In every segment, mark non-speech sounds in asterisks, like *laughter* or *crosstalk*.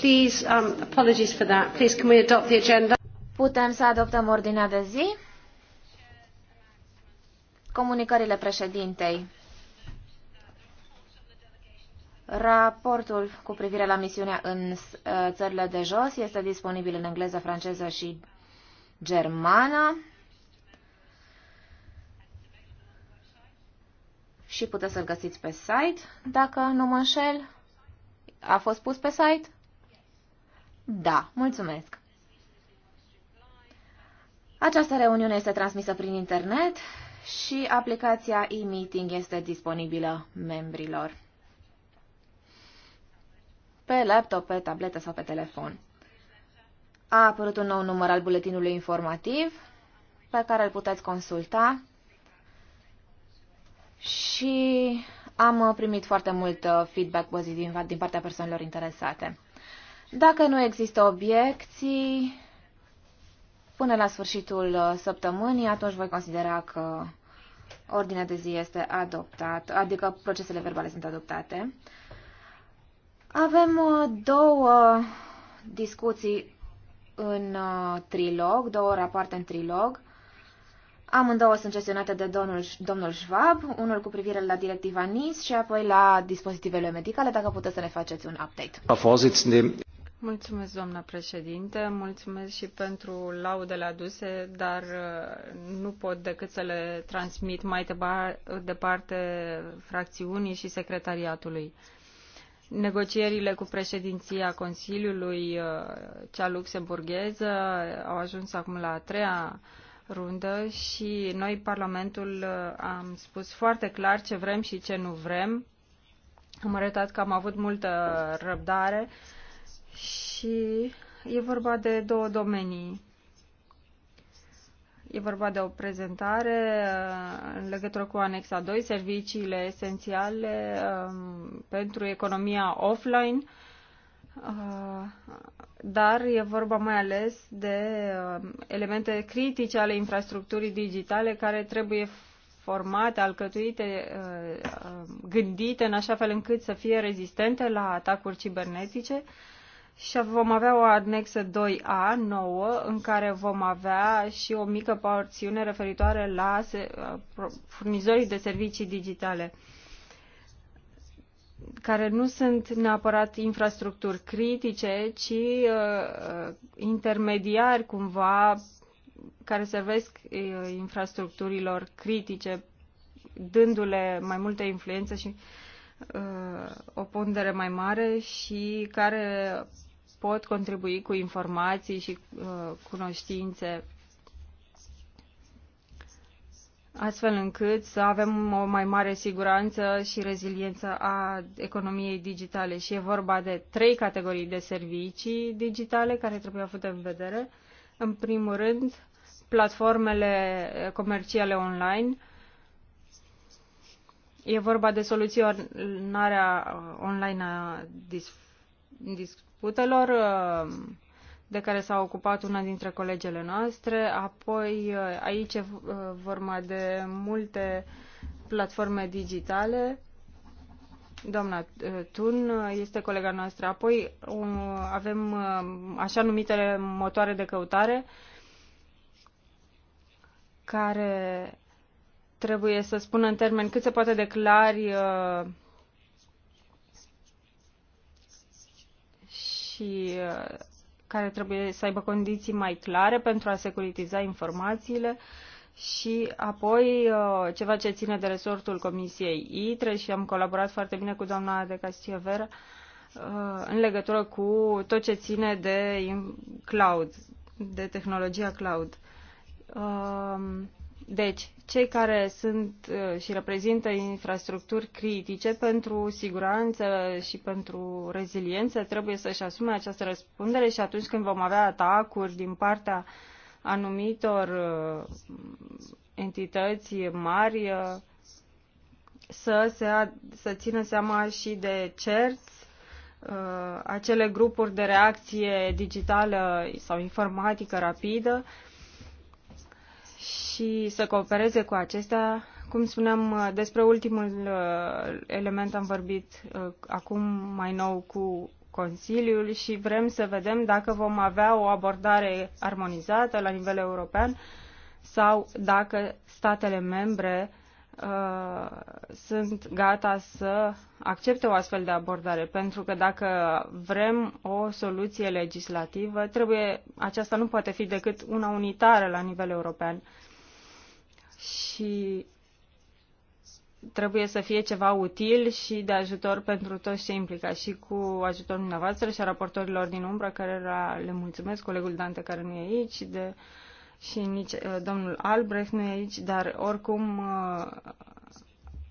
Please, um, apologies for that. Please, can we adopt the agenda? Putem să adoptăm ordinea de zi? Comunicările președintei. Raportul cu privire la misiunea în uh, țările de jos este disponibil în engleză, franceză și germană. Și puteți să-l găsiți pe site, dacă nu mă înșel. A fost pus pe site? Da, mulțumesc. Această reuniune este transmisă prin internet și aplicația e-meeting este disponibilă membrilor pe laptop, pe tabletă sau pe telefon. A apărut un nou număr al buletinului informativ pe care îl puteți consulta și am uh, primit foarte mult uh, feedback pozitiv din partea persoanelor interesate. Dacă nu există obiecții, până la sfârșitul uh, săptămânii, atunci voi considera că ordinea de zi este adoptată, adică procesele verbale sunt adoptate. Avem două discuții în trilog, două rapoarte în trilog. Amândouă sunt gestionate de domnul, domnul Schwab, unul cu privire la directiva NIS și apoi la dispozitivele medicale, dacă puteți să ne faceți un update. Mulțumesc, doamna președinte, mulțumesc și pentru laudele aduse, dar uh, nu pot decât să le transmit mai departe fracțiunii și secretariatului. Negocierile cu președinția Consiliului, uh, cea luxemburgheză, au ajuns acum la a treia rundă și noi, Parlamentul, uh, am spus foarte clar ce vrem și ce nu vrem. Am arătat că am avut multă răbdare și e vorba de două domenii. E vorba de o prezentare uh, în legătură cu anexa 2, serviciile esențiale um, pentru economia offline Uh, dar e vorba mai ales de uh, elemente critice ale infrastructurii digitale care trebuie formate, alcătuite, uh, gândite în așa fel încât să fie rezistente la atacuri cibernetice și vom avea o anexă 2A nouă în care vom avea și o mică porțiune referitoare la furnizorii de servicii digitale care nu sunt neapărat infrastructuri critice, ci uh, uh, intermediari cumva care servesc uh, infrastructurilor critice, dându-le mai multă influență și uh, o pondere mai mare și care pot contribui cu informații și uh, cunoștințe astfel încât să avem o mai mare siguranță și reziliență a economiei digitale. Și e vorba de trei categorii de servicii digitale care trebuie avute în vedere. În primul rând, platformele comerciale online. E vorba de soluționarea online a disputelor, uh, de care s-a ocupat una dintre colegele noastre. Apoi eh, aici e eh, vorba de multe platforme digitale. Doamna eh, Tun este colega noastră. Apoi avem așa numitele motoare de căutare care trebuie să spună în termeni cât se poate de clari și care trebuie să aibă condiții mai clare pentru a securitiza informațiile și apoi uh, ceva ce ține de resortul Comisiei ITRE și am colaborat foarte bine cu doamna de Vera uh, în legătură cu tot ce ține de cloud, de tehnologia cloud. Uh, deci, cei care sunt uh, și reprezintă infrastructuri critice pentru siguranță și pentru reziliență trebuie să-și asume această răspundere și atunci când vom avea atacuri din partea anumitor uh, entități mari, uh, să, se, să țină seama și de CERT, acele grupuri de reacție digitală sau informatică rapidă, și să coopereze cu acestea. Cum spuneam, uh, despre ultimul uh, element am vorbit uh, acum mai nou cu Consiliul și vrem să vedem dacă vom avea o abordare armonizată la nivel european sau dacă statele membre uh, sunt gata să accepte o astfel de abordare, pentru că dacă vrem o soluție legislativă, trebuie, aceasta nu poate fi decât una unitară la nivel european și trebuie să fie ceva util și de ajutor pentru toți cei implicați și cu ajutorul dumneavoastră și a raportorilor din umbră, care le mulțumesc, colegul Dante care nu e aici, de, și nici uh, domnul Albrecht nu e aici, dar oricum uh,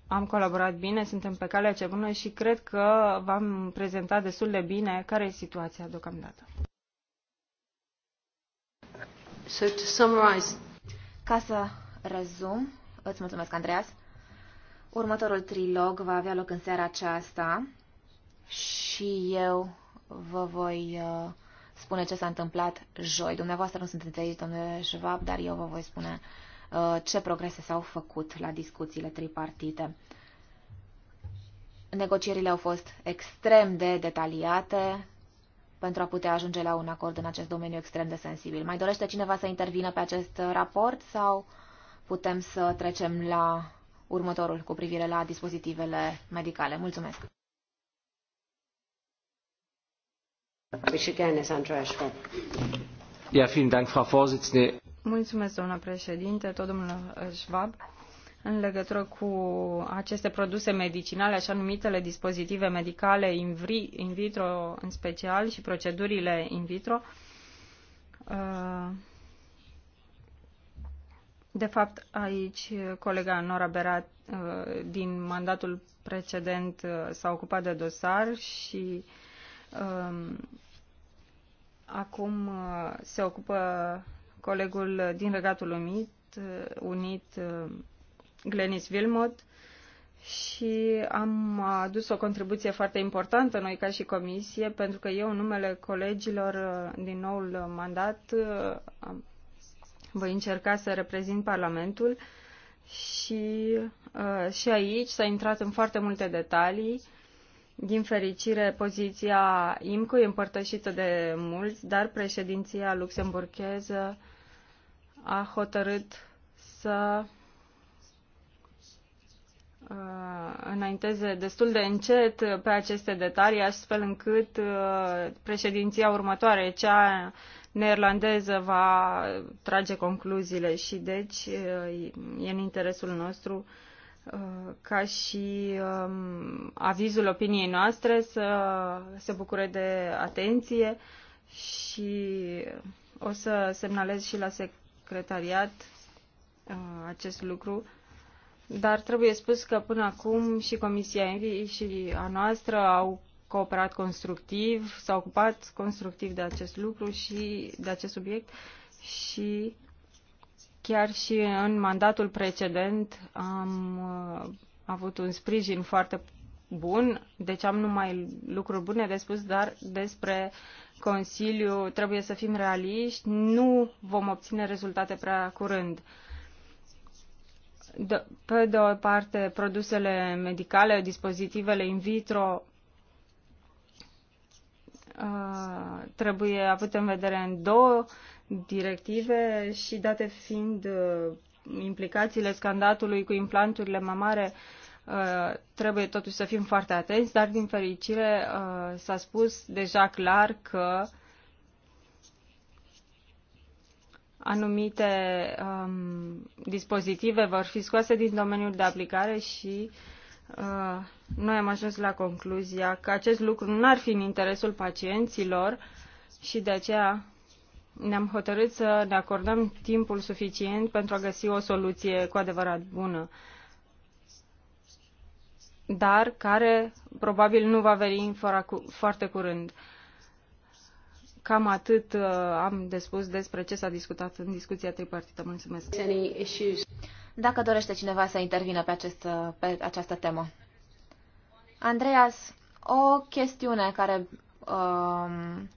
am colaborat bine, suntem pe calea ce bună și cred că v-am prezentat destul de bine care e situația deocamdată. So to summarize. Ca să rezum. Îți mulțumesc, Andreas. Următorul trilog va avea loc în seara aceasta și eu vă voi uh, spune ce s-a întâmplat joi. Dumneavoastră nu sunteți aici, domnule Schwab, dar eu vă voi spune uh, ce progrese s-au făcut la discuțiile tripartite. Negocierile au fost extrem de detaliate pentru a putea ajunge la un acord în acest domeniu extrem de sensibil. Mai dorește cineva să intervină pe acest uh, raport sau... Uh, putem să trecem la următorul cu privire la dispozitivele medicale. Mulțumesc! Mulțumesc, doamnă președinte, tot domnul Schwab. În legătură cu aceste produse medicinale, așa numitele dispozitive medicale in vitro în special și procedurile in vitro, uh, de fapt, aici colega Nora Berat uh, din mandatul precedent uh, s-a ocupat de dosar și um, acum uh, se ocupă colegul din Regatul Unit, Unit Glenis Wilmot și am adus o contribuție foarte importantă noi ca și comisie pentru că eu în numele colegilor din noul mandat am voi încerca să reprezint Parlamentul și, uh, și aici s-a intrat în foarte multe detalii. Din fericire, poziția IMCO e împărtășită de mulți, dar președinția luxemburgheză a hotărât să uh, înainteze destul de încet pe aceste detalii, astfel încât uh, președinția următoare, cea neerlandeză va trage concluziile și deci uh, e în interesul nostru uh, ca și um, avizul opiniei noastre să se bucure de atenție și o să semnalez și la secretariat uh, acest lucru. Dar trebuie spus că până acum și Comisia Envi și a noastră au cooperat constructiv, s-a ocupat constructiv de acest lucru și de acest subiect și chiar și în mandatul precedent am uh, avut un sprijin foarte bun, deci am numai lucruri bune de spus, dar despre Consiliu trebuie să fim realiști, nu vom obține rezultate prea curând. De, pe de o parte, produsele medicale, dispozitivele in vitro Uh, trebuie avut în vedere în două directive și date fiind uh, implicațiile scandalului cu implanturile mamare, uh, trebuie totuși să fim foarte atenți, dar din fericire s-a spus deja clar că anumite um, dispozitive vor fi scoase din domeniul de aplicare și uh, Uh, noi am ajuns la concluzia că acest lucru nu ar fi în interesul pacienților și de aceea ne-am hotărât să ne acordăm timpul suficient pentru a găsi o soluție cu adevărat bună, dar care probabil nu va veni foarte curând. Cam atât uh, am de spus despre ce s-a discutat în discuția tripartită. Mulțumesc dacă dorește cineva să intervină pe, acest, uh, pe această temă. Andreas, o chestiune care um,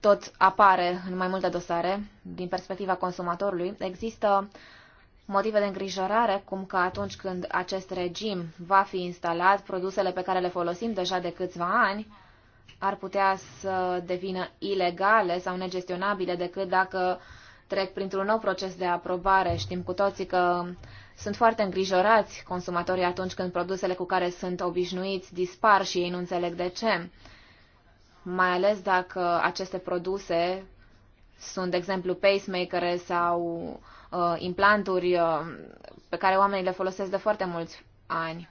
tot apare în mai multe dosare din perspectiva consumatorului. Există motive de îngrijorare, cum că atunci când acest regim va fi instalat, produsele pe care le folosim deja de câțiva ani ar putea să devină ilegale sau negestionabile decât dacă uh, trec printr-un nou proces de aprobare. Știm cu toții că sunt foarte îngrijorați consumatorii atunci când produsele cu care sunt obișnuiți dispar și ei nu înțeleg de ce. Mai ales dacă aceste produse sunt, de exemplu, pacemakere sau uh, implanturi uh, pe care oamenii le folosesc de foarte mulți ani.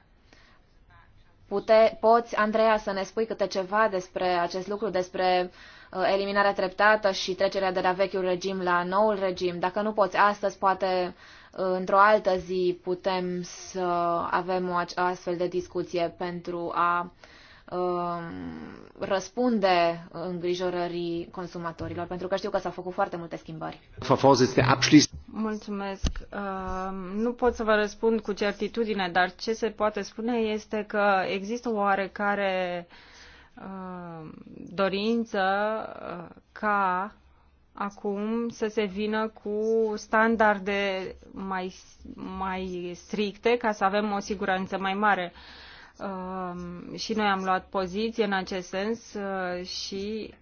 Pute, poți, Andreea, să ne spui câte ceva despre acest lucru, despre Uh, eliminarea treptată și trecerea de la vechiul regim la noul regim. Dacă nu poți astăzi, poate uh, într-o altă zi putem să avem o astfel de discuție pentru a um, răspunde îngrijorării consumatorilor, pentru că știu că s-au făcut foarte multe schimbări. Mulțumesc. Uh, nu pot să vă răspund cu certitudine, dar ce se poate spune este că există o oarecare uh, Uh, dorință uh, ca acum să se vină cu standarde mai, mai stricte ca să avem o siguranță mai mare. Uh, și noi am luat poziție în acest sens și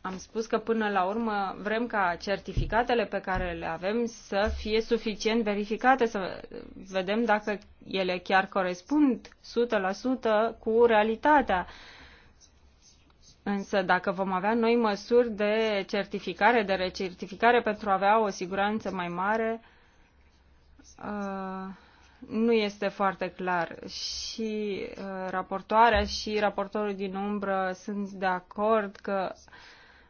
am spus că până la urmă vrem ca certificatele pe care le avem să fie suficient verificate, să vedem dacă ele chiar corespund 100% cu realitatea. Uh, Însă dacă vom avea noi măsuri de certificare, de recertificare pentru a avea o siguranță mai mare, uh, nu este foarte clar. Și uh, raportoarea și raportorul din umbră sunt de acord că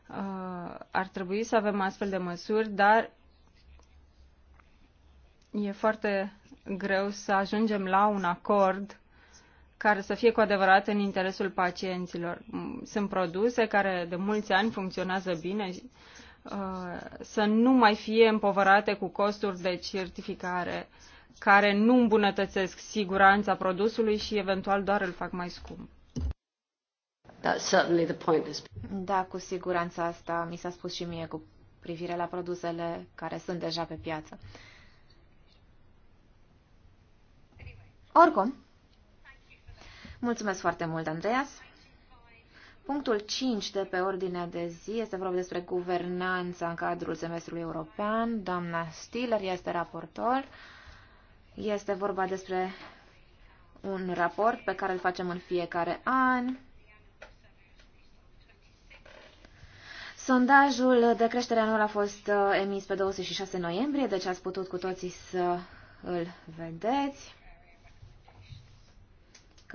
uh, ar trebui să avem astfel de măsuri, dar e foarte greu să ajungem la un acord care să fie cu adevărat în interesul pacienților. Mm, sunt produse care de mulți ani funcționează bine, uh, să nu mai fie împovărate cu costuri de certificare care nu îmbunătățesc siguranța produsului și eventual doar îl fac mai scump. Da, cu siguranță asta mi s-a spus și mie cu privire la produsele care sunt deja pe piață. Oricum, Mulțumesc foarte mult, Andreas. Punctul 5 de pe ordinea de zi este vorba despre guvernanța în cadrul semestrului european. Doamna Stiller este raportor. Este vorba despre un raport pe care îl facem în fiecare an. Sondajul de creștere anual a fost uh, emis pe 26 noiembrie, deci ați putut cu toții să îl vedeți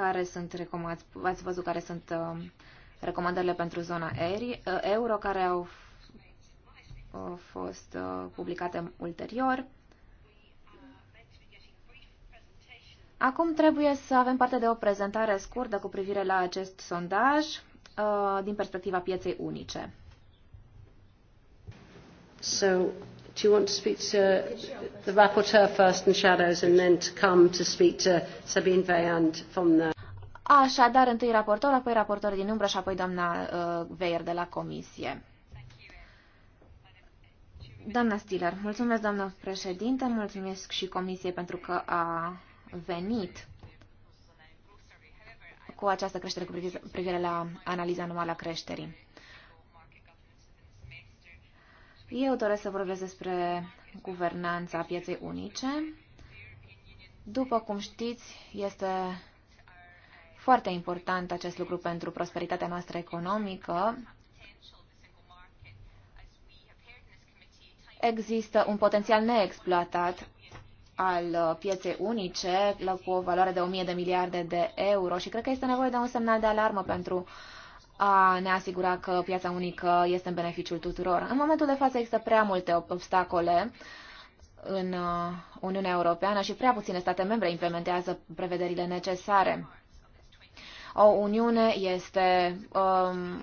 care sunt recomandați, ați văzut care sunt um, recomandările pentru zona uh, euro, care au uh, fost uh, publicate ulterior. Acum trebuie să avem parte de o prezentare scurtă cu privire la acest sondaj din perspectiva pieței unice. So, Do you want to speak to the rapporteur first and shadows and then to come to speak to Sabine Veyand from the... Așadar, întâi raportor, apoi raportor din umbră și apoi doamna uh, Veier de la comisie. Doamna Stiller, mulțumesc, doamna președinte, mulțumesc și comisie pentru că a venit cu această creștere cu privire la analiza anuală a creșterii. Eu doresc să vorbesc despre guvernanța pieței unice. După cum știți, este foarte important acest lucru pentru prosperitatea noastră economică. Există un potențial neexploatat al pieței unice cu o valoare de 1000 de miliarde de euro și cred că este nevoie de un semnal de alarmă pentru uh, a ne asigura că piața unică este în beneficiul tuturor. În momentul de față există prea multe obstacole în uh, Uniunea Europeană și prea puține state membre implementează prevederile necesare. O Uniune este um,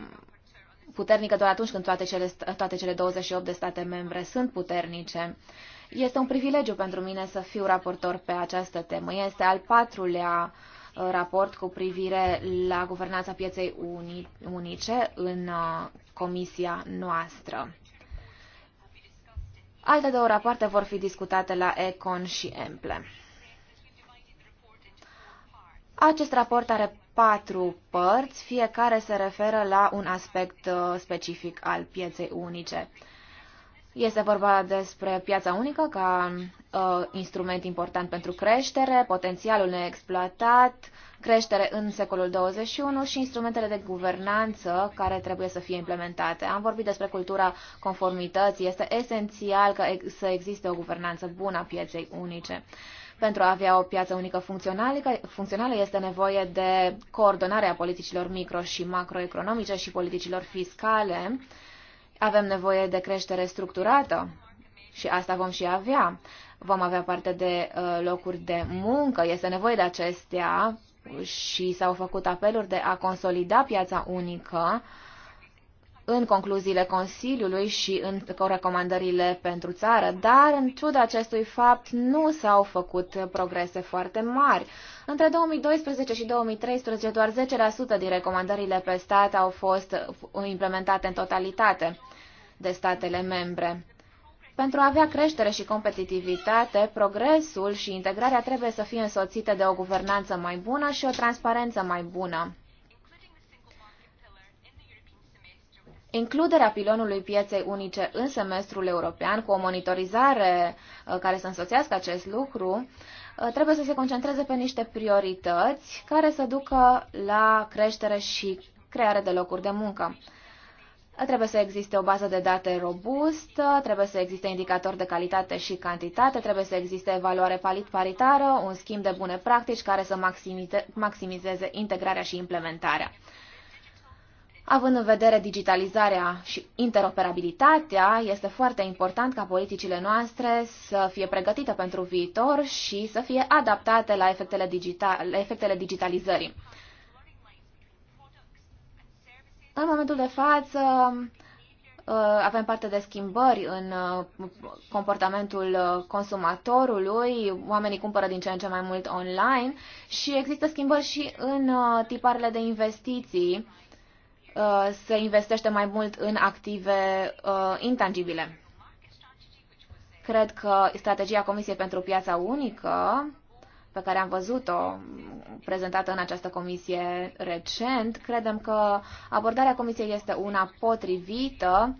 puternică doar atunci când toate cele, toate cele 28 de state membre sunt puternice. Este un privilegiu pentru mine să fiu raportor pe această temă. Este al patrulea uh, raport cu privire la guvernanța pieței unice în uh, comisia noastră. Alte două rapoarte vor fi discutate la Econ și Emple. Acest raport are patru părți, fiecare se referă la un aspect uh, specific al pieței unice. Este vorba despre piața unică ca uh, instrument important pentru creștere, potențialul neexploatat, creștere în secolul 21 și instrumentele de guvernanță care trebuie să fie implementate. Am vorbit despre cultura conformității. Este esențial că ex- să existe o guvernanță bună a pieței unice. Pentru a avea o piață unică funcțională este nevoie de coordonarea politicilor micro și macroeconomice și politicilor fiscale. Uh, avem nevoie de creștere structurată și asta vom și avea. Vom avea parte de uh, locuri de muncă, este nevoie de acestea și s-au făcut apeluri de a consolida piața unică în concluziile Consiliului și în recomandările pentru țară, dar în ciuda acestui fapt nu s-au făcut progrese foarte mari. Între 2012 și 2013 doar 10% din recomandările pe stat au fost implementate în totalitate de statele membre. Pentru a avea creștere și competitivitate, progresul și integrarea trebuie să fie însoțite de o guvernanță mai bună și o transparență mai bună. Includerea pilonului pieței unice în semestrul european, cu o monitorizare uh, care să însoțească acest lucru, uh, trebuie să se concentreze pe niște priorități care să ducă la creștere și creare de locuri de muncă. Trebuie să existe o bază de date robustă, trebuie să existe indicatori de calitate și cantitate, trebuie să existe evaluare paritară, un schimb de bune practici care să maximizeze integrarea și implementarea. Având în vedere digitalizarea și interoperabilitatea, este foarte important ca politicile noastre să fie pregătite pentru viitor și să fie adaptate la efectele, digital, la efectele digitalizării. În momentul de față uh, avem parte de schimbări în uh, comportamentul uh, consumatorului, oamenii cumpără din ce în ce mai mult online și există schimbări și în tiparele de investiții Uh, se investește mai mult în active uh, intangibile. Cred că strategia Comisiei pentru Piața Unică, pe care am văzut-o prezentată în această comisie recent, credem că abordarea comisiei este una potrivită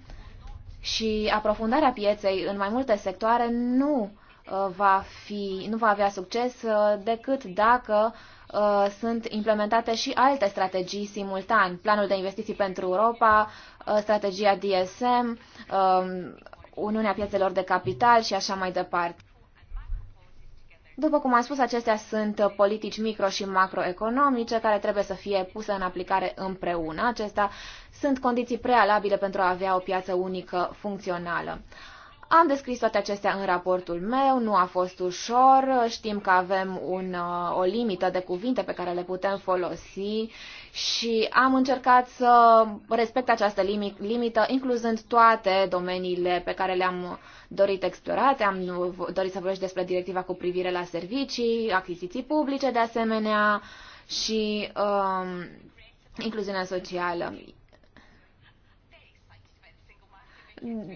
și aprofundarea pieței în mai multe sectoare nu uh, va, fi, nu va avea succes decât dacă uh, Uh, sunt implementate și alte strategii simultan. Planul de investiții pentru Europa, uh, strategia DSM, um, Uniunea Piețelor de Capital și așa mai departe. După cum am spus, acestea sunt politici micro și macroeconomice care trebuie să fie puse în aplicare împreună. Acestea sunt condiții prealabile pentru a avea o piață unică funcțională. Am descris toate acestea în raportul meu, nu a fost ușor, știm că avem un, uh, o limită de cuvinte pe care le putem folosi și am încercat să respect această limită, incluzând toate domeniile pe care le-am dorit explorate. Am dorit să vorbesc despre directiva cu privire la servicii, achiziții publice de asemenea și um, incluziunea socială.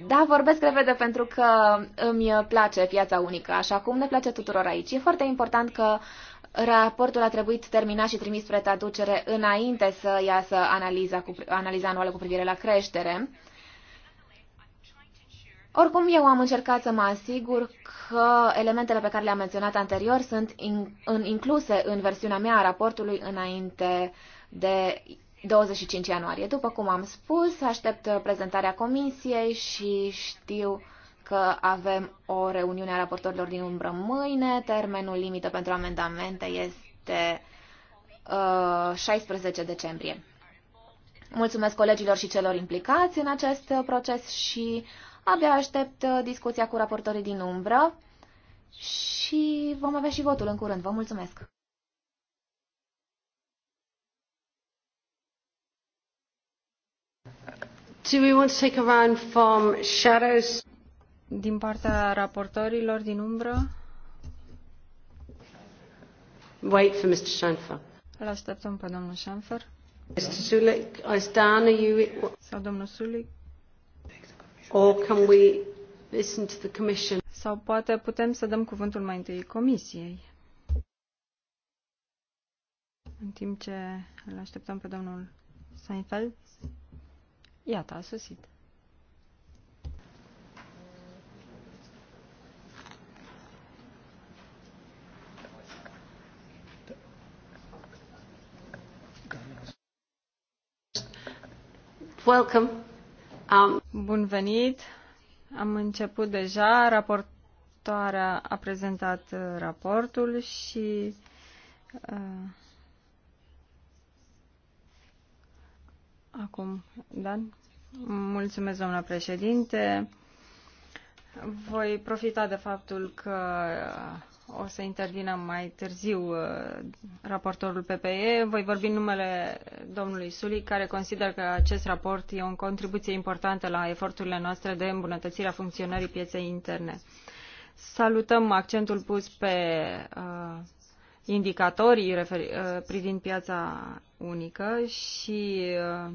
Da, vorbesc repede pentru că îmi place piața unică, așa cum ne place tuturor aici. E foarte important că raportul a trebuit terminat și trimis spre traducere înainte să iasă analiza, cu, analiza anuală cu privire la creștere. Oricum, eu am încercat să mă asigur că elementele pe care le-am menționat anterior sunt in, in, incluse în versiunea mea a raportului înainte de 25 ianuarie. După cum am spus, aștept uh, prezentarea comisiei și știu că avem o reuniune a raportorilor din umbră mâine. Termenul limită pentru amendamente este uh, 16 decembrie. Mulțumesc colegilor și celor implicați în acest uh, proces și abia aștept uh, discuția cu raportorii din umbră și vom avea și votul în curând. Vă mulțumesc! Do we want to take a round from shadows? Din partea raportorilor din umbră. Wait for Mr. Schanfer. Îl așteptăm pe domnul Schanfer. Mr. Sulik, I stand, are you... Sau domnul Sulik. Or can we listen to the commission? Sau poate putem să dăm cuvântul mai întâi comisiei. În timp ce îl așteptăm pe domnul Seinfeld. Iată, a sosit. Welcome. Um... Bun venit. Am început deja. Raportoarea a prezentat uh, raportul și uh, Acum, Dan? Mulțumesc, doamna președinte. Voi profita de faptul că o să intervină mai târziu uh, raportorul PPE. Voi vorbi în numele domnului Sulic, care consideră că acest raport e o contribuție importantă la eforturile noastre de îmbunătățire a funcționării pieței interne. Salutăm accentul pus pe uh, indicatorii referi, uh, privind piața unică și uh,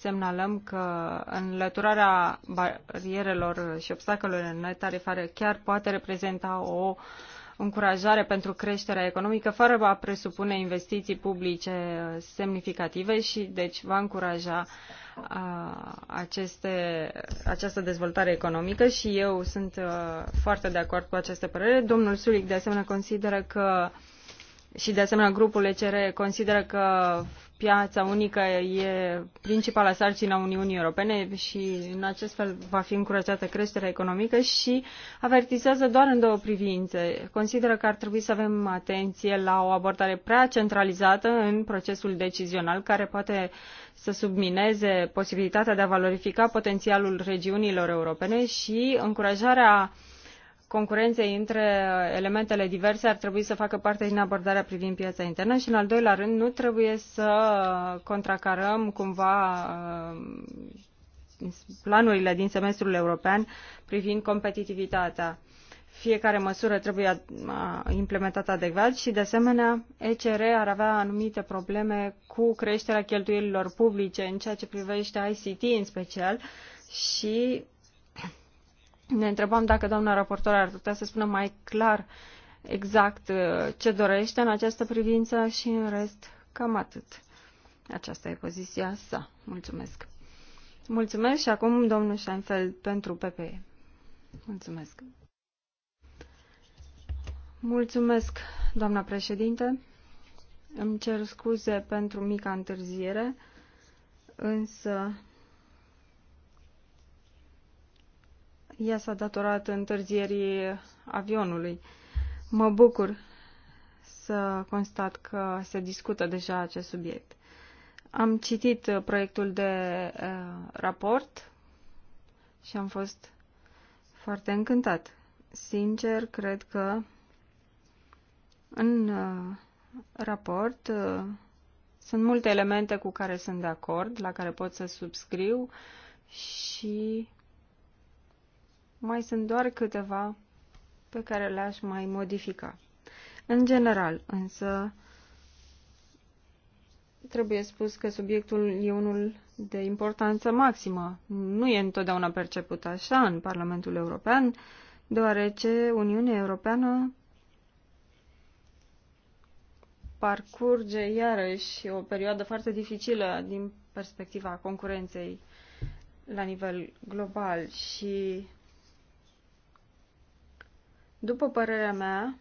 semnalăm că înlăturarea barierelor și obstacolelor netarifare chiar poate reprezenta o încurajare pentru creșterea economică fără a presupune investiții publice semnificative și deci va încuraja a, aceste, această dezvoltare economică și eu sunt a, foarte de acord cu această părere. Domnul Sulic de asemenea consideră că și de asemenea grupul ECR consideră că piața unică e principala sarcină a Uniunii Europene și în acest fel va fi încurajată creșterea economică și avertizează doar în două privințe. Consideră că ar trebui să avem atenție la o abordare prea centralizată în procesul decizional care poate să submineze posibilitatea de a valorifica potențialul regiunilor europene și încurajarea uh, concurenței între uh, elementele diverse ar trebui să facă parte din abordarea privind piața internă și, în al doilea rând, nu trebuie să uh, contracarăm cumva uh, planurile din semestrul european privind competitivitatea. Fiecare măsură trebuie implementată adecvat și, de asemenea, ECR ar avea anumite probleme cu creșterea cheltuielilor publice în ceea ce privește ICT în special și ne întrebam dacă doamna raportor ar putea să spună mai clar exact uh, ce dorește în această privință și în rest cam atât. Aceasta e poziția sa. Mulțumesc. Mulțumesc și acum domnul Scheinfeld pentru PPE. Mulțumesc. Mulțumesc, doamna președinte. Îmi cer scuze pentru mica întârziere, însă Ea s-a datorat întârzierii avionului. Mă bucur să constat că se discută deja acest subiect. Am citit proiectul de uh, raport și am fost foarte încântat. Sincer, cred că în uh, raport uh, sunt multe elemente cu care sunt de acord, la care pot să subscriu și mai sunt doar câteva pe care le-aș mai modifica. În general, însă, trebuie spus că subiectul e unul de importanță maximă. Nu e întotdeauna perceput așa în Parlamentul European, deoarece Uniunea Europeană parcurge iarăși o perioadă foarte dificilă din perspectiva concurenței la nivel global și după părerea mea,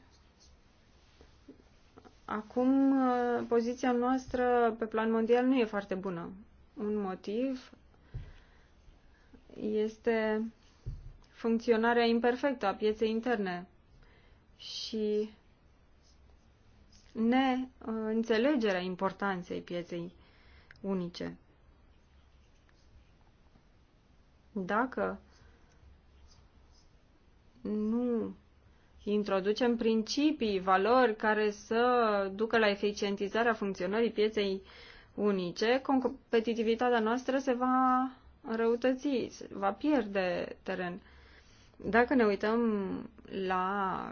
acum uh, poziția noastră pe plan mondial nu e foarte bună. Un motiv este funcționarea imperfectă a pieței interne și neînțelegerea importanței pieței unice. Dacă nu introducem principii, valori care să ducă la eficientizarea funcționării pieței unice, competitivitatea noastră se va înrăutăți, va pierde teren. Dacă ne uităm la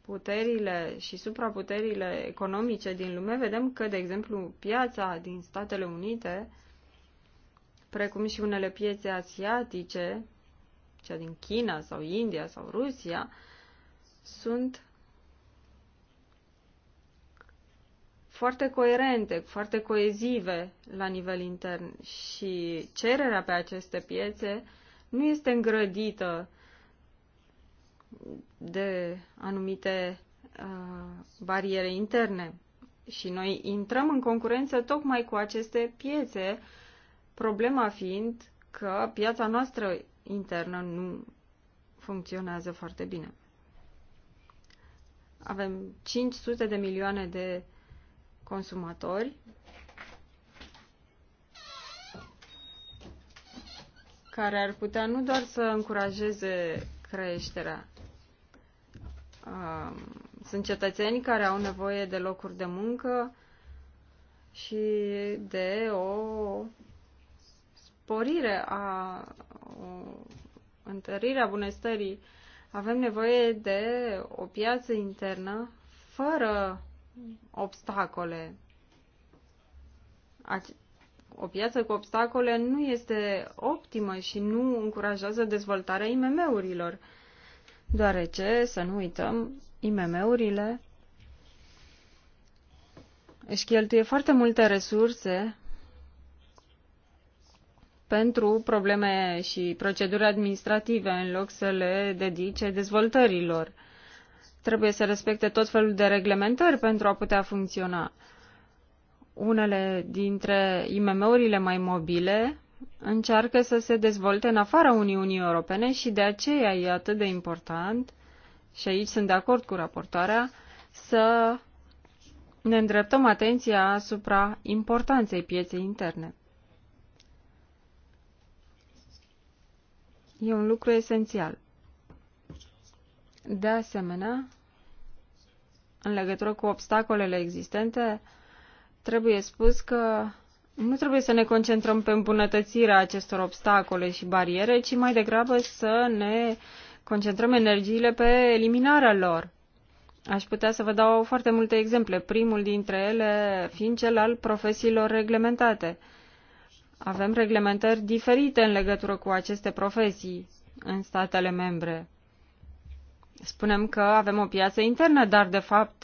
puterile și supraputerile economice din lume, vedem că, de exemplu, piața din Statele Unite, precum și unele piețe asiatice, cea din China sau India sau Rusia, sunt foarte coerente, foarte coezive la nivel intern și cererea pe aceste piețe nu este îngrădită de anumite uh, bariere interne. Și noi intrăm în concurență tocmai cu aceste piețe, problema fiind că piața noastră internă nu funcționează foarte bine. Avem 500 de milioane de consumatori care ar putea nu doar să încurajeze creșterea. Um, sunt cetățeni care au nevoie de locuri de muncă și de o sporire a întărirea bunăstării. Avem nevoie de o piață internă fără obstacole. O piață cu obstacole nu este optimă și nu încurajează dezvoltarea IMM-urilor, deoarece, să nu uităm, IMM-urile își cheltuie foarte multe resurse pentru probleme și proceduri administrative în loc să le dedice dezvoltărilor. Trebuie să respecte tot felul de reglementări pentru a putea funcționa. Unele dintre IMM-urile mai mobile încearcă să se dezvolte în afara Uniunii Europene și de aceea e atât de important, și aici sunt de acord cu raportoarea, să ne îndreptăm atenția asupra importanței pieței interne. E un lucru esențial. De asemenea, în legătură cu obstacolele existente, trebuie spus că nu trebuie să ne concentrăm pe îmbunătățirea acestor obstacole și bariere, ci mai degrabă să ne concentrăm energiile pe eliminarea lor. Aș putea să vă dau foarte multe exemple, primul dintre ele fiind cel al profesiilor reglementate. Avem reglementări diferite în legătură cu aceste profesii în statele membre. Spunem că avem o piață internă, dar de fapt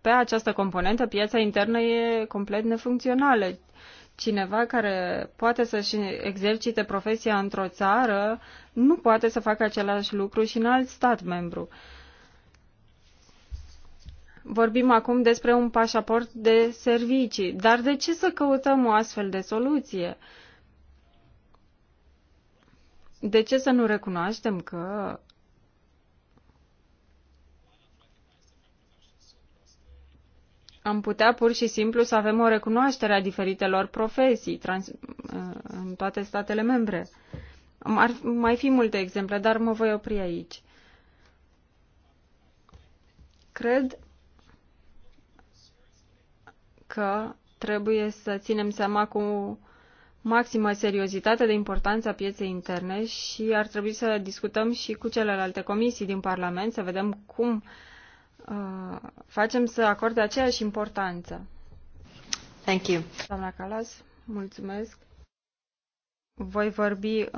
pe această componentă piața internă e complet nefuncțională. Cineva care poate să-și exercite profesia într-o țară nu poate să facă același lucru și în alt stat membru. Uh, Vorbim acum despre un pașaport de servicii, dar de ce să căutăm o astfel de soluție? De ce să nu recunoaștem că am putea pur și simplu să avem o recunoaștere a diferitelor profesii trans, uh, în toate statele membre. Ar mai fi multe exemple, dar mă voi opri aici. Cred că trebuie să ținem seama cu maximă seriozitate de importanța pieței interne și ar trebui să discutăm și cu celelalte comisii din Parlament, să vedem cum uh, facem să acorde aceeași importanță. Thank you. Doamna Calas, mulțumesc. Voi vorbi uh,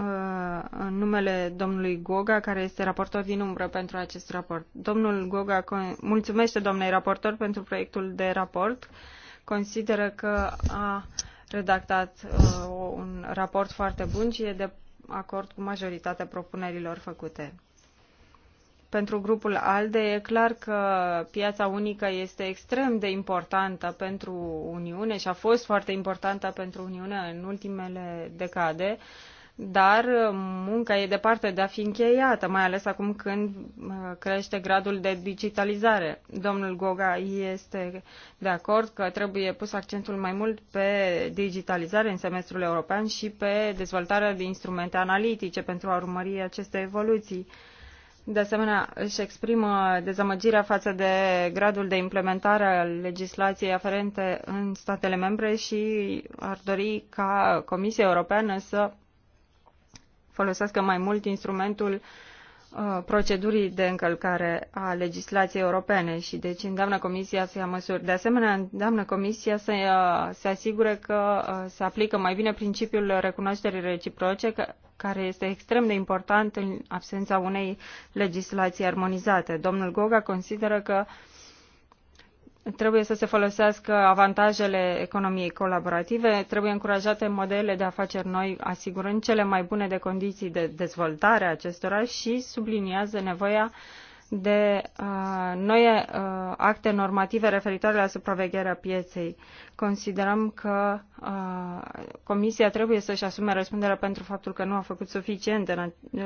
în numele domnului Goga, care este raportor din umbră pentru acest raport. Domnul Goga mulțumește domnului raportor pentru proiectul de raport. Uh, consideră că a redactat uh, un raport foarte bun și e de acord cu majoritatea propunerilor făcute. Pentru grupul ALDE e clar că piața unică este extrem de importantă pentru Uniune și a fost foarte importantă pentru Uniune în ultimele decade. Uh, dar uh, munca e departe de a fi încheiată, mai ales acum când uh, crește gradul de digitalizare. Domnul Goga este de acord că trebuie pus accentul mai mult pe digitalizare în semestrul european și pe dezvoltarea de instrumente analitice pentru a urmări aceste evoluții. De asemenea, își exprimă dezamăgirea față de gradul de implementare a legislației aferente în statele membre și ar dori ca Comisia Europeană să folosească mai mult instrumentul uh, procedurii de încălcare a legislației europene și deci îndeamnă Comisia să ia măsuri. De asemenea, îndeamnă Comisia să uh, se asigure că uh, se aplică mai bine principiul recunoașterii reciproce, care este extrem de important în absența unei legislații armonizate. Domnul Goga consideră că uh, trebuie să se folosească avantajele economiei colaborative, trebuie încurajate modele de afaceri noi, asigurând cele mai bune de condiții de dezvoltare a acestora și subliniază nevoia uh, de uh, noi uh, acte normative referitoare la supravegherea pieței. Considerăm că uh, Comisia trebuie să-și asume răspunderea pentru faptul că nu a făcut suficiente uh,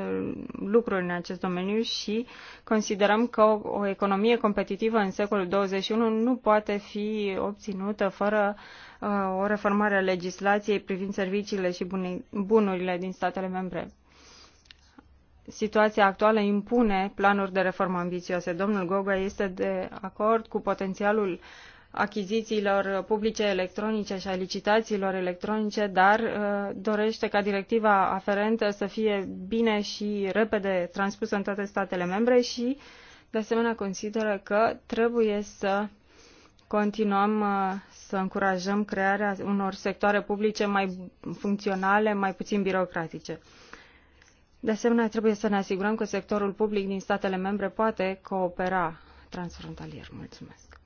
lucruri în acest domeniu și considerăm că o, o economie competitivă în secolul 21 nu poate fi obținută fără uh, o reformare a legislației privind serviciile și bunurile din statele membre situația actuală impune planuri de reformă ambițioase. Domnul Goga este de acord cu potențialul achizițiilor publice electronice și a licitațiilor electronice, dar uh, dorește ca directiva aferentă să fie bine și repede transpusă în toate statele membre și, de asemenea, consideră că trebuie să continuăm uh, să încurajăm crearea unor sectoare publice mai funcționale, mai puțin birocratice. De asemenea, trebuie să ne asigurăm că sectorul public din statele membre poate coopera transfrontalier. Mulțumesc.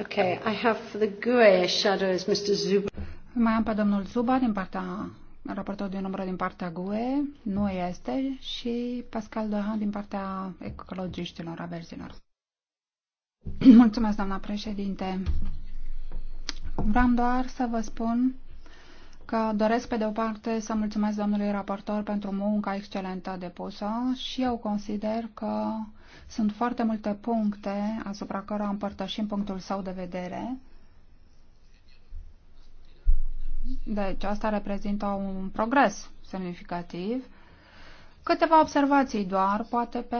Okay, I have the GUE shadows, Mr. Zuba. Mai am pe domnul Zuba din partea raportor de număr din partea GUE, nu este, și Pascal Dohan din partea ecologiștilor, a verzilor. Mulțumesc, doamna președinte. Vreau doar să vă spun că doresc pe de o parte să mulțumesc domnului raportor pentru munca excelentă depusă și eu consider că sunt foarte multe puncte asupra cărora împărtășim punctul său de vedere. Deci asta reprezintă un progres semnificativ Câteva observații doar, poate pe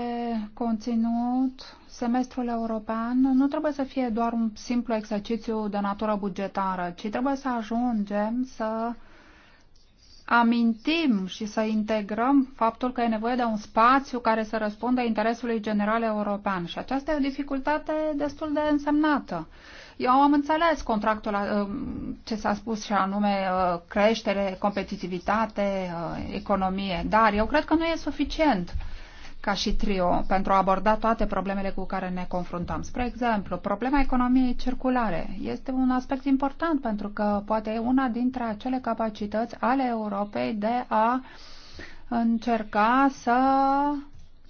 conținut. Semestrul european nu trebuie să fie doar un simplu exercițiu de natură bugetară, ci trebuie să ajungem să amintim și să integrăm faptul că e nevoie de un spațiu care să răspundă interesului general european. Și aceasta e o dificultate destul de însemnată. Eu am înțeles contractul, uh, ce s-a spus și anume uh, creștere, competitivitate, uh, economie, dar eu cred că nu e suficient ca și trio pentru a aborda toate problemele cu care ne confruntăm. Spre exemplu, problema economiei circulare este un aspect important pentru că poate e una dintre acele capacități ale Europei de a încerca să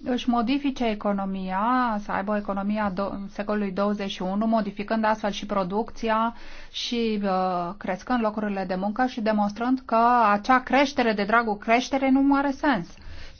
își modifice economia, să aibă economia secolului 21, modificând astfel și producția și uh, crescând locurile de muncă și demonstrând că acea creștere de dragul creștere nu are sens.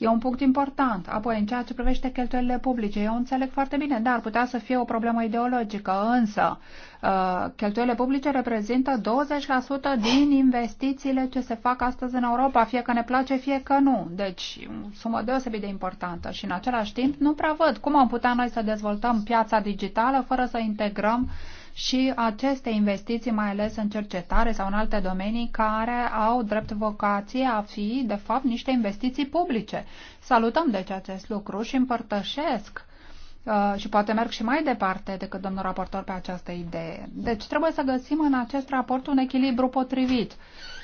E un punct important. Apoi, în ceea ce privește cheltuielile publice, eu înțeleg foarte bine, dar putea să fie o problemă ideologică, însă uh, cheltuielile publice reprezintă 20% din investițiile ce se fac astăzi în Europa, fie că ne place, fie că nu. Deci, o sumă deosebit de importantă și în același timp nu prea văd cum am putea noi să dezvoltăm piața digitală fără să integrăm uh, și aceste investiții, mai ales în cercetare sau în alte domenii, care au drept vocație a fi, de fapt, niște investiții publice. Salutăm, deci, acest lucru și împărtășesc uh, și poate merg și mai departe decât domnul raportor pe această idee. Deci trebuie să găsim în acest raport un echilibru potrivit.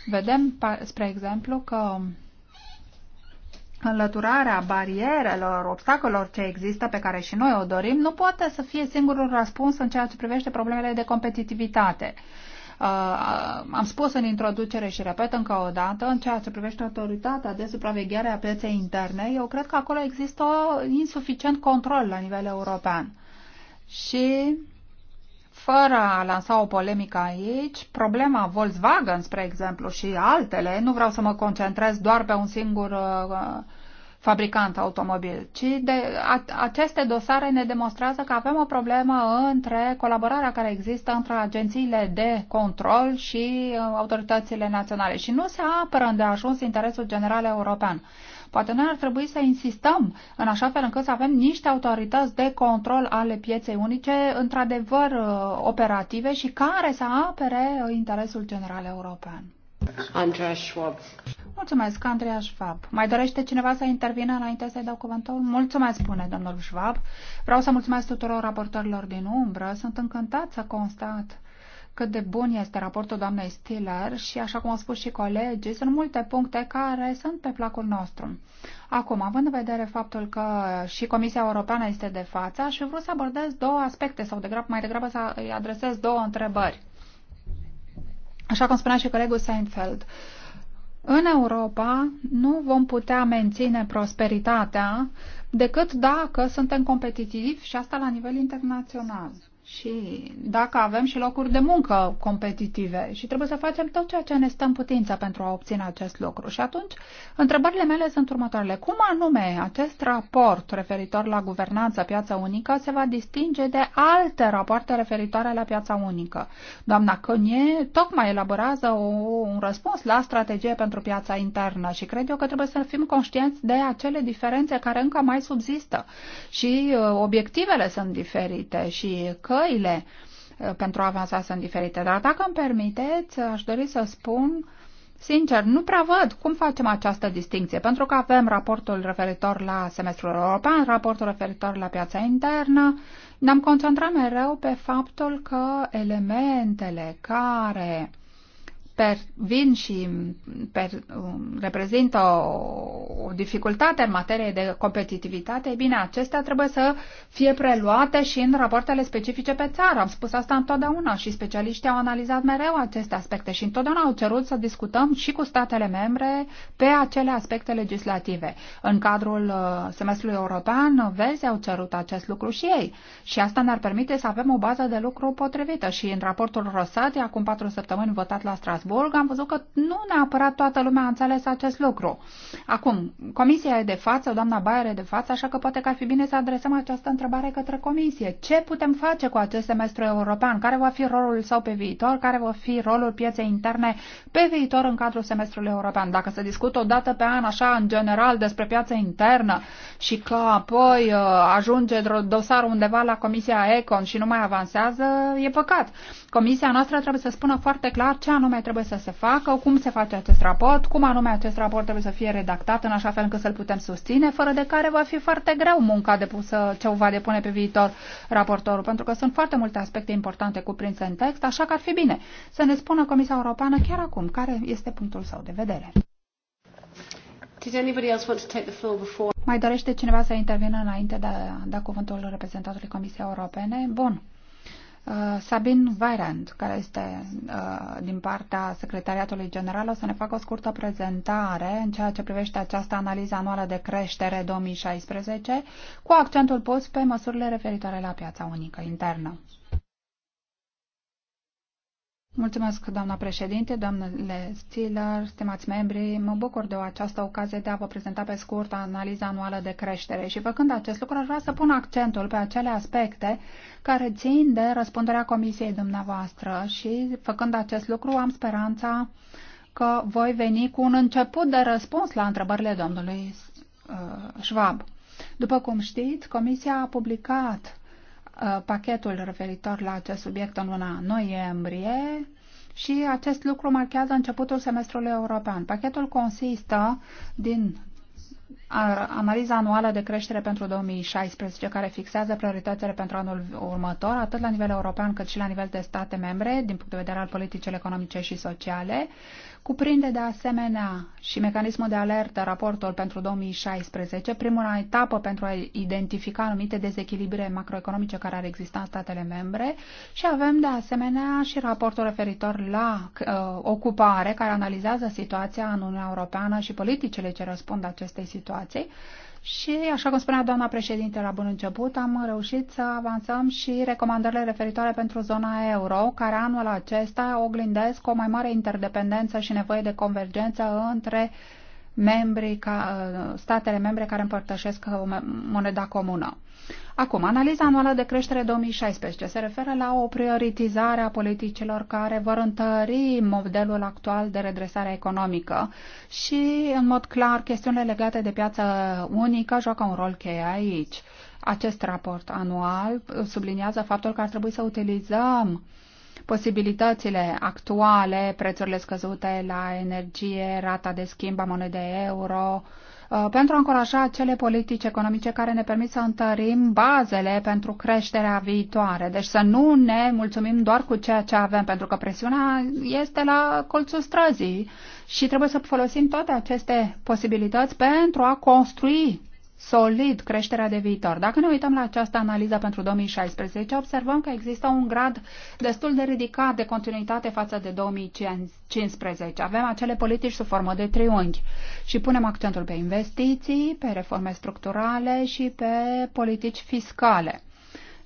Vedem, spre exemplu, că înlăturarea barierelor, obstacolelor ce există, pe care și noi o dorim, nu poate să fie singurul răspuns în ceea ce privește problemele de competitivitate. Uh, am spus în introducere și repet încă o dată, în ceea ce privește autoritatea de supraveghere a pieței interne, eu cred că acolo există insuficient control la nivel european. Și fără a lansa o polemică aici, problema Volkswagen, spre exemplu, și altele, nu vreau să mă concentrez doar pe un singur uh, fabricant automobil, ci de, a, aceste dosare ne demonstrează că avem o problemă între colaborarea care există între agențiile de control și uh, autoritățile naționale și nu se apără de ajuns interesul general european. Poate noi ar trebui să insistăm în așa fel încât să avem niște autorități de control ale pieței unice, într-adevăr uh, operative și care să apere uh, interesul general european. Andreea Schwab. Mulțumesc, Andreea Schwab. Mai dorește cineva să intervină înainte să-i dau cuvântul? Mulțumesc, spune domnul Schwab. Vreau să mulțumesc tuturor raportorilor din umbră. Sunt încântat să constat cât de bun este raportul doamnei Stiller și, așa cum au spus și colegii, sunt multe puncte care sunt pe placul nostru. Acum, având în vedere faptul că și Comisia Europeană este de față, aș vreau să abordez două aspecte sau degrabă mai degrabă să îi adresez două întrebări. Așa cum spunea și colegul Seinfeld, în Europa nu vom putea menține prosperitatea decât dacă suntem competitivi și asta la nivel internațional și dacă avem și locuri de muncă competitive și trebuie să facem tot ceea ce ne stă în putință pentru a obține acest lucru. Și atunci, întrebările mele sunt următoarele. Cum anume acest raport referitor la guvernanță piața unică se va distinge de alte rapoarte referitoare la piața unică? Doamna Cânie tocmai elaborează o, un răspuns la strategie pentru piața internă și cred eu că trebuie să fim conștienți de acele diferențe care încă mai subzistă și uh, obiectivele sunt diferite și că căile uh, pentru a avansa sunt diferite. Dar dacă îmi permiteți, aș dori să spun, sincer, nu prea văd cum facem această distinție, pentru că avem raportul referitor la semestrul european, raportul referitor la piața internă. Ne-am concentrat mereu pe faptul că elementele care per, vin și per, um, reprezintă o, o dificultate în materie de competitivitate, e bine, acestea trebuie să fie preluate și în rapoartele specifice pe țară. Am spus asta întotdeauna și specialiștii au analizat mereu aceste aspecte și întotdeauna au cerut să discutăm și cu statele membre pe acele aspecte legislative. În cadrul uh, semestrului european, vezi, au cerut acest lucru și ei și asta ne-ar permite să avem o bază de lucru potrivită și în raportul Rosati, acum patru săptămâni votat la Strasbourg, Strasburg, am văzut că nu neapărat toată lumea a înțeles acest lucru. Acum, comisia e de față, doamna Bayer e de față, așa că poate că ar fi bine să adresăm această întrebare către comisie. Ce putem face cu acest semestru european? Care va fi rolul său pe viitor? Care va fi rolul pieței interne pe viitor în cadrul semestrului european? Dacă se discută o dată pe an, așa, în general, despre piața internă și că apoi uh, ajunge dosarul undeva la comisia Econ și nu mai avansează, e păcat. Comisia noastră trebuie să spună foarte clar ce anume trebuie trebuie să se facă, cum se face acest raport, cum anume acest raport trebuie să fie redactat în așa fel încât să-l putem susține, fără de care va fi foarte greu munca depusă ce o va depune pe viitor raportorul, pentru că sunt foarte multe aspecte importante cuprinse în text, așa că ar fi bine să ne spună Comisia Europeană chiar acum care este punctul său de vedere. Did anybody else want to take the floor before? Mai dorește cineva să intervină înainte de a da cuvântul reprezentantului Comisiei Europene? Bun. Uh, Sabin Vairand, care este uh, din partea Secretariatului General, o să ne facă o scurtă prezentare în ceea ce privește această analiză anuală de creștere 2016, cu accentul pus pe măsurile referitoare la piața unică internă. Mulțumesc, doamna președinte, doamnele Stiller, stimați membri. Mă bucur de această ocazie de a vă prezenta pe scurt analiza anuală de creștere și făcând acest lucru aș vrea să pun accentul pe acele aspecte care țin de răspunderea comisiei dumneavoastră și făcând acest lucru am speranța că voi veni cu un început de răspuns la întrebările domnului uh, Schwab. După cum știți, comisia a publicat Uh, pachetul referitor la acest subiect în luna noiembrie și acest lucru marchează începutul semestrului european. Pachetul consistă din analiza anuală de creștere pentru 2016, care fixează prioritățile pentru anul următor, atât la nivel european cât și la nivel de state membre, din punct de vedere al politicilor economice și sociale, Cuprinde de asemenea și mecanismul de alertă, raportul pentru 2016, prima etapă pentru a identifica anumite dezechilibre macroeconomice care ar exista în statele membre și avem de asemenea și raportul referitor la uh, ocupare care analizează situația în Uniunea Europeană și politicile ce răspund acestei situații. Și, așa cum spunea doamna președinte la bun început, am reușit să avansăm și recomandările referitoare pentru zona euro, care anul acesta oglindesc o mai mare interdependență și nevoie de convergență între uh, membrii ca, uh, statele membre care împărtășesc uh, moneda comună. Acum, analiza anuală de creștere 2016 se referă la o prioritizare a politicilor care vor întări modelul actual de redresare economică și, în mod clar, chestiunile legate de piață unică joacă un rol cheie aici. Acest raport anual uh, subliniază faptul că ar trebui să utilizăm uh, posibilitățile actuale, prețurile scăzute la energie, rata de schimb a monedei euro, uh, pentru a încuraja cele politici economice care ne permit să întărim bazele pentru creșterea viitoare. Deci să nu ne mulțumim doar cu ceea ce avem, pentru că presiunea este la colțul străzii și trebuie să folosim toate aceste posibilități pentru a construi solid creșterea de viitor. Dacă ne uităm la această analiză pentru 2016, observăm că există un grad destul de ridicat de continuitate față de 2015. Avem acele politici sub formă de triunghi și punem accentul pe investiții, pe reforme structurale și pe politici fiscale.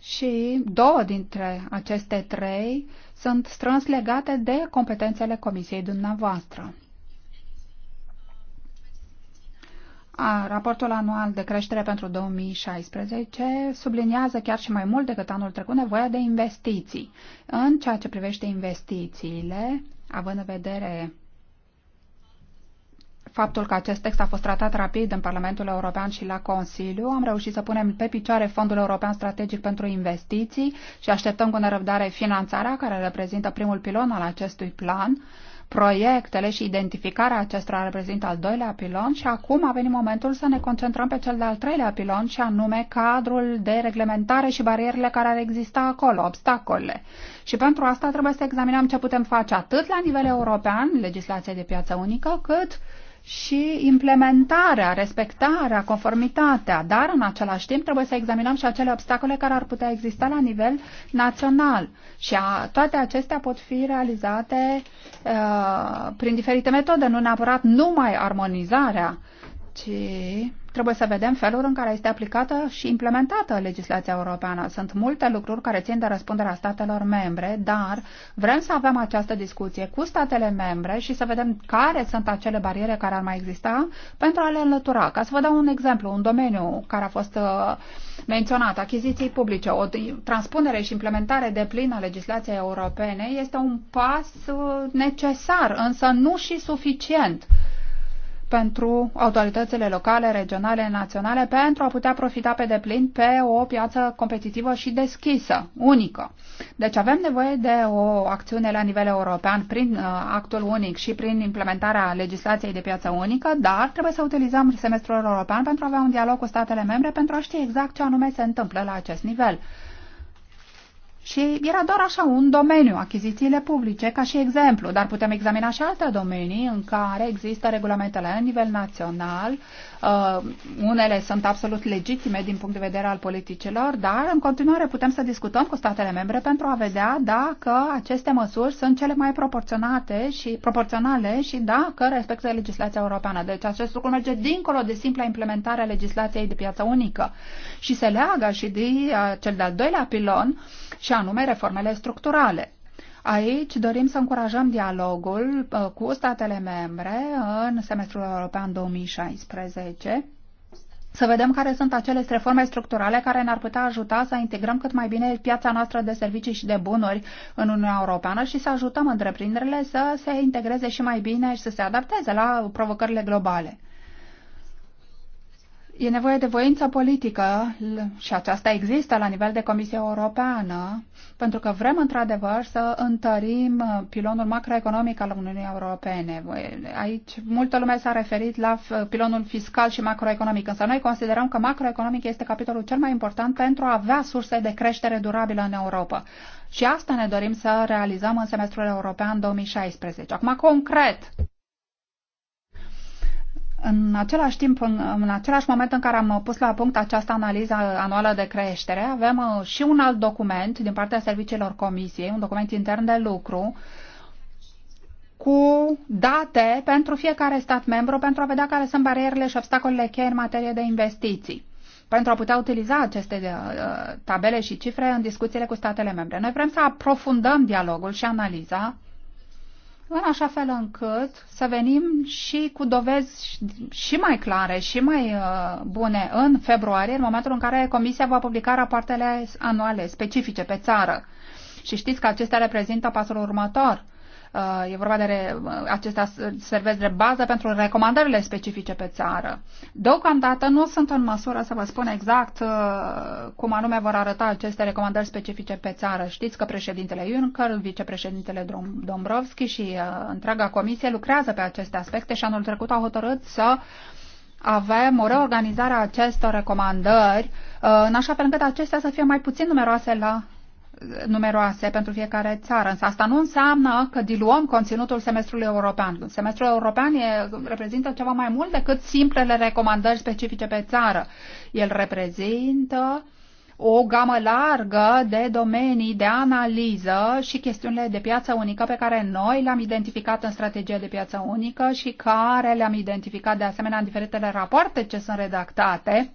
Și două dintre aceste trei sunt strâns legate de competențele Comisiei dumneavoastră. A, raportul anual de creștere pentru 2016 subliniază chiar și mai mult decât anul trecut nevoia de investiții. În ceea ce privește investițiile, având în vedere faptul că acest text a fost tratat rapid în Parlamentul European și la Consiliu, am reușit să punem pe picioare Fondul European Strategic pentru Investiții și așteptăm cu nerăbdare finanțarea care reprezintă primul pilon al acestui plan proiectele și identificarea acestora reprezintă al doilea pilon și acum a venit momentul să ne concentrăm pe cel de-al treilea pilon și anume cadrul de reglementare și barierele care ar exista acolo, obstacole. Și pentru asta trebuie să examinăm ce putem face atât la nivel european, legislație de piață unică, cât și implementarea, respectarea, conformitatea, dar în același timp trebuie să examinăm și acele obstacole care ar putea exista la nivel național. Și a, toate acestea pot fi realizate uh, prin diferite metode, nu neapărat numai armonizarea, ci trebuie să vedem felul în care este aplicată și implementată legislația europeană. Sunt multe lucruri care țin de răspunderea statelor membre, dar vrem să avem această discuție cu statele membre și să vedem care sunt acele bariere care ar mai exista pentru a le înlătura. Ca să vă dau un exemplu, un domeniu care a fost uh, menționat, achiziții publice, o transpunere și implementare de plină a legislației europene este un pas uh, necesar, însă nu și suficient pentru autoritățile locale, regionale, naționale, pentru a putea profita pe deplin pe o piață competitivă și deschisă, unică. Deci avem nevoie de o acțiune la nivel european prin uh, actul unic și prin implementarea legislației de piață unică, dar trebuie să utilizăm semestrul european pentru a avea un dialog cu statele membre pentru a ști exact ce anume se întâmplă la acest nivel. Și era doar așa un domeniu, achizițiile publice, ca și exemplu, dar putem examina și alte domenii în care există regulamentele la nivel național Uh, unele sunt absolut legitime din punct de vedere al politicilor, dar în continuare putem să discutăm cu statele membre pentru a vedea dacă aceste măsuri sunt cele mai proporționate și proporționale și dacă respectă legislația europeană. Deci acest lucru merge dincolo de simpla implementare a legislației de piață unică și se leagă și de uh, cel de-al doilea pilon și anume reformele structurale. Aici dorim să încurajăm dialogul uh, cu statele membre în semestrul european 2016 să vedem care sunt acele reforme structurale care ne-ar putea ajuta să integrăm cât mai bine piața noastră de servicii și de bunuri în Uniunea Europeană și să ajutăm întreprinderile să se integreze și mai bine și să se adapteze la provocările globale. E nevoie de voință politică și aceasta există la nivel de Comisie Europeană, pentru că vrem într-adevăr să întărim uh, pilonul macroeconomic al Uniunii Europene. Aici multă lume s-a referit la uh, pilonul fiscal și macroeconomic, însă noi considerăm că macroeconomic este capitolul cel mai important pentru a avea surse de creștere durabilă în Europa. Și asta ne dorim să realizăm în semestrul european 2016. Acum, concret, în același timp, în, în același moment în care am pus la punct această analiză anuală de creștere, avem uh, și un alt document din partea serviciilor comisiei, un document intern de lucru, cu date pentru fiecare stat membru pentru a vedea care sunt barierele și obstacolele cheie în materie de investiții pentru a putea utiliza aceste uh, tabele și cifre în discuțiile cu statele membre. Noi vrem să aprofundăm dialogul și analiza în așa fel încât să venim și cu dovezi și mai clare și mai uh, bune în februarie, în momentul în care Comisia va publica rapoartele anuale specifice pe țară. Și știți că acestea reprezintă pasul următor Uh, e vorba de acestea servesc de bază pentru recomandările specifice pe țară. Deocamdată nu sunt în măsură să vă spun exact uh, cum anume vor arăta aceste recomandări specifice pe țară. Știți că președintele Juncker, vicepreședintele Dombrovski și uh, întreaga comisie lucrează pe aceste aspecte și anul trecut au hotărât să avem o reorganizare a acestor recomandări, în așa fel încât acestea să fie mai puțin numeroase la numeroase pentru fiecare țară, însă asta nu înseamnă că diluăm conținutul semestrului european. Semestrul european e, reprezintă ceva mai mult decât simplele recomandări specifice pe țară. El reprezintă o gamă largă de domenii de analiză și chestiunile de piață unică pe care noi le-am identificat în strategia de piață unică și care le-am identificat de asemenea în diferitele rapoarte ce sunt redactate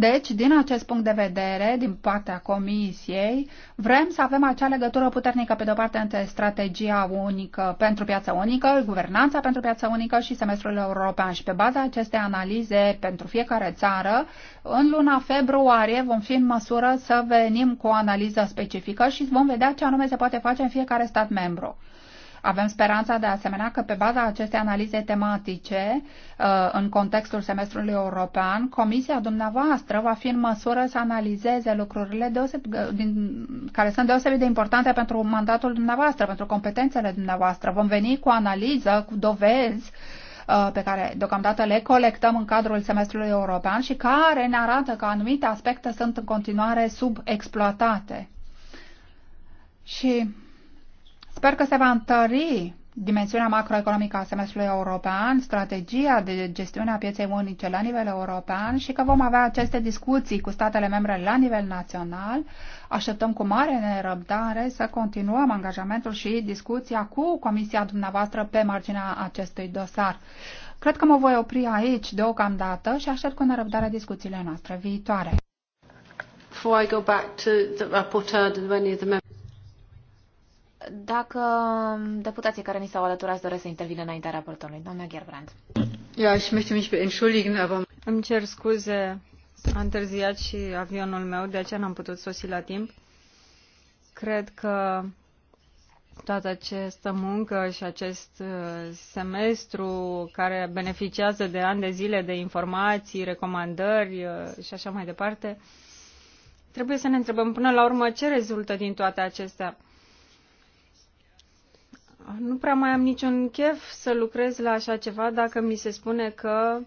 deci, din acest punct de vedere, din partea Comisiei, vrem să avem acea legătură puternică, pe de-o parte, între strategia unică pentru piața unică, guvernanța pentru piața unică și semestrul european. Și pe baza acestei analize pentru fiecare țară, în luna februarie vom fi în măsură să venim cu o analiză specifică și vom vedea ce anume se poate face în fiecare stat membru. Avem speranța de asemenea că pe baza acestei analize tematice, uh, în contextul semestrului european, Comisia dumneavoastră va fi în măsură să analizeze lucrurile deoseb- din, care sunt deosebit de importante pentru mandatul dumneavoastră, pentru competențele dumneavoastră. Vom veni cu analiză, cu dovezi uh, pe care deocamdată le colectăm în cadrul semestrului european și care ne arată că anumite aspecte sunt în continuare subexploatate. Și Sper că se va întări dimensiunea macroeconomică a semestrului european, strategia de gestiune a pieței unice la nivel european și că vom avea aceste discuții cu statele membre la nivel național. Așteptăm cu mare nerăbdare să continuăm angajamentul și discuția cu Comisia dumneavoastră pe marginea acestui dosar. Cred că mă voi opri aici deocamdată și aștept cu nerăbdare discuțiile noastre viitoare. Before I go back to the rapporteur any of the members. Dacă deputații care ni s-au alăturat doresc să intervină înaintea raportului, doamna Gerbrand. Ja, ich möchte mich entschuldigen, aber... Îmi cer scuze, a întârziat și avionul meu, de aceea n-am putut sosi la timp. Cred că toată această muncă și acest uh, semestru care beneficiază de ani de zile de informații, recomandări uh, și așa mai departe, trebuie să ne întrebăm până la urmă ce rezultă din toate acestea nu prea mai am niciun chef să lucrez la așa ceva dacă mi se spune că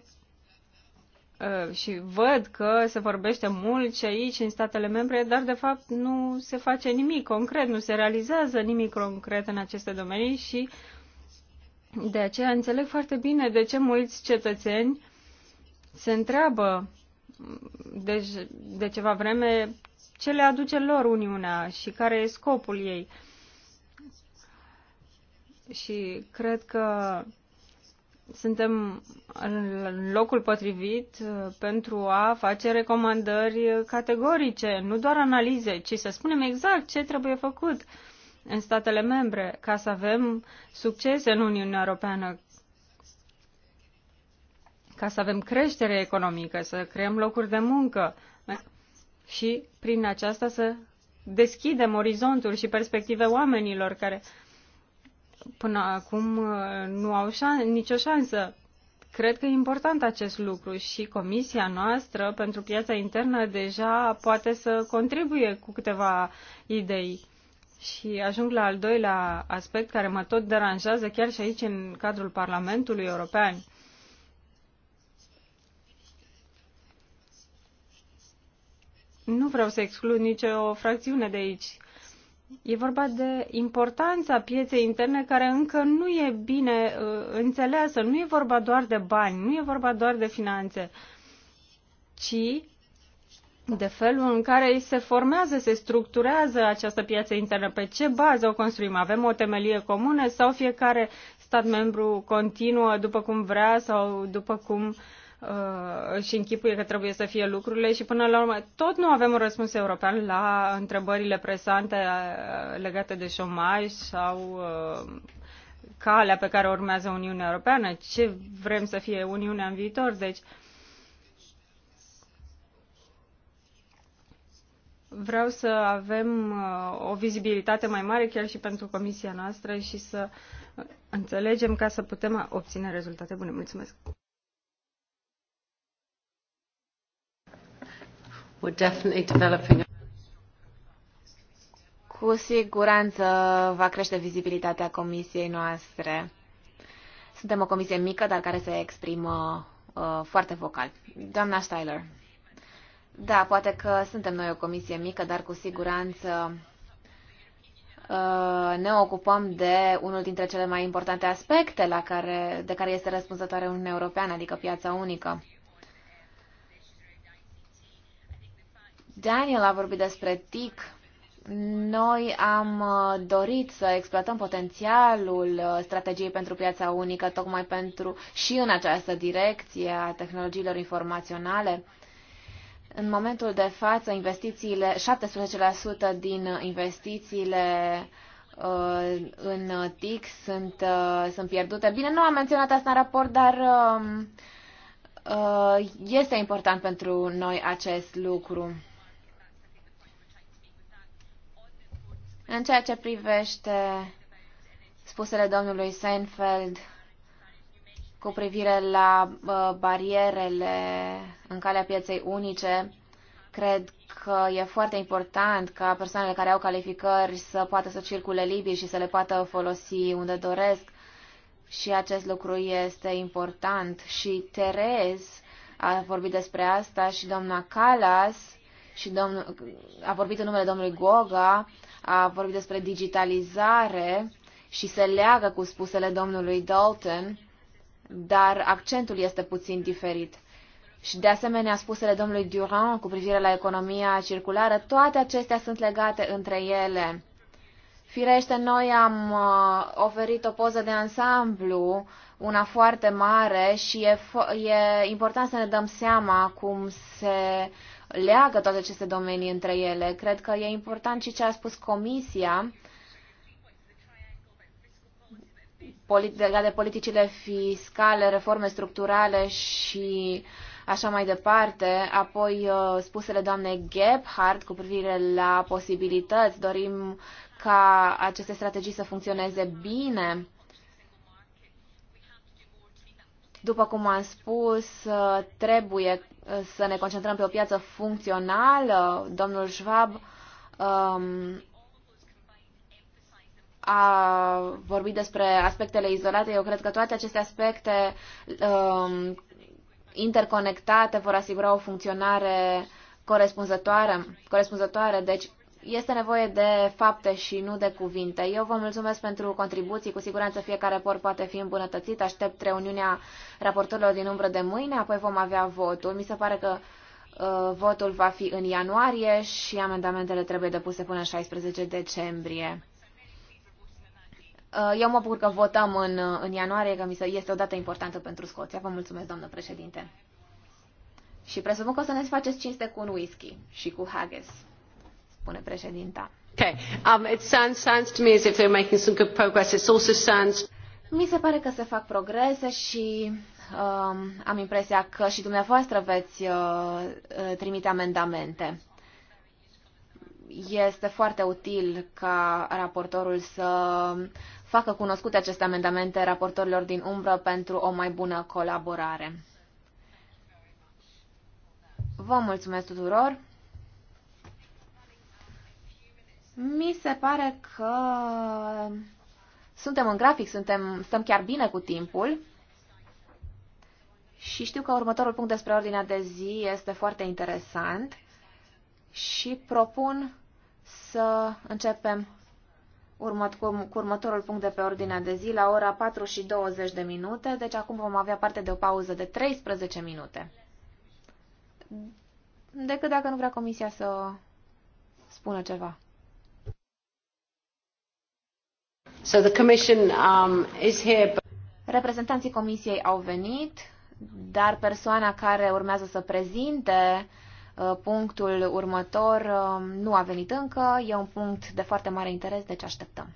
uh, și văd că se vorbește mult și aici, în statele membre, dar de fapt nu se face nimic concret, nu se realizează nimic concret în aceste domenii și de aceea înțeleg foarte bine de ce mulți cetățeni se întreabă de, de ceva vreme ce le aduce lor Uniunea și care e scopul ei. Uh, și cred că suntem în locul potrivit uh, pentru a face recomandări categorice, nu doar analize, ci să spunem exact ce trebuie făcut în statele membre ca să avem succes în Uniunea Europeană, ca să avem creștere economică, să creăm locuri de muncă și prin aceasta să deschidem orizontul și perspective oamenilor care uh, până acum uh, nu au șan- nicio șansă. Cred că e important acest lucru și comisia noastră pentru piața internă deja poate să contribuie cu câteva idei. Și ajung la al doilea aspect care mă tot deranjează chiar și aici în cadrul Parlamentului European. Nu vreau să exclud nicio fracțiune de aici, E vorba de importanța pieței interne care încă nu e bine uh, înțeleasă. Nu e vorba doar de bani, nu e vorba doar de finanțe, ci de felul în care se formează, se structurează această piață internă, pe ce bază o construim. Avem o temelie comună sau fiecare stat membru continuă după cum vrea sau după cum uh, Uh, și închipuie că trebuie să fie lucrurile și până la urmă tot nu avem un răspuns european la întrebările presante uh, legate de șomaj sau uh, calea pe care urmează Uniunea Europeană, ce vrem să fie Uniunea în viitor. Deci, vreau să avem o vizibilitate mai mare chiar și pentru comisia noastră și să înțelegem ca să putem obține rezultate bune. Mulțumesc! cu siguranță va crește vizibilitatea comisiei noastre. Suntem o comisie mică, dar care se exprimă uh, foarte vocal. Doamna Steiler. Da, poate că suntem noi o comisie mică, dar cu siguranță uh, ne ocupăm de unul dintre cele mai importante aspecte la care, de care este răspunzătoare Uniunea Europeană, adică piața unică. Daniel a vorbit despre TIC. Noi am uh, dorit să exploatăm potențialul uh, strategiei pentru piața unică, tocmai pentru și în această direcție a tehnologiilor informaționale. În momentul de față, investițiile, 17% din investițiile uh, în TIC sunt, sunt pierdute. Bine, nu am menționat asta în raport, dar um, este important pentru noi acest lucru. În ceea ce privește spusele domnului Seinfeld cu privire la barierele în calea pieței unice, cred că e foarte important ca persoanele care au calificări să poată să circule liber și să le poată folosi unde doresc. Și acest lucru este important. Și Terez a vorbit despre asta și doamna Calas și domnul, a vorbit în numele domnului Goga a vorbit despre digitalizare și se leagă cu spusele domnului Dalton, dar accentul este puțin diferit. Și de asemenea spusele domnului Durand cu privire la economia circulară, toate acestea sunt legate între ele. Firește, noi am uh, oferit o poză de ansamblu, una foarte mare și e, e important să ne dăm seama cum se leagă toate aceste domenii între ele. Cred că e important și ce a spus Comisia legat de politicile fiscale, reforme structurale și așa mai departe, apoi uh, spusele doamnei Gebhardt cu privire la posibilități. Dorim ca aceste strategii să funcționeze bine după cum am spus, ă, trebuie ă, să ne concentrăm pe o piață funcțională. Domnul Schwab um, a vorbit despre aspectele izolate. Eu cred că toate aceste aspecte um, interconectate vor asigura o funcționare corespunzătoare. corespunzătoare. Deci, este nevoie de fapte și nu de cuvinte. Eu vă mulțumesc pentru contribuții. Cu siguranță fiecare por poate fi îmbunătățit. Aștept reuniunea raportorilor din umbră de mâine, apoi vom avea votul. Mi se pare că uh, votul va fi în ianuarie și amendamentele trebuie depuse până în 16 decembrie. Uh, eu mă bucur că votăm în, uh, în ianuarie, că mi se, este o dată importantă pentru Scoția. Vă mulțumesc, doamnă președinte. Și presupun că o să ne faceți cinste cu un whisky și cu haggis spune președinta. Okay. Um, it sounds, sounds to me as if they're making some good progress. It also sounds... Mi se pare că se fac progrese și um, am impresia că și dumneavoastră veți uh, uh, trimite amendamente. Este foarte util ca raportorul să facă cunoscute aceste amendamente raportorilor din umbră pentru o mai bună colaborare. Vă mulțumesc tuturor! Mi se pare că suntem în grafic, suntem, stăm chiar bine cu timpul. Și știu că următorul punct despre ordinea de zi este foarte interesant și propun să începem următ, cu, cu următorul punct de pe ordinea de zi la ora 4 și 20 de minute, deci acum vom avea parte de o pauză de 13 minute. Decât dacă nu vrea comisia să spună ceva. So the commission, um, is here... Reprezentanții comisiei au venit, dar persoana care urmează să prezinte uh, punctul următor um, nu a venit încă. E un punct de foarte mare interes, deci așteptăm.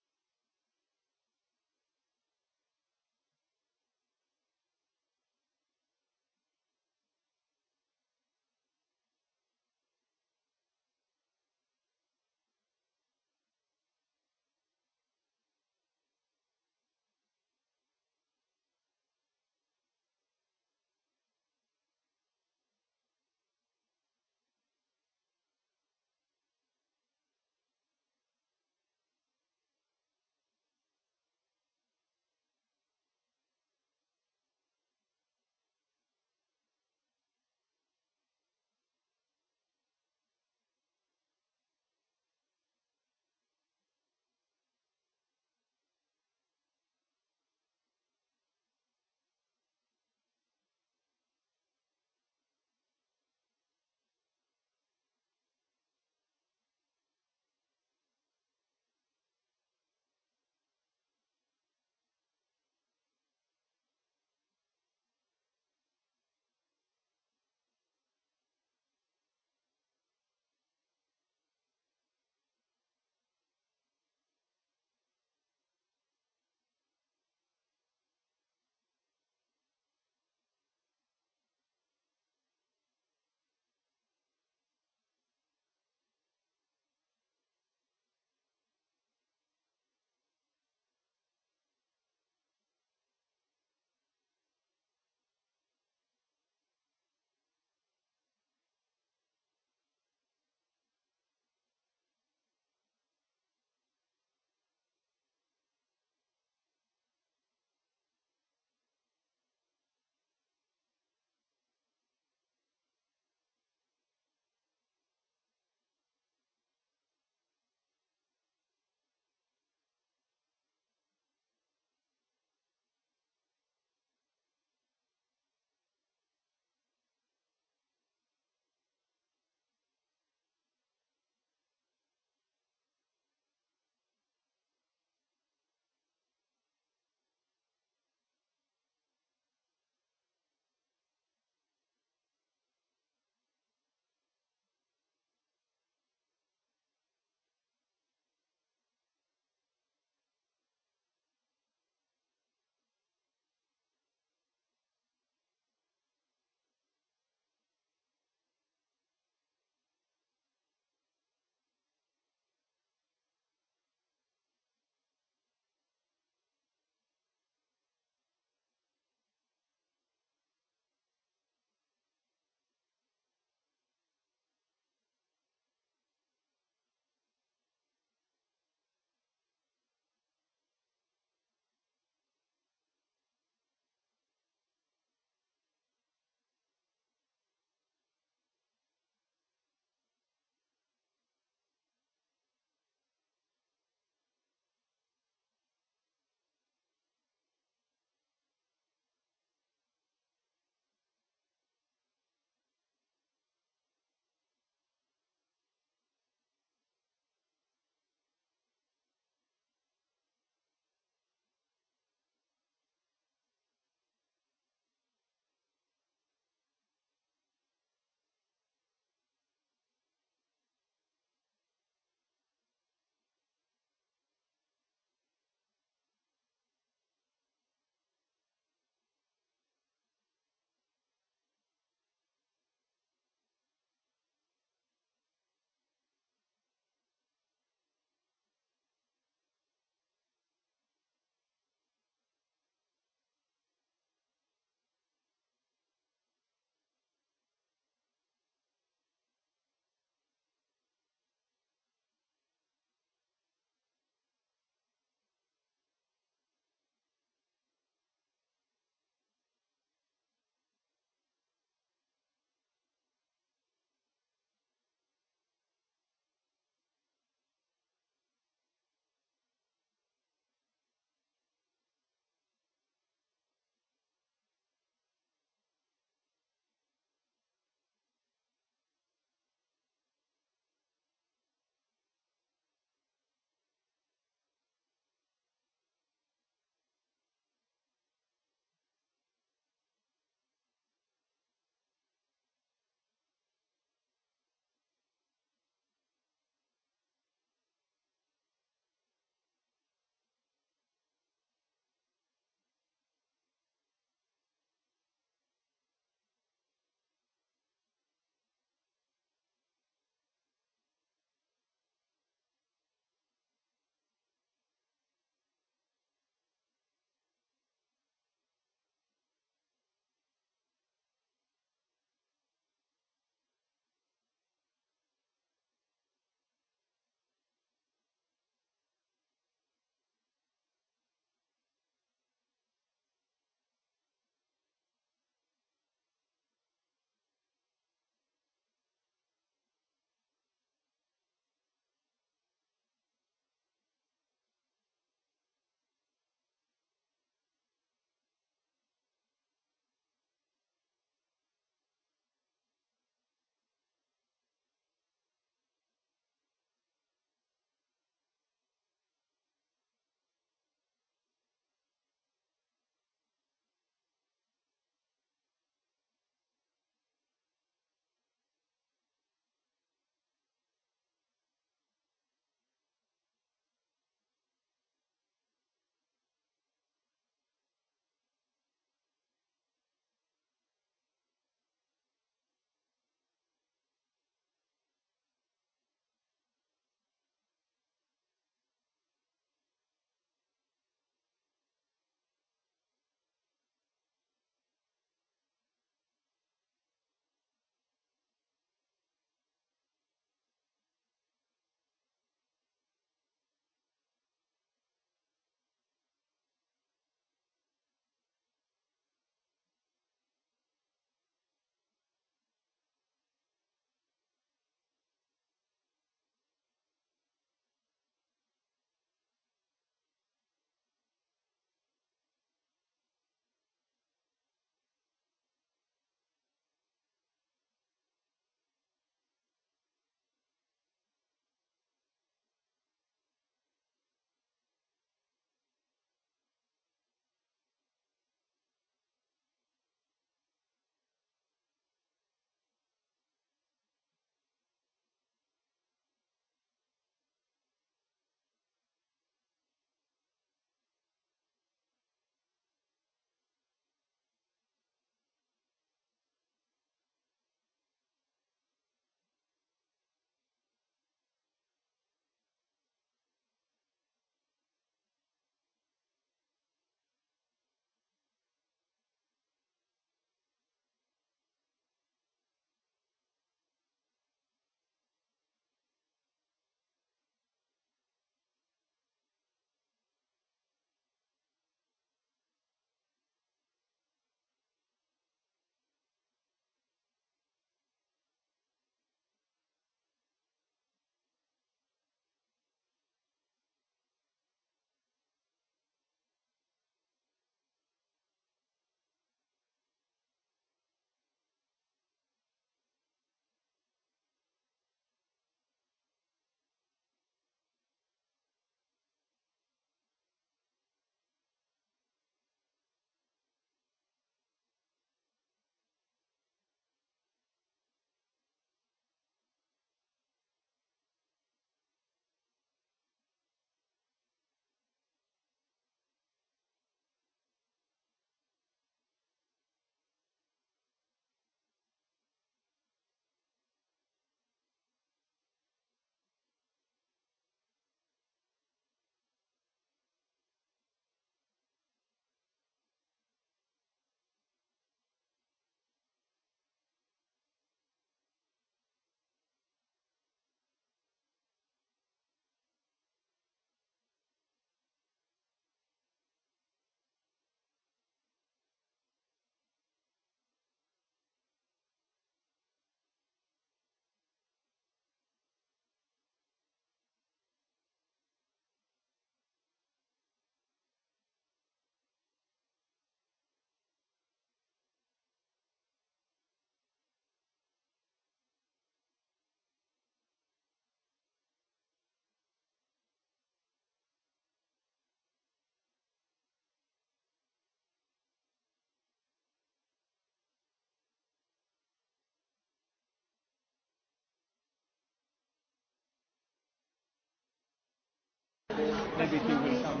Maybe he will come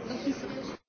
with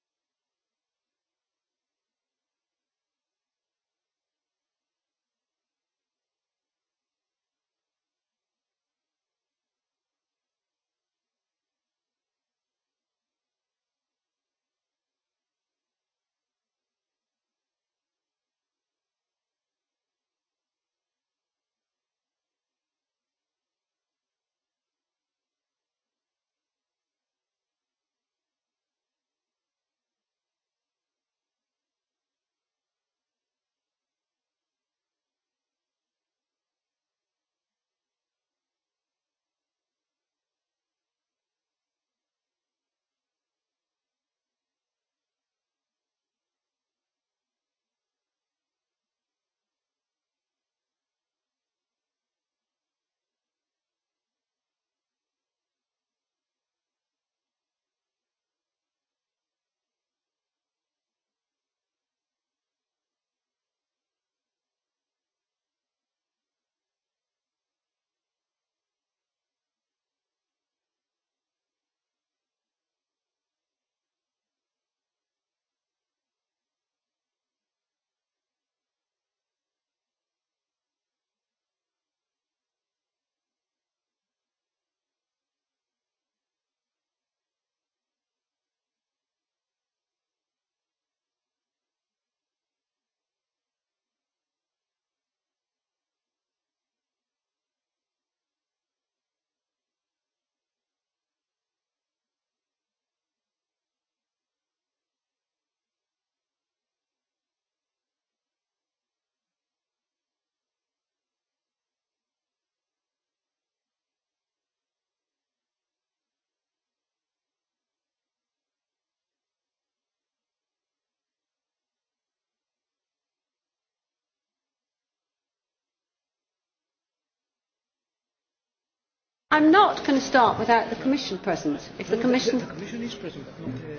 I'm not going to start without the Commission present. If the Commission... The, Commission is present.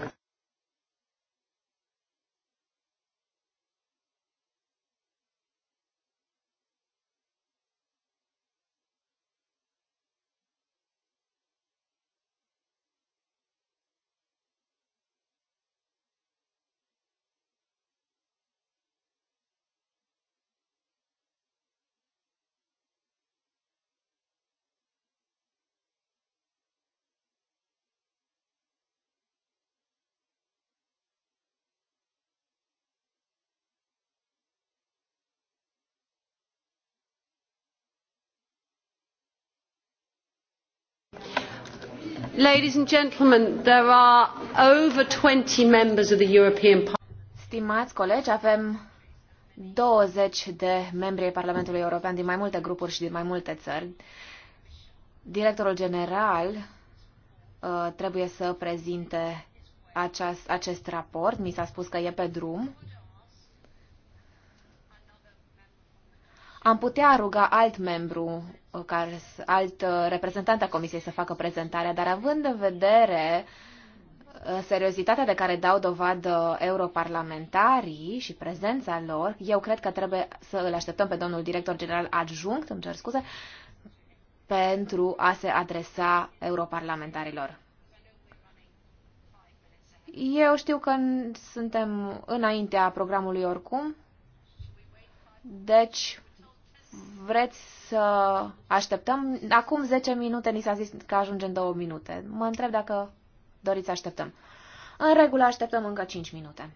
Uh, Ladies and gentlemen, there are over 20 members of the European Parliament. Stimați colegi, avem 20 de membri ai Parlamentului European din mai multe grupuri și din mai multe țări. Directorul general uh, trebuie să prezinte aceast, acest raport. Mi s-a spus că e pe drum. Am putea ruga alt membru ca alt uh, reprezentant a Comisiei să facă prezentarea, dar având în vedere uh, seriozitatea de care dau dovadă europarlamentarii și prezența lor, eu cred că trebuie să îl așteptăm pe domnul director general adjunct, îmi cer scuze, pentru a se adresa europarlamentarilor. Eu știu că suntem înaintea programului oricum, deci Vreți să așteptăm? Acum 10 minute ni s-a zis că ajunge în 2 minute. Mă întreb dacă doriți să așteptăm. În regulă așteptăm încă 5 minute.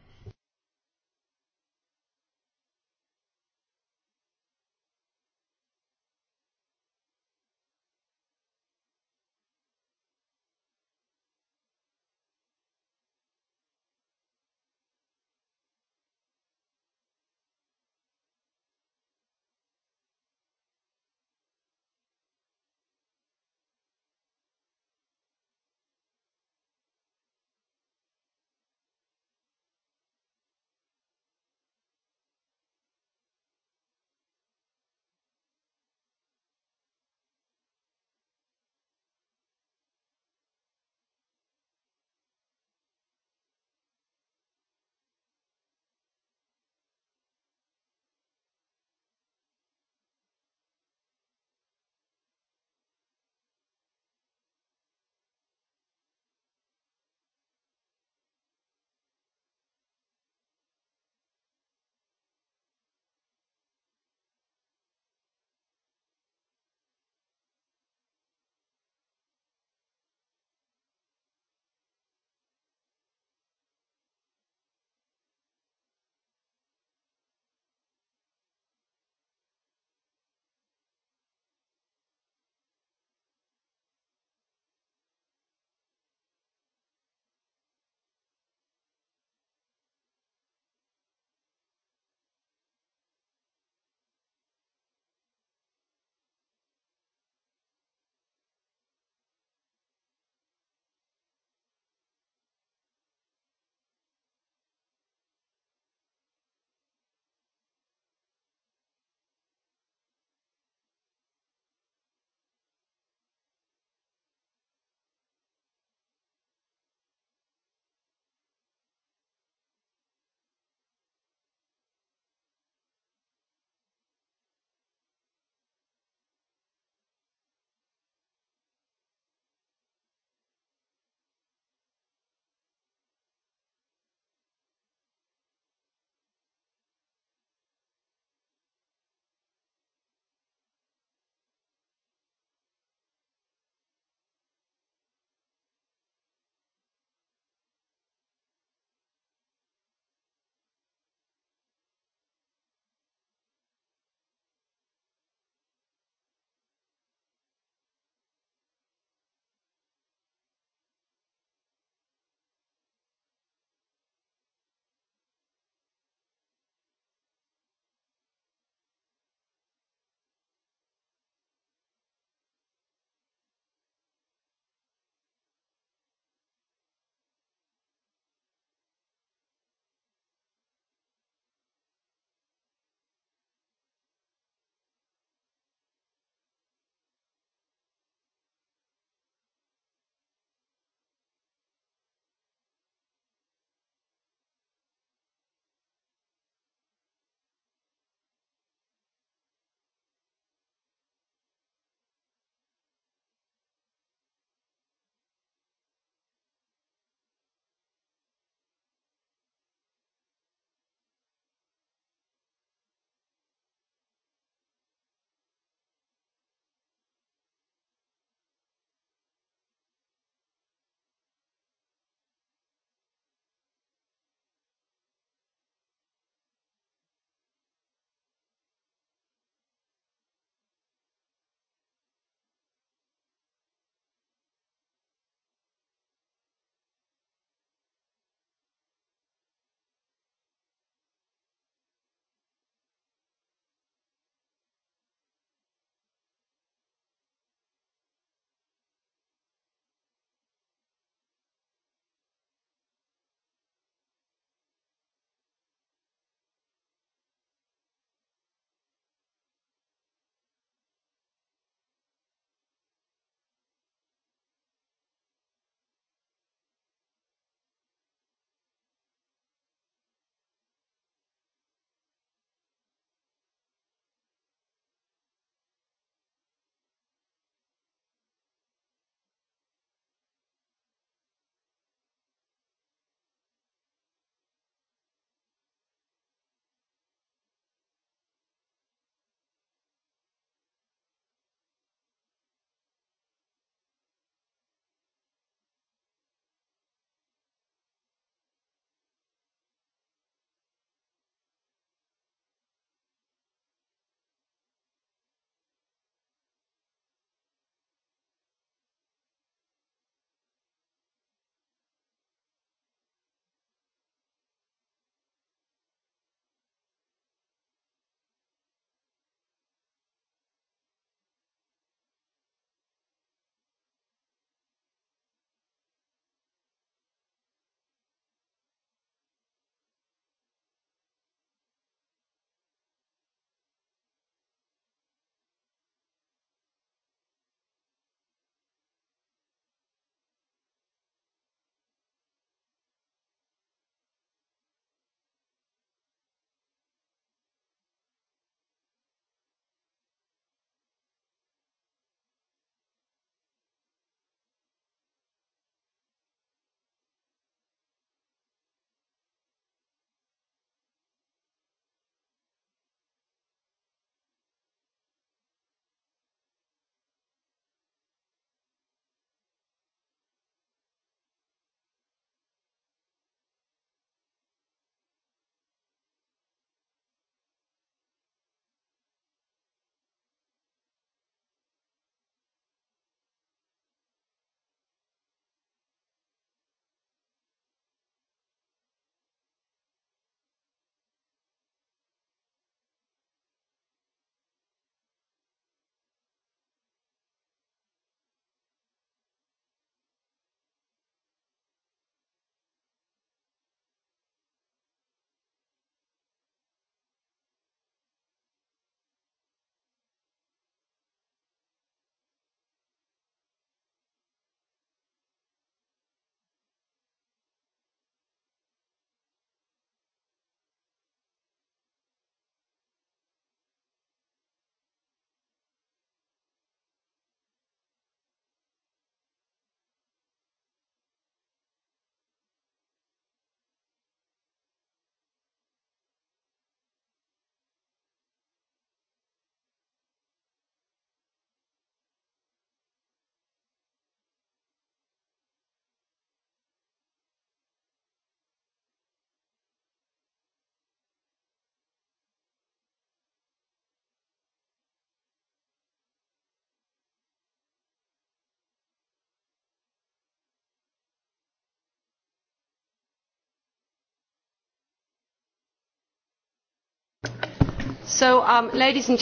So, um, ladies and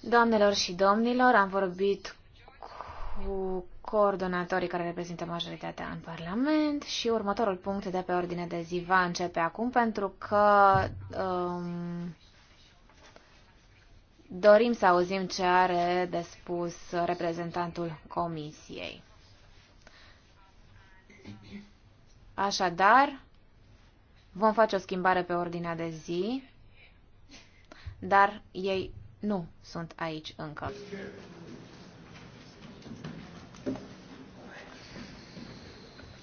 Doamnelor și domnilor, am vorbit cu coordonatorii care reprezintă majoritatea în Parlament și următorul punct de pe ordine de zi va începe acum pentru că um, dorim să auzim ce are de spus reprezentantul Comisiei. Așadar, vom face o schimbare pe ordinea de zi dar ei nu sunt aici încă.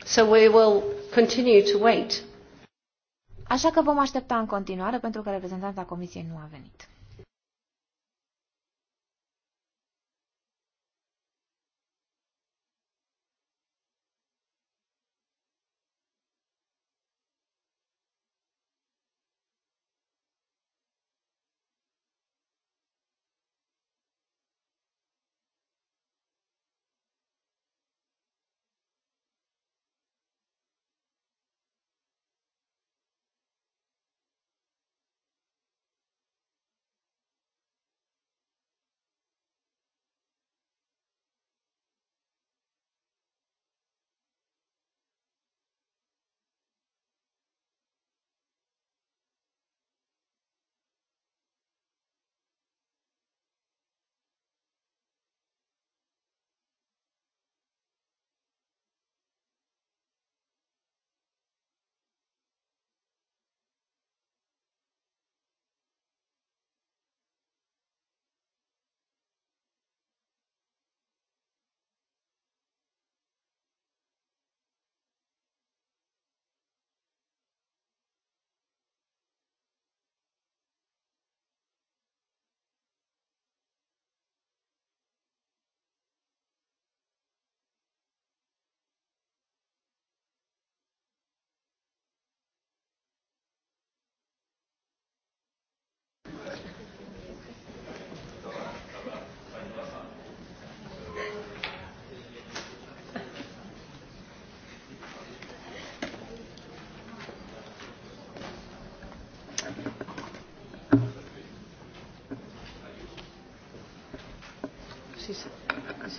So we will continue to wait. Așa că vom aștepta în continuare pentru că reprezentanta Comisiei nu a venit.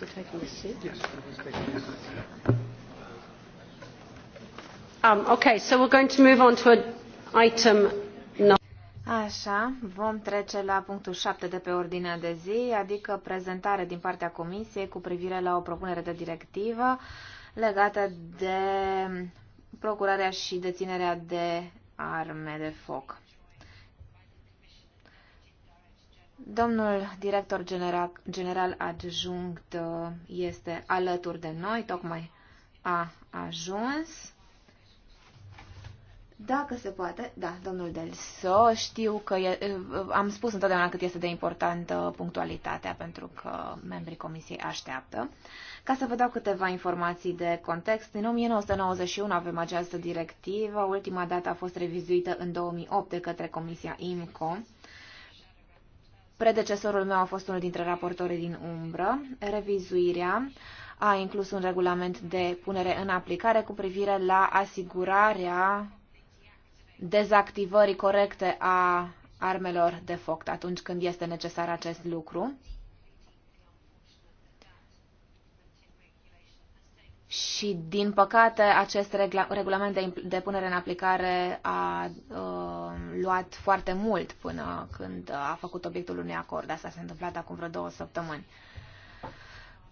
taking a seat? um, okay, so we're going to move on to an item Așa, vom trece la punctul 7 de pe ordinea de zi, adică prezentare din partea Comisiei cu privire la o propunere de directivă legată de procurarea și deținerea de arme de foc. Domnul director general, general adjunct uh, este alături de noi, tocmai a ajuns. Dacă se poate, da, domnul Delso, știu că e, uh, uh, am spus întotdeauna cât este de importantă punctualitatea, pentru că membrii comisiei așteaptă. Ca să vă dau câteva informații de context, în 1991 avem această directivă, ultima dată a fost revizuită în 2008 de către Comisia IMCO Predecesorul meu a fost unul dintre raportorii din umbră. Revizuirea a inclus un regulament de punere în aplicare cu privire la asigurarea dezactivării corecte a armelor de foc atunci când este necesar acest lucru. Și, din păcate, acest regla, regulament de, de punere în aplicare a uh, luat foarte mult până când a făcut obiectul unui acord. Asta s-a întâmplat acum vreo două săptămâni.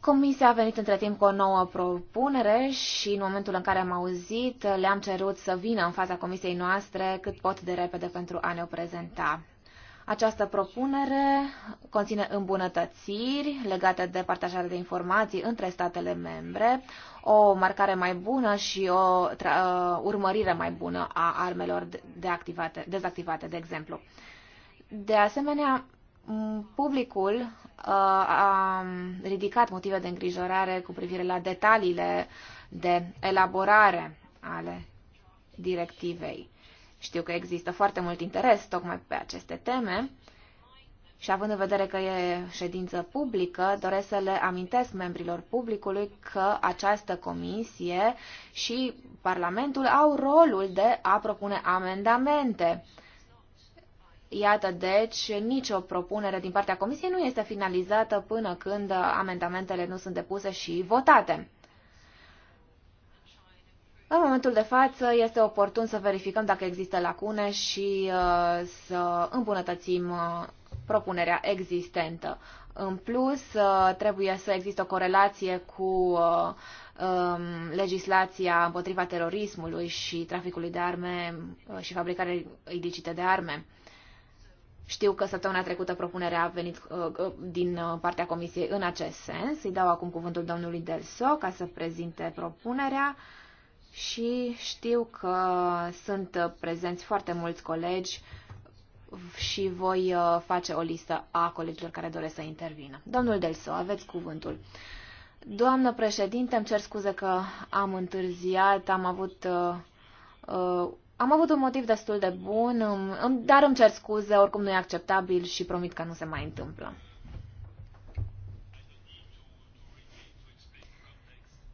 Comisia a venit între timp cu o nouă propunere și în momentul în care am auzit, le-am cerut să vină în fața comisiei noastre cât pot de repede pentru a ne prezenta. Această propunere conține îmbunătățiri legate de partajarea de informații între statele membre, o marcare mai bună și o uh, urmărire mai bună a armelor deactivate, dezactivate, de exemplu. De asemenea, publicul uh, a ridicat motive de îngrijorare cu privire la detaliile de elaborare ale directivei. Știu că există foarte mult interes tocmai pe aceste teme și având în vedere că e ședință publică, doresc să le amintesc membrilor publicului că această comisie și Parlamentul au rolul de a propune amendamente. Iată, deci, nicio propunere din partea comisiei nu este finalizată până când amendamentele nu sunt depuse și votate. În momentul de față este oportun să verificăm dacă există lacune și uh, să îmbunătățim uh, propunerea existentă. În plus, uh, trebuie să existe o corelație cu um, legislația împotriva terorismului și traficului de arme și fabricarea ilicite de arme. Știu că săptămâna trecută propunerea a venit din partea Comisiei în acest sens. Îi dau acum cuvântul domnului Delso ca să prezinte propunerea și știu că sunt prezenți foarte mulți colegi și voi uh, face o listă a colegilor care doresc să intervină. Domnul Delso, aveți cuvântul. Doamnă președinte, îmi cer scuze că am întârziat, am avut, uh, uh am avut un motiv destul de bun, um, dar îmi cer scuze, oricum nu e acceptabil și promit că nu se mai întâmplă.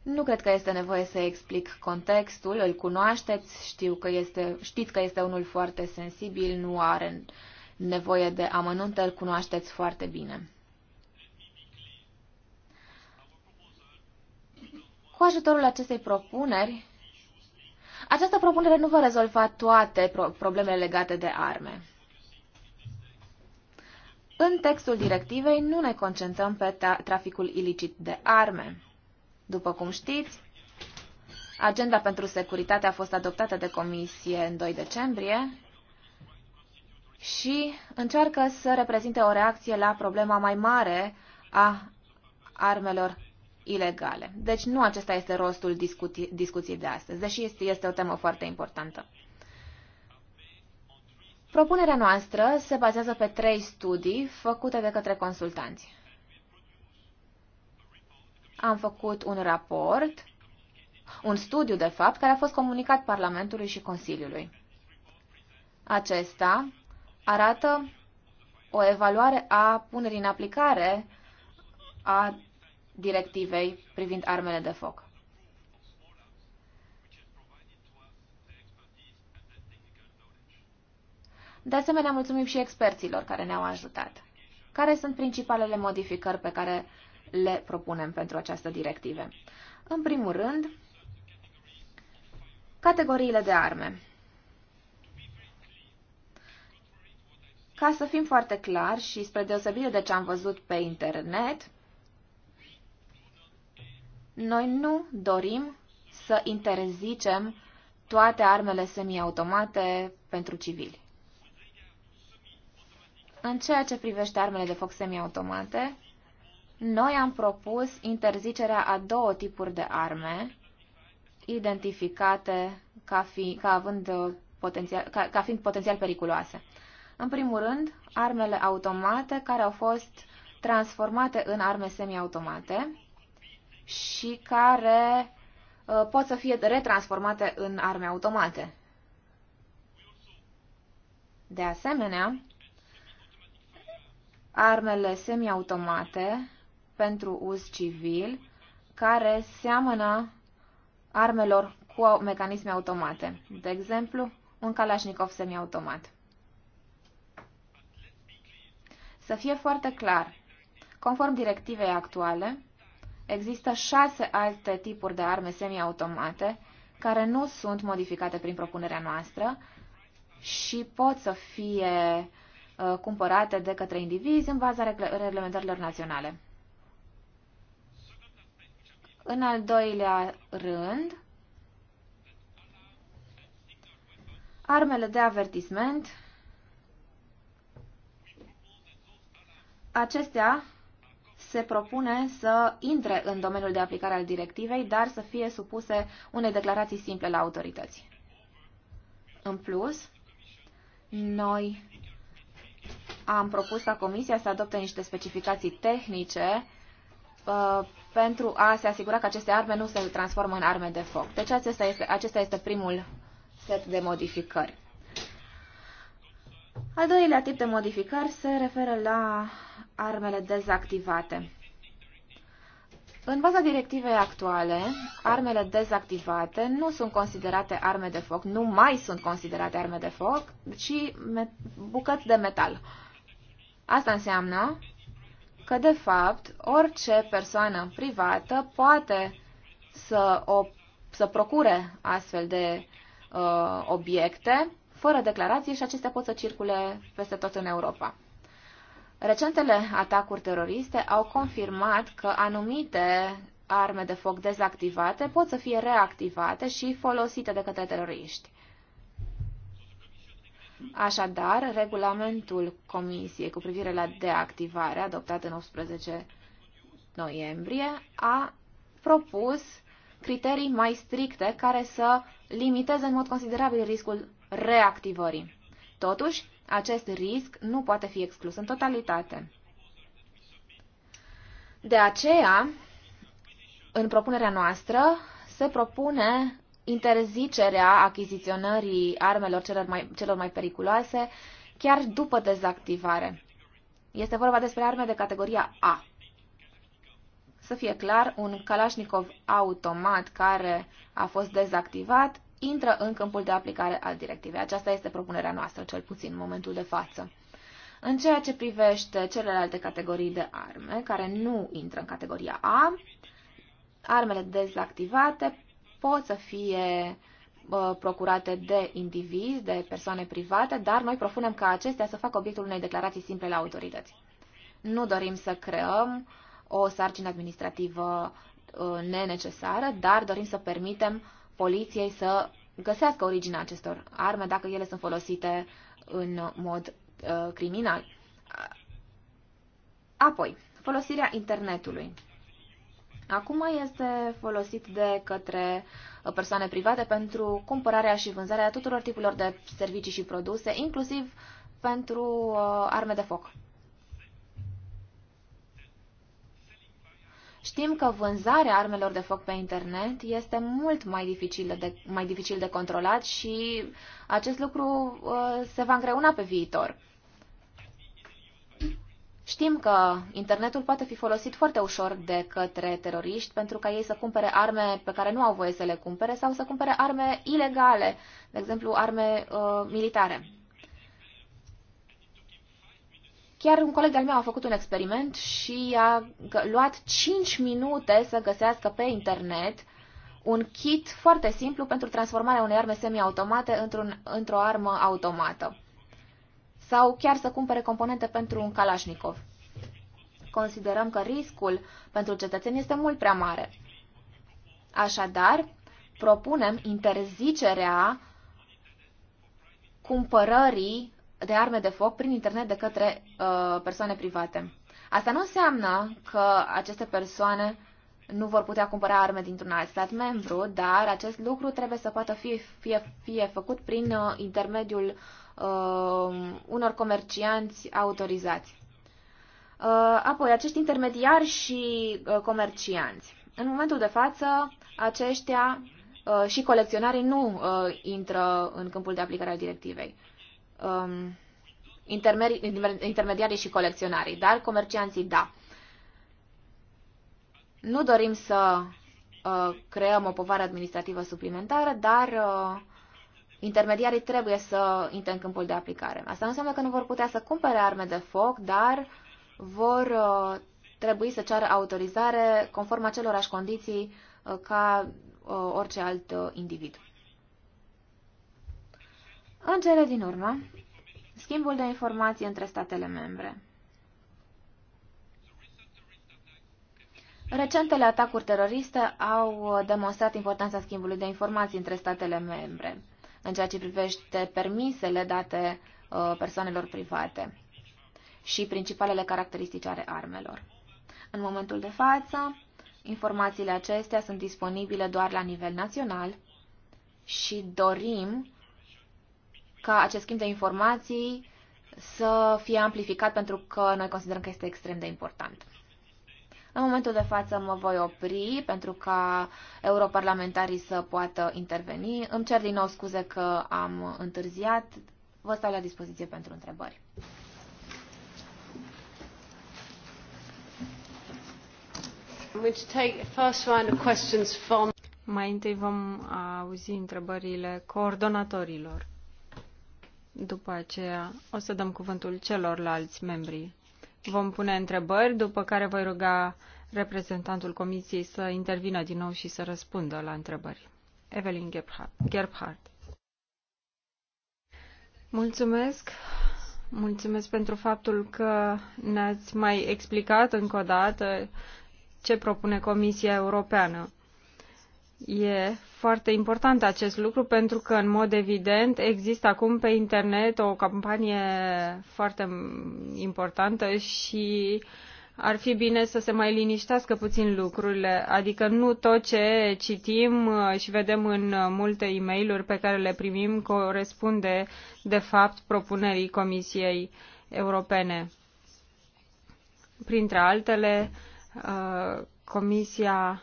Nu cred că este nevoie să explic contextul, îl cunoașteți, știu că este, știți că este unul foarte sensibil, nu are nevoie de amănunte, îl cunoașteți foarte bine. Cu ajutorul acestei propuneri, această propunere nu va rezolva toate problemele legate de arme. În textul directivei nu ne concentrăm pe traficul ilicit de arme. După cum știți, agenda pentru securitate a fost adoptată de comisie în 2 decembrie și încearcă să reprezinte o reacție la problema mai mare a armelor ilegale. Deci nu acesta este rostul discuții, discuției de astăzi, deși este, este o temă foarte importantă. Propunerea noastră se bazează pe trei studii făcute de către consultanți am făcut un raport, un studiu de fapt, care a fost comunicat Parlamentului și Consiliului. Acesta arată o evaluare a punerii în aplicare a directivei privind armele de foc. De asemenea, mulțumim și experților care ne-au ajutat. Care sunt principalele modificări pe care le propunem pentru această directivă. În primul rând, categoriile de arme. Ca să fim foarte clar și spre deosebire de ce am văzut pe internet, noi nu dorim să interzicem toate armele semiautomate pentru civili. În ceea ce privește armele de foc semiautomate, noi am propus interzicerea a două tipuri de arme identificate ca, fi, ca, având uh, potențial, ca, ca fiind potențial periculoase. În primul rând, armele automate care au fost transformate în arme semiautomate și care uh, pot să fie retransformate în arme automate. De asemenea, armele semiautomate pentru uz civil, care seamănă armelor cu mecanisme automate, de exemplu, un Kalashnikov semiautomat. Să fie foarte clar, conform directivei actuale, există șase alte tipuri de arme semiautomate care nu sunt modificate prin propunerea noastră și pot să fie uh, cumpărate de către indivizi în baza reglementărilor naționale. În al doilea rând, armele de avertisment, acestea se propune să intre în domeniul de aplicare al directivei, dar să fie supuse unei declarații simple la autorități. În plus, noi am propus ca Comisia să adopte niște specificații tehnice Uh, pentru a se asigura că aceste arme nu se transformă în arme de foc. Deci acesta este, acesta este primul set de modificări. Al doilea tip de modificări se referă la armele dezactivate. În baza directivei actuale, armele dezactivate nu sunt considerate arme de foc, nu mai sunt considerate arme de foc, ci bucăți de metal. Asta înseamnă că, de fapt, orice persoană privată poate să, o, să procure astfel de uh, obiecte fără declarație și acestea pot să circule peste tot în Europa. Recentele atacuri teroriste au confirmat că anumite arme de foc dezactivate pot să fie reactivate și folosite de către teroriști. Așadar, regulamentul Comisiei cu privire la deactivare, adoptat în 18 noiembrie, a propus criterii mai stricte care să limiteze în mod considerabil riscul reactivării. Totuși, acest risc nu poate fi exclus în totalitate. De aceea, în propunerea noastră, se propune interzicerea achiziționării armelor celor mai, celor mai periculoase chiar după dezactivare. Este vorba despre arme de categoria A. Să fie clar, un Kalashnikov automat care a fost dezactivat intră în câmpul de aplicare al directivei. Aceasta este propunerea noastră, cel puțin în momentul de față. În ceea ce privește celelalte categorii de arme, care nu intră în categoria A, armele dezactivate pot să fie procurate de indivizi, de persoane private, dar noi propunem ca acestea să facă obiectul unei declarații simple la autorități. Nu dorim să creăm o sarcină administrativă ă, nenecesară, dar dorim să permitem poliției să găsească originea acestor arme dacă ele sunt folosite în mod ă, criminal. Apoi, folosirea internetului. Acum este folosit de către persoane private pentru cumpărarea și vânzarea tuturor tipurilor de servicii și produse, inclusiv pentru uh, arme de foc. Știm că vânzarea armelor de foc pe internet este mult mai dificil de, mai dificil de controlat și acest lucru uh, se va îngreuna pe viitor. Știm că internetul poate fi folosit foarte ușor de către teroriști pentru ca ei să cumpere arme pe care nu au voie să le cumpere sau să cumpere arme ilegale, de exemplu arme uh, militare. Chiar un coleg al meu a făcut un experiment și a luat 5 minute să găsească pe internet un kit foarte simplu pentru transformarea unei arme semiautomate într-o într armă automată sau chiar să cumpere componente pentru un Kalashnikov. Considerăm că riscul pentru cetățeni este mult prea mare. Așadar, propunem interzicerea cumpărării de arme de foc prin internet de către uh, persoane private. Asta nu înseamnă că aceste persoane nu vor putea cumpăra arme dintr-un alt stat membru, dar acest lucru trebuie să poată fi, fie, fie făcut prin uh, intermediul uh, unor comercianți autorizați. Uh, apoi, acești intermediari și uh, comercianți. În momentul de față, aceștia uh, și colecționarii nu uh, intră în câmpul de aplicare al directivei. Um, intermediarii și colecționarii, dar comercianții da. Nu dorim să uh, creăm o povară administrativă suplimentară, dar uh, intermediarii trebuie să intre în câmpul de aplicare. Asta nu înseamnă că nu vor putea să cumpere arme de foc, dar vor uh, trebui să ceară autorizare conform acelorași condiții uh, ca uh, orice alt individ. În cele din urmă, schimbul de informații între statele membre. Recentele atacuri teroriste au demonstrat importanța schimbului de informații între statele membre în ceea ce privește permisele date uh, persoanelor private și principalele caracteristici ale armelor. În momentul de față, informațiile acestea sunt disponibile doar la nivel național și dorim ca acest schimb de informații să fie amplificat pentru că noi considerăm că este extrem de important. În momentul de față mă voi opri pentru ca europarlamentarii să poată interveni. Îmi cer din nou scuze că am întârziat. Vă stau la dispoziție pentru întrebări. Mai întâi vom auzi întrebările coordonatorilor. După aceea o să dăm cuvântul celorlalți membri vom pune întrebări, după care voi ruga reprezentantul Comisiei să intervină din nou și să răspundă la întrebări. Evelyn Gerbhardt. Mulțumesc. Mulțumesc pentru faptul că ne-ați mai explicat încă o dată ce propune Comisia Europeană. E foarte important acest lucru pentru că, în mod evident, există acum pe internet o campanie foarte importantă și ar fi bine să se mai liniștească puțin lucrurile. Adică nu tot ce citim uh, și vedem în uh, multe e mail pe care le primim corespunde, de fapt, propunerii Comisiei Europene. Printre altele, uh, Comisia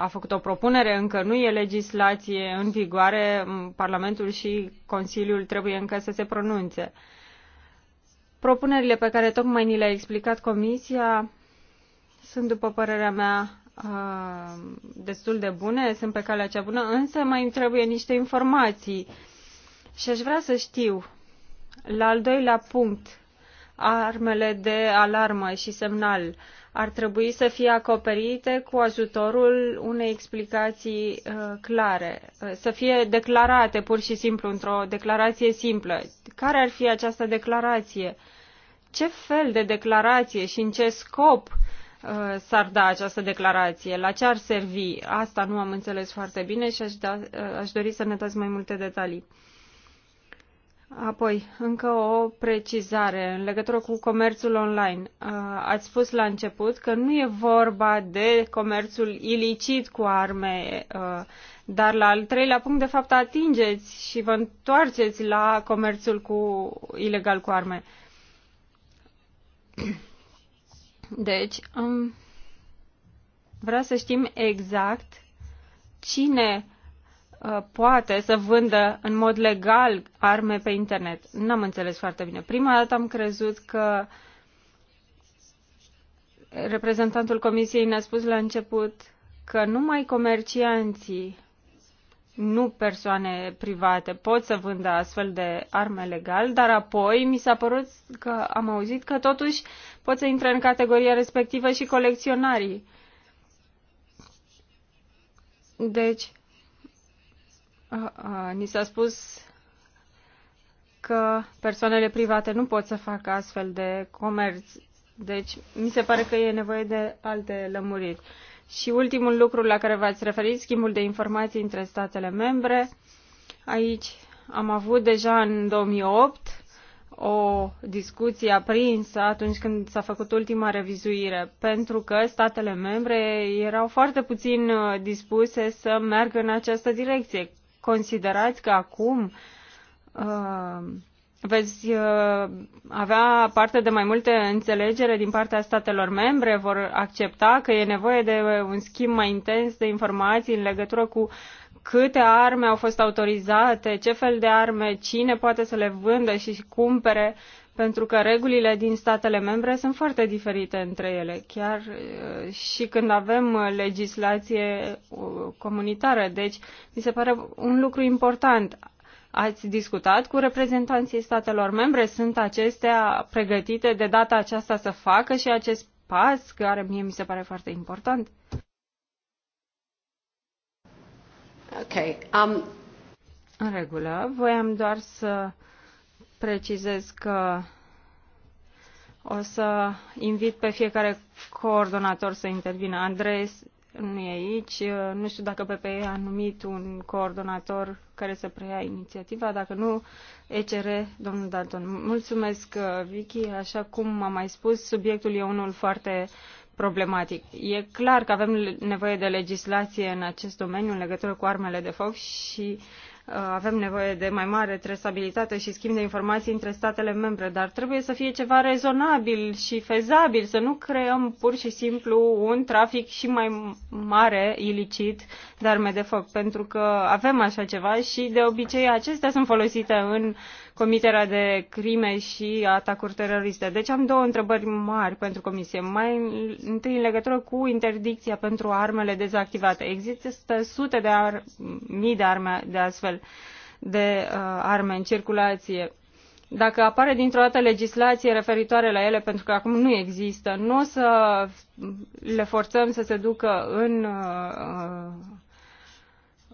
a făcut o propunere, încă nu e legislație în vigoare, Parlamentul și Consiliul trebuie încă să se pronunțe. Propunerile pe care tocmai ni le-a explicat Comisia sunt, după părerea mea, destul de bune, sunt pe calea cea bună, însă mai îmi trebuie niște informații. Și aș vrea să știu, la al doilea punct, armele de alarmă și semnal, ar trebui să fie acoperite cu ajutorul unei explicații uh, clare, uh, să fie declarate pur și simplu într-o declarație simplă. Care ar fi această declarație? Ce fel de declarație și în ce scop uh, s-ar da această declarație? La ce ar servi? Asta nu am înțeles foarte bine și aș, da, aș dori să ne dați mai multe detalii. Apoi, încă o precizare în legătură cu comerțul online. Ați spus la început că nu e vorba de comerțul ilicit cu arme, dar la al treilea punct, de fapt, atingeți și vă întoarceți la comerțul cu, ilegal cu arme. *clears throat* Deci, vreau să știm exact cine Uh, poate să vândă în mod legal arme pe internet. N-am înțeles foarte bine. Prima dată am crezut că reprezentantul Comisiei ne-a spus la început că numai comercianții, nu persoane private, pot să vândă astfel de arme legal, dar apoi mi s-a părut că am auzit că totuși pot să intre în categoria respectivă și colecționarii. Deci, ni s-a spus că persoanele private nu pot să facă astfel de comerț. Deci, mi se pare că e nevoie de alte lămuriri. Și ultimul lucru la care v-ați referit, schimbul de informații între statele membre. Aici am avut deja în 2008 o discuție aprinsă atunci când s-a făcut ultima revizuire, pentru că statele membre erau foarte puțin uh, dispuse să meargă în această direcție considerați că acum uh, veți uh, avea parte de mai multe înțelegere din partea statelor membre, vor accepta că e nevoie de un schimb mai intens de informații în legătură cu câte arme au fost autorizate, ce fel de arme, cine poate să le vândă și cumpere pentru că regulile din statele membre sunt foarte diferite între ele, chiar uh, și când avem uh, legislație uh, comunitară. Deci, mi se pare un lucru important. Ați discutat cu reprezentanții statelor membre? Sunt acestea pregătite de data aceasta să facă și acest pas, care mie mi se pare foarte important? Ok. Um... În regulă. Voiam doar să uh, precizez că o să invit pe fiecare coordonator să intervină. Andres nu e aici. Nu știu dacă PPE a numit un coordonator care să preia inițiativa. Dacă nu, ECR, domnul Dalton. Mulțumesc, Vicky. Așa cum am mai spus, subiectul e unul foarte problematic. E clar că avem nevoie de legislație în acest domeniu în legătură cu armele de foc și uh, Uh, avem nevoie de mai mare trasabilitate și schimb de informații între statele membre, dar trebuie să fie ceva rezonabil și fezabil, să nu creăm pur și simplu un trafic și mai mare, ilicit, de arme de foc, pentru că avem așa ceva și de obicei acestea sunt folosite în uh, comiterea de crime și atacuri teroriste. Deci am două întrebări mari pentru Comisie. Mai întâi în legătură cu interdicția pentru armele dezactivate. Există sute de ar- mii de arme de astfel de uh, arme în circulație dacă apare dintr-o dată legislație referitoare la ele, pentru că acum nu există, nu o să le forțăm să se ducă în uh,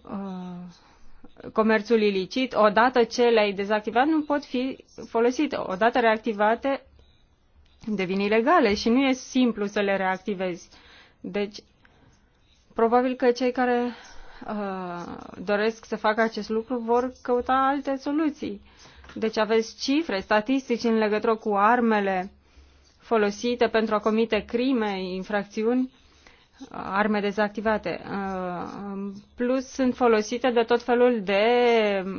uh, comerțul ilicit, odată ce le-ai dezactivat, nu pot fi folosite. Odată reactivate, devin ilegale și nu e simplu să le reactivezi. Deci, probabil că cei care uh, doresc să facă acest lucru vor căuta alte soluții. Deci aveți cifre, statistici în legătură cu armele folosite pentru a comite crime, infracțiuni arme dezactivate. Uh, plus, sunt folosite de tot felul de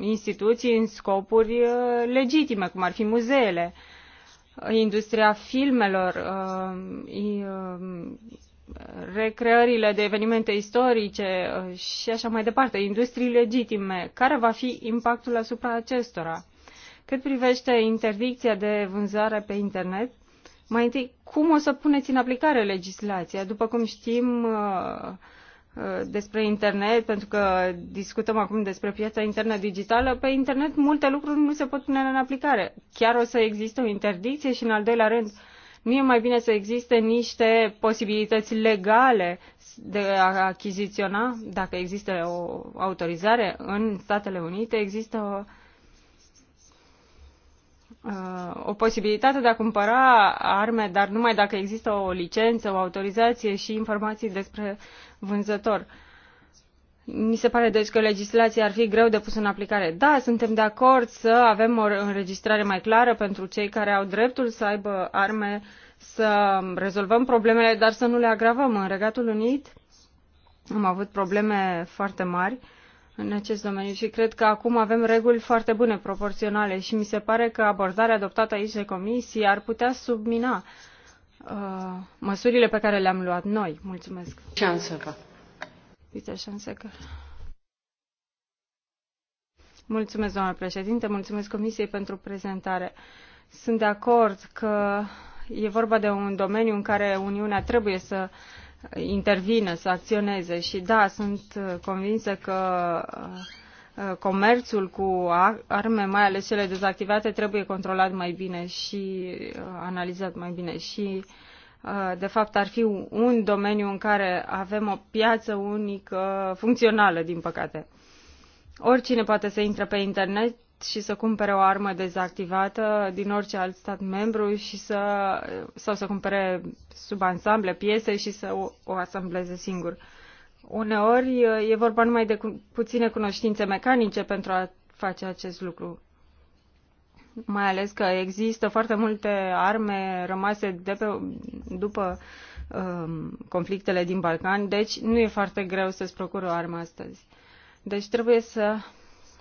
instituții în scopuri uh, legitime, cum ar fi muzeele, industria filmelor, uh, recreările de evenimente istorice și așa mai departe, industrii legitime. Care va fi impactul asupra acestora? Cât privește interdicția de vânzare pe internet, mai întâi, cum o să puneți în aplicare legislația? După cum știm uh, uh, despre internet, pentru că discutăm acum despre piața internet digitală, pe internet multe lucruri nu se pot pune în aplicare. Chiar o să existe o interdicție și, în al doilea rând, nu e mai bine să existe niște posibilități legale de a achiziționa, dacă există o autorizare în Statele Unite, există o Uh, o posibilitate de a cumpăra arme, dar numai dacă există o licență, o autorizație și informații despre vânzător. Mi se pare deci că legislația ar fi greu de pus în aplicare. Da, suntem de acord să avem o înregistrare mai clară pentru cei care au dreptul să aibă arme, să rezolvăm problemele, dar să nu le agravăm. În Regatul Unit am avut probleme foarte mari uh, în acest domeniu și cred că acum avem reguli foarte bune, proporționale și mi se pare că abordarea adoptată aici de comisie ar putea submina uh, măsurile pe care le-am luat noi. Mulțumesc. Șansecă. Mulțumesc, doamnă președinte, mulțumesc Comisiei pentru prezentare. Sunt de acord că e vorba de un domeniu în care Uniunea trebuie să intervină, să acționeze. Și da, sunt convinsă că uh, uh, comerțul cu arme, mai ales cele dezactivate, trebuie controlat mai bine și uh, analizat mai bine. Și, de fapt, ar fi un domeniu în care avem o piață unică funcțională, din păcate. Oricine poate să intre pe internet și să cumpere o armă dezactivată din orice alt stat membru și să, sau să cumpere ansamble piese și să o, o asambleze singur. Uneori e vorba numai de cu, puține cunoștințe mecanice pentru a face acest lucru. Mai ales că există foarte multe arme rămase de pe, după um, conflictele din Balcan, deci nu e foarte greu să-ți procuri o armă astăzi. Deci trebuie să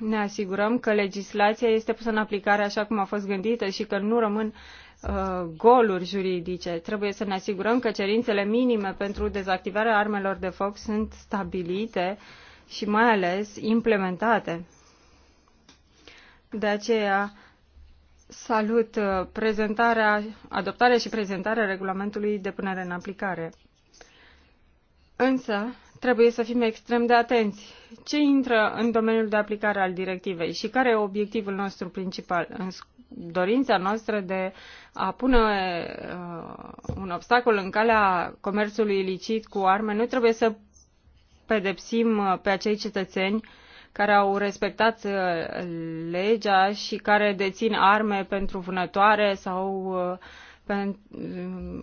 ne asigurăm că legislația este pusă în aplicare așa cum a fost gândită și că nu rămân uh, goluri juridice. Trebuie să ne asigurăm că cerințele minime pentru dezactivarea armelor de foc sunt stabilite și mai ales implementate. De aceea salut uh, prezentarea, adoptarea și prezentarea regulamentului de punere în aplicare. Însă, trebuie să fim extrem de atenți. Ce intră în domeniul de aplicare al directivei și care e obiectivul nostru principal? În dorința noastră de a pune uh, un obstacol în calea comerțului ilicit cu arme, noi trebuie să pedepsim uh, pe acei cetățeni care au respectat uh, legea și care dețin arme pentru vânătoare sau uh,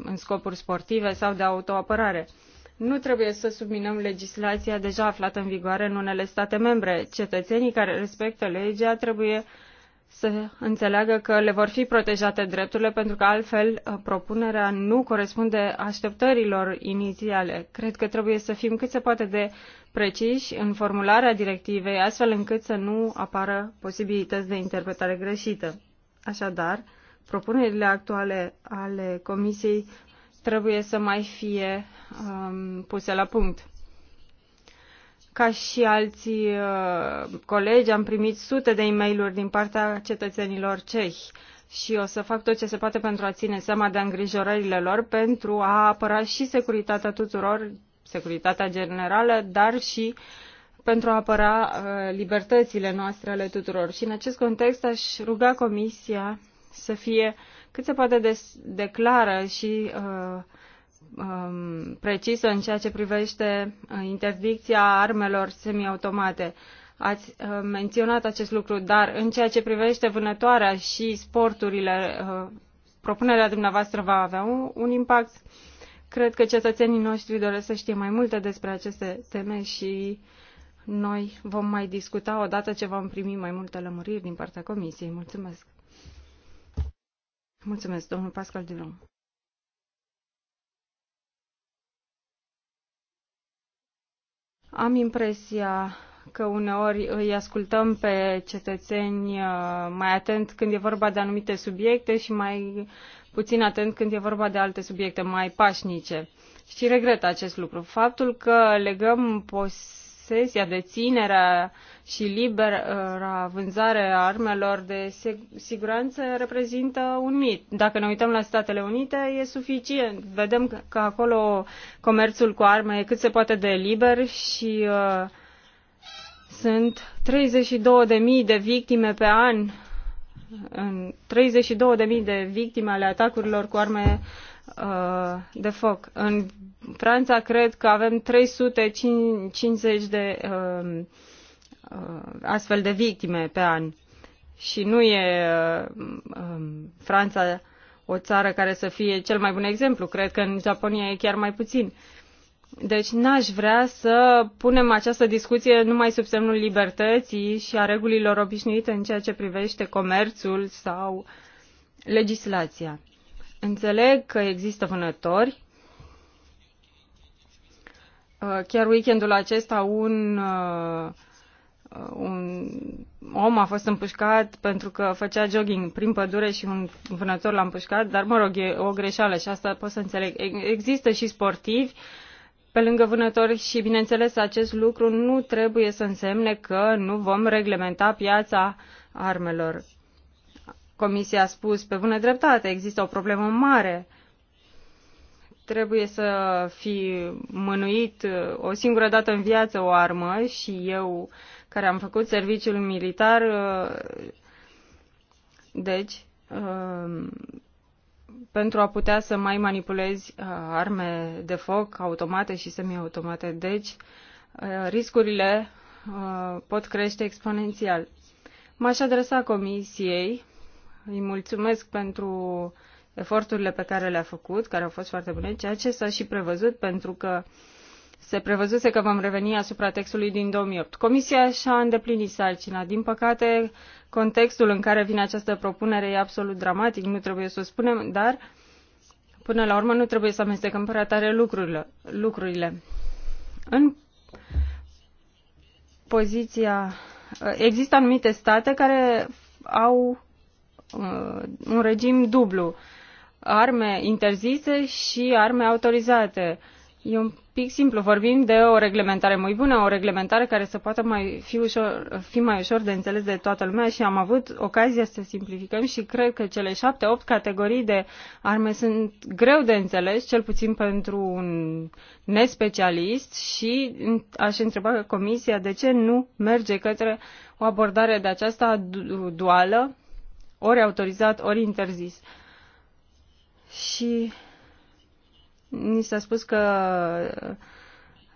în scopuri sportive sau de autoapărare. Nu trebuie să subminăm legislația deja aflată în vigoare în unele state membre. Cetățenii care respectă legea trebuie să înțeleagă că le vor fi protejate drepturile, pentru că altfel uh, propunerea nu corespunde așteptărilor inițiale. Cred că trebuie să fim cât se poate de preciși în formularea directivei, astfel încât să nu apară posibilități de interpretare greșită. Așadar, propunerile actuale ale Comisiei trebuie să mai fie um, puse la punct. Ca și alții uh, colegi, am primit sute de e mail din partea cetățenilor cehi și o să fac tot ce se poate pentru a ține seama de îngrijorările lor, pentru a apăra și securitatea tuturor, securitatea generală, dar și pentru a apăra uh, libertățile noastre ale tuturor. Și în acest context aș ruga Comisia să fie uh, cât se poate de, clară și uh, um, precisă în ceea ce privește uh, interdicția armelor semiautomate. Ați uh, menționat acest lucru, dar în ceea ce privește vânătoarea și sporturile, uh, propunerea dumneavoastră va avea un, un impact. Cred că cetățenii noștri doresc să știe mai multe despre aceste teme și noi vom mai discuta odată ce vom primi mai multe lămuriri din partea Comisiei. Mulțumesc! Mulțumesc, domnul Pascal Dilon. Am impresia că uneori îi ascultăm pe cetățeni uh, mai atent când e vorba de anumite subiecte și mai puțin atent când e vorba de alte subiecte mai pașnice. Și regret acest lucru. Faptul că legăm posesia, deținerea și libera vânzare a armelor de siguranță reprezintă un mit. Dacă ne uităm la Statele Unite, e suficient. Vedem că acolo comerțul cu arme e cât se poate de liber și uh, sunt 32.000 de victime pe an, 32.000 de victime ale atacurilor cu arme uh, de foc. În Franța cred că avem 350 de uh, Uh, astfel de victime pe an. Și nu e uh, um, Franța o țară care să fie cel mai bun exemplu. Cred că în Japonia e chiar mai puțin. Deci n-aș vrea să punem această discuție numai sub semnul libertății și a regulilor obișnuite în ceea ce privește comerțul sau legislația. Înțeleg că există vânători. Uh, chiar weekendul acesta un uh, Uh, un om a fost împușcat pentru că făcea jogging prin pădure și un vânător l-a împușcat, dar mă rog, e o greșeală și asta pot să înțeleg. Există și sportivi pe lângă vânători și, bineînțeles, acest lucru nu trebuie să însemne că nu vom reglementa piața armelor. Comisia a spus pe bună dreptate, există o problemă mare trebuie să fi mânuit uh, o singură dată în viață o armă și eu care am făcut serviciul militar, uh, deci, um, pentru a putea să mai manipulezi uh, arme de foc, automate și semiautomate. Deci, uh, riscurile pot crește exponențial. M-aș adresa comisiei, îi mulțumesc pentru eforturile pe care le-a făcut, care au fost foarte bune, ceea ce s-a și prevăzut, pentru că uh, se prevăzuse că vom reveni asupra textului din 2008. Comisia și-a îndeplinit sarcina. Din păcate, contextul în care vine această propunere e absolut dramatic, nu trebuie să o spunem, dar până la urmă nu trebuie să amestecăm prea tare lucrurile. lucrurile. În poziția... Există anumite state care au uh, un regim dublu. Arme interzise și arme autorizate. Uh, E un pic simplu. Vorbim de o reglementare mai bună, o reglementare care să poată mai fi, ușor, fi mai ușor de înțeles de toată lumea și am avut ocazia să simplificăm și cred că cele șapte, opt categorii de arme sunt greu de înțeles, cel puțin pentru un nespecialist și aș întreba Comisia de ce nu merge către o abordare de aceasta duală, ori autorizat, ori interzis. Și Ni s-a spus că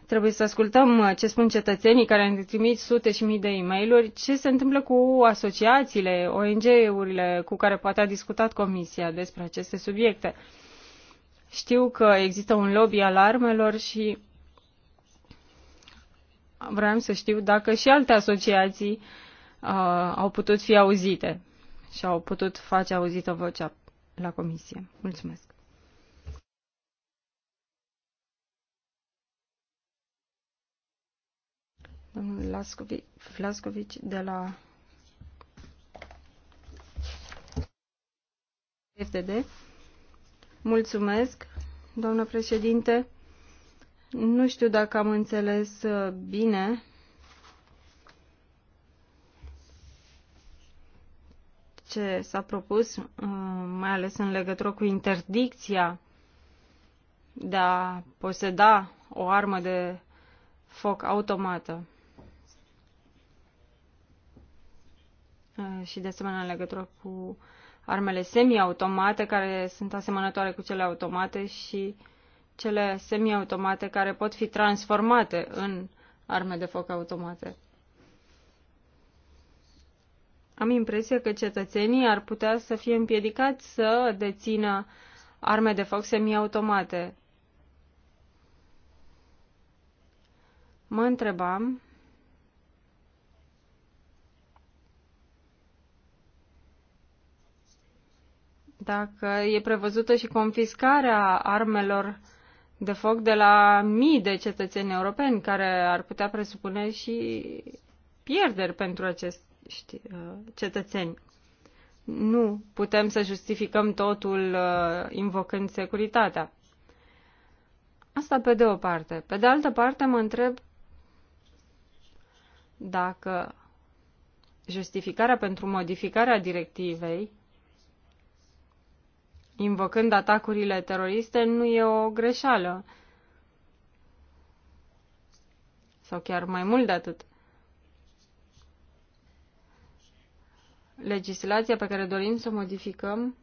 trebuie să ascultăm ce spun cetățenii care ne trimit sute și mii de e mail ce se întâmplă cu asociațiile, ONG-urile cu care poate a discutat Comisia despre aceste subiecte. Știu că există un lobby al armelor și vreau să știu dacă și alte asociații uh, au putut fi auzite și au putut face auzită vocea la comisie. Mulțumesc. domnul Vlascovici de la FDD. Mulțumesc, doamnă președinte. Nu știu dacă am înțeles uh, bine ce s-a propus, uh, mai ales în legătură cu interdicția de a poseda o armă de foc automată. Uh, și de asemenea în legătură cu armele semiautomate care sunt asemănătoare cu cele automate și cele semiautomate care pot fi transformate în arme de foc automate. Am impresia că cetățenii ar putea să fie împiedicați să dețină arme de foc semiautomate. Mă întrebam dacă e prevăzută și confiscarea armelor de foc de la mii de cetățeni europeni, care ar putea presupune și pierderi pentru acești uh, cetățeni. Nu putem să justificăm totul uh, invocând securitatea. Asta pe de o parte. Pe de altă parte mă întreb dacă justificarea pentru modificarea directivei invocând atacurile teroriste nu e o greșeală. Sau chiar mai mult de atât. Legislația pe care dorim să o modificăm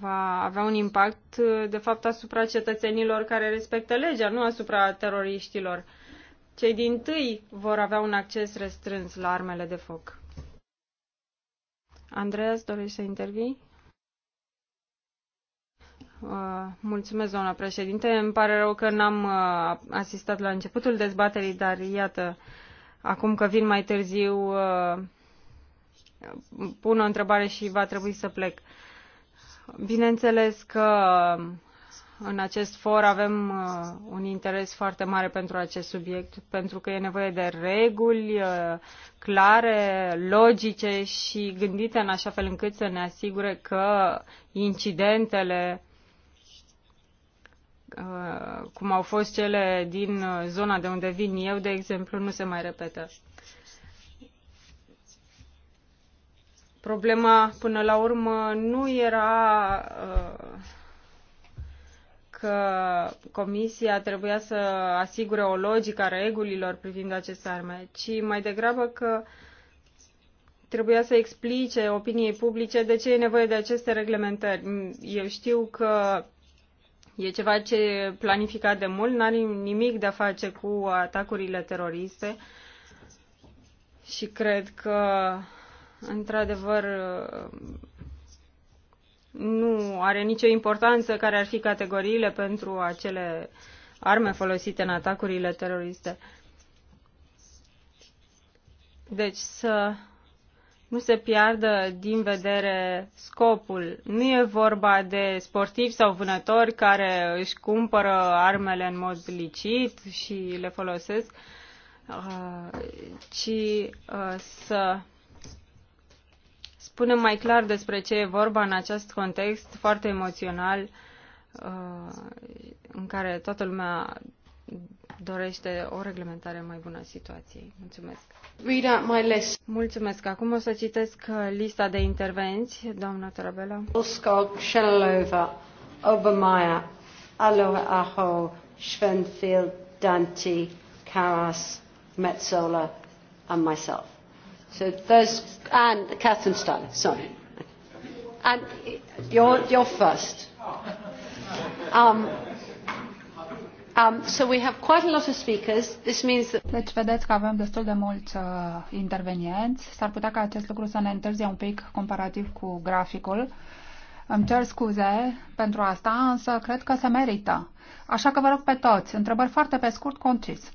va avea un impact, de fapt, asupra cetățenilor care respectă legea, nu asupra teroriștilor. Uh, cei din tâi vor avea un acces restrâns la armele de foc. Andreas, dorești să intervii? Uh, mulțumesc, doamna președinte. Îmi pare rău că n-am uh, asistat la începutul dezbaterii, dar iată, acum că vin mai târziu, uh, pun o întrebare și va trebui să plec. Bineînțeles că în acest for avem uh, un interes foarte mare pentru acest subiect, pentru că e nevoie de reguli uh, clare, logice și gândite în așa fel încât să ne asigure că incidentele uh, cum au fost cele din zona de unde vin eu, de exemplu, nu se mai repetă. Problema, până la urmă, nu era că Comisia trebuia să asigure o logică a regulilor privind aceste arme, ci mai degrabă că trebuia să explice opiniei publice de ce e nevoie de aceste reglementări. Eu știu că e ceva ce e planificat de mult, n-are nimic de a face cu atacurile teroriste și cred că, într-adevăr, nu are nicio importanță care ar fi categoriile pentru acele arme folosite în atacurile teroriste. Deci să nu se piardă din vedere scopul. Nu e vorba de sportivi sau vânători care își cumpără armele în mod licit și le folosesc, uh, ci uh, să spunem mai clar despre ce e vorba în acest context foarte emoțional uh, în care toată lumea dorește o reglementare mai bună a situației. Mulțumesc. Read out my list. Mulțumesc. Acum o să citesc lista de intervenți, doamna Tarabella. Oskog, Shenalova, Obermeier, Aloha Aho, Schwenfield, Danti, Karas, Metzola and myself. So those, and Catherine Styler, sorry. And you're, you're first. Um, um, so we have quite a lot of speakers. This means that... Deci vedeți că avem destul de mulți uh, intervenienți. S-ar putea ca acest lucru să ne întârzie un pic comparativ cu graficul. Îmi cer scuze pentru asta, însă cred că se merită. Așa că vă rog pe toți, întrebări foarte pe scurt, concis.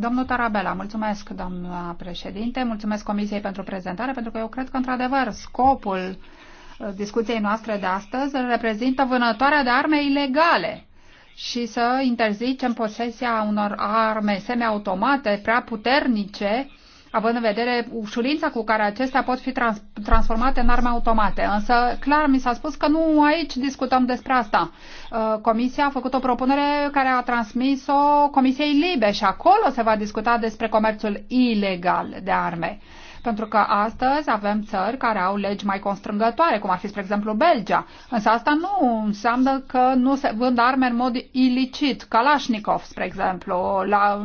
Domnul Tarabela, mulțumesc, domnul președinte, mulțumesc Comisiei pentru prezentare, pentru că eu cred că, într-adevăr, scopul uh, discuției noastre de astăzi reprezintă vânătoarea de arme ilegale și să interzicem posesia unor arme semiautomate prea puternice având în vedere ușurința cu care acestea pot fi trans- transformate în arme automate. Însă, clar, mi s-a spus că nu aici discutăm despre asta. Uh, comisia a făcut o propunere care a transmis-o Comisiei Libe și acolo se va discuta despre comerțul ilegal de arme. Pentru că astăzi avem țări care au legi mai constrângătoare, cum ar fi, spre exemplu, Belgia. Însă asta nu înseamnă că nu se vând arme în mod ilicit, Kalashnikov, spre exemplu, la,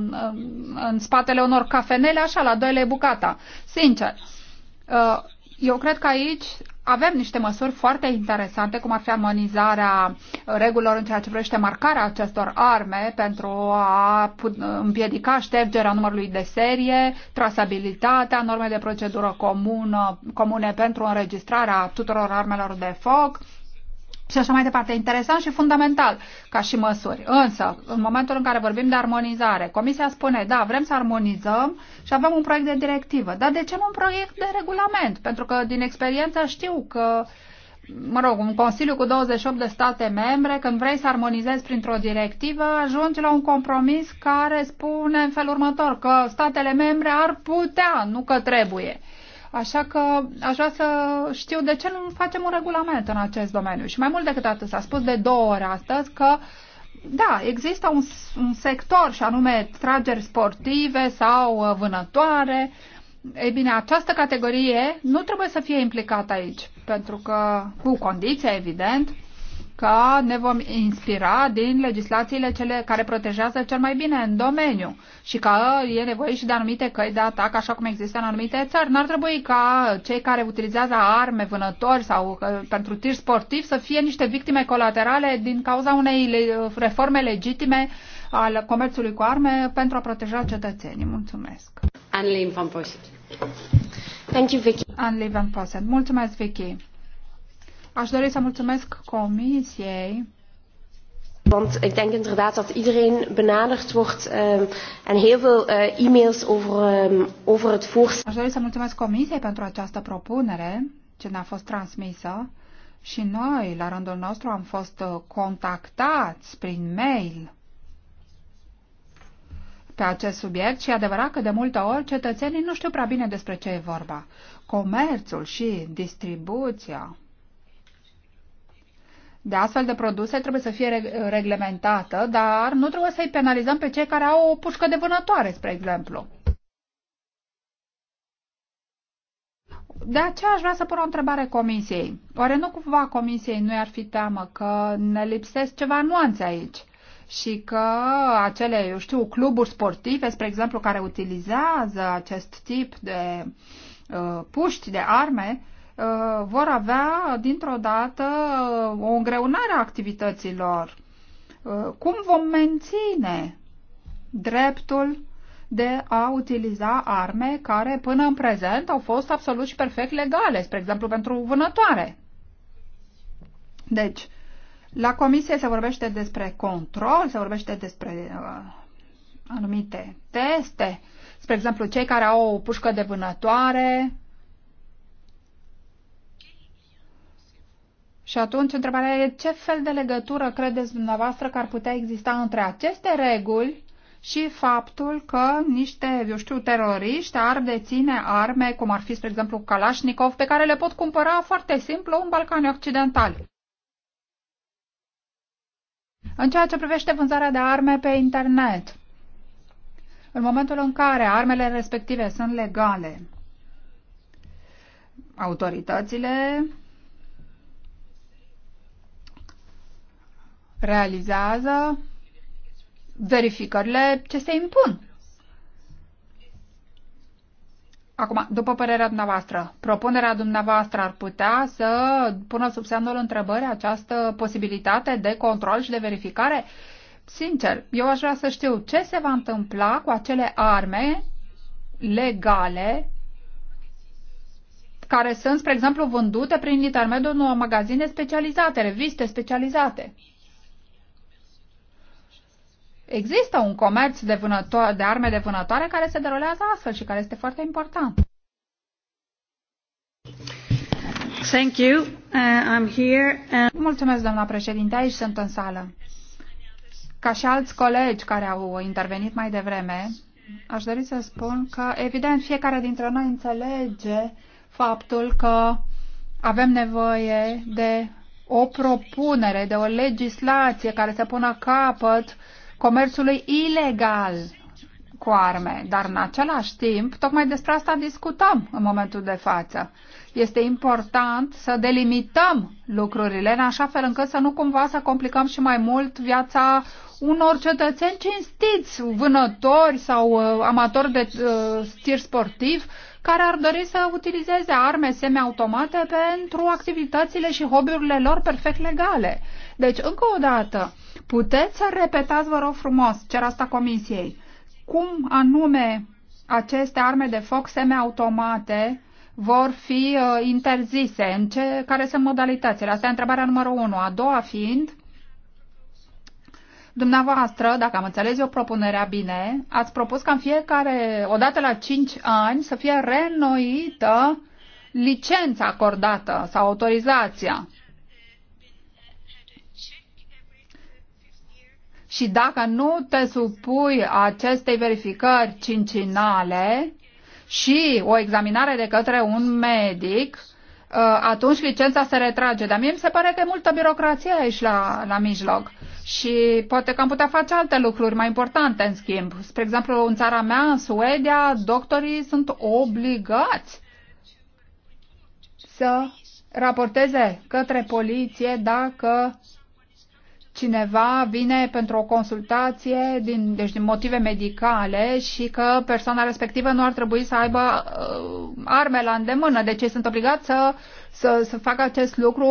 în spatele unor cafenele, așa, la doilea bucata. Sincer, uh, eu cred că aici avem niște măsuri foarte interesante, cum ar fi armonizarea regulilor în ceea ce privește marcarea acestor arme pentru a împiedica ștergerea numărului de serie, trasabilitatea, norme de procedură comună, comune pentru înregistrarea tuturor armelor de foc, și așa mai departe. Interesant și fundamental ca și măsuri. Însă, în momentul în care vorbim de armonizare, Comisia spune, da, vrem să armonizăm și avem un proiect de directivă. Dar de ce nu un proiect de regulament? Pentru că, din experiență, știu că mă rog, un consiliu cu 28 de state membre, când vrei să armonizezi printr-o directivă, ajungi la un compromis care spune în felul următor că statele membre ar putea, nu că trebuie. Așa că aș vrea să știu de ce nu facem un regulament în acest domeniu. Și mai mult decât atât, s-a spus de două ori astăzi că da, există un, un sector și anume trageri sportive sau uh, vânătoare. Ei bine, această categorie nu trebuie să fie implicată aici, pentru că, cu condiția, evident, că ne vom inspira din legislațiile cele care protejează cel mai bine în domeniu și că e nevoie și de anumite căi de atac, așa cum există în anumite țări. N-ar trebui ca cei care utilizează arme, vânători sau uh, pentru tir sportiv să fie niște victime colaterale din cauza unei uh, reforme legitime al comerțului cu arme pentru a proteja cetățenii. Mulțumesc. Anne Van Posen. Thank you, Vicky. Anne Van Posen. Mulțumesc, Vicky. Aș dori să mulțumesc Comisiei Want ik denk inderdaad dat iedereen benaderd wordt um, en heel veel uh, e-mails over, um, over het voorstel. Aș dori să mulțumesc Comisiei pentru această propunere ce ne-a fost transmisă și noi, la rândul nostru, am fost eh, contactați prin mail pe acest subiect și e adevărat că de multe ori cetățenii nu știu prea bine despre ce e vorba. Comerțul și distribuția de astfel de produse trebuie să fie reglementată, dar nu trebuie să-i penalizăm pe cei care au o pușcă de vânătoare, spre exemplu. De aceea aș vrea să pun o întrebare comisiei. Oare nu cumva comisiei nu ar fi teamă că ne lipsesc ceva nuanțe aici? și că acele, eu știu, cluburi sportive, spre exemplu, care utilizează acest tip de uh, puști, de arme, Uh, vor avea dintr-o dată uh, o îngreunare a activităților. Uh, cum vom menține dreptul de a utiliza arme care până în prezent au fost absolut și perfect legale, spre exemplu pentru vânătoare? Deci, la comisie se vorbește despre control, se vorbește despre uh, anumite teste, spre exemplu cei care au o pușcă de vânătoare, Și atunci întrebarea e ce fel de legătură credeți dumneavoastră că ar putea exista între aceste reguli și faptul că niște, eu știu, teroriști ar deține arme, cum ar fi, spre exemplu, Kalashnikov, pe care le pot cumpăra foarte simplu în Balcanii Occidentali. În ceea ce privește vânzarea de arme pe internet, în momentul în care armele respective sunt legale, autoritățile realizează verificările ce se impun. Acum, după părerea dumneavoastră, propunerea dumneavoastră ar putea să pună sub semnul întrebării această posibilitate de control și de verificare? Sincer, eu aș vrea să știu ce se va întâmpla cu acele arme legale care sunt, spre exemplu, vândute prin intermediul unor magazine specializate, reviste specializate. Există un comerț de, de arme de vânătoare care se derulează astfel și care este foarte important. Thank you. Uh, I'm here and... Uh, Mulțumesc, doamna președinte, aici sunt în sală. Ca și alți colegi care au intervenit mai devreme, aș dori să spun că, evident, fiecare dintre noi înțelege faptul că avem nevoie de o propunere, de o legislație care să pună capăt comerțului ilegal cu arme, dar în același timp, tocmai despre asta discutăm în momentul de față. Este important să delimităm lucrurile în așa fel încât să nu cumva să complicăm și mai mult viața unor cetățeni cinstiți, vânători sau uh, amatori de uh, stir sportiv, care ar dori să utilizeze arme semiautomate pentru activitățile și hobby-urile lor perfect legale. Deci, încă o dată, puteți să repetați, vă rog frumos, cer asta comisiei, cum anume aceste arme de foc semiautomate vor fi uh, interzise, în ce, care sunt modalitățile. Asta e întrebarea numărul 1. A doua fiind, Dumneavoastră, dacă am înțeles eu propunerea bine, ați propus ca în fiecare, odată la 5 ani, să fie reînnoită licența acordată sau autorizația. și dacă nu te supui acestei verificări cincinale și o examinare de către un medic, uh, atunci licența se retrage. Dar mie mi se pare că e multă birocrație aici la, la mijloc. Și poate că am putea face alte lucruri mai importante, în schimb. Spre exemplu, în țara mea, în Suedia, doctorii sunt obligați să raporteze către poliție dacă cineva vine pentru o consultație din, deci din motive medicale și că persoana respectivă nu ar trebui să aibă uh, arme la îndemână. Deci ei sunt obligați să, să, să facă acest lucru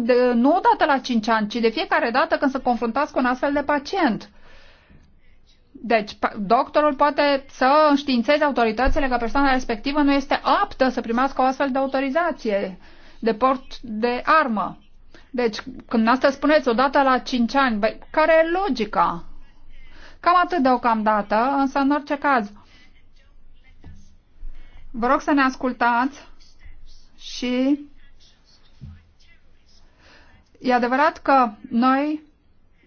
de, nu odată la 5 ani, ci de fiecare dată când se confruntați cu un astfel de pacient. Deci, doctorul poate să înștiințeze autoritățile că persoana respectivă nu este aptă să primească o astfel de autorizație de port de armă. Deci, când asta spuneți odată la 5 ani, băi, care e logica? Cam atât deocamdată, însă în orice caz. Vă rog să ne ascultați și e adevărat că noi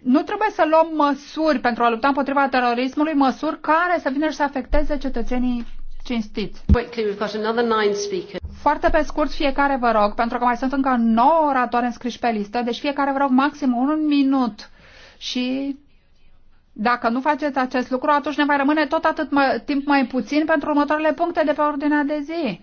nu trebuie să luăm măsuri pentru a lupta împotriva terorismului, măsuri care să vină și să afecteze cetățenii cinstit. Foarte pe scurt fiecare vă rog, pentru că mai sunt încă 9 oratori înscriși pe listă, deci fiecare vă rog maxim un minut. Și dacă nu faceți acest lucru, atunci ne va rămâne tot atât mai, timp mai puțin pentru următoarele puncte de pe ordinea de zi.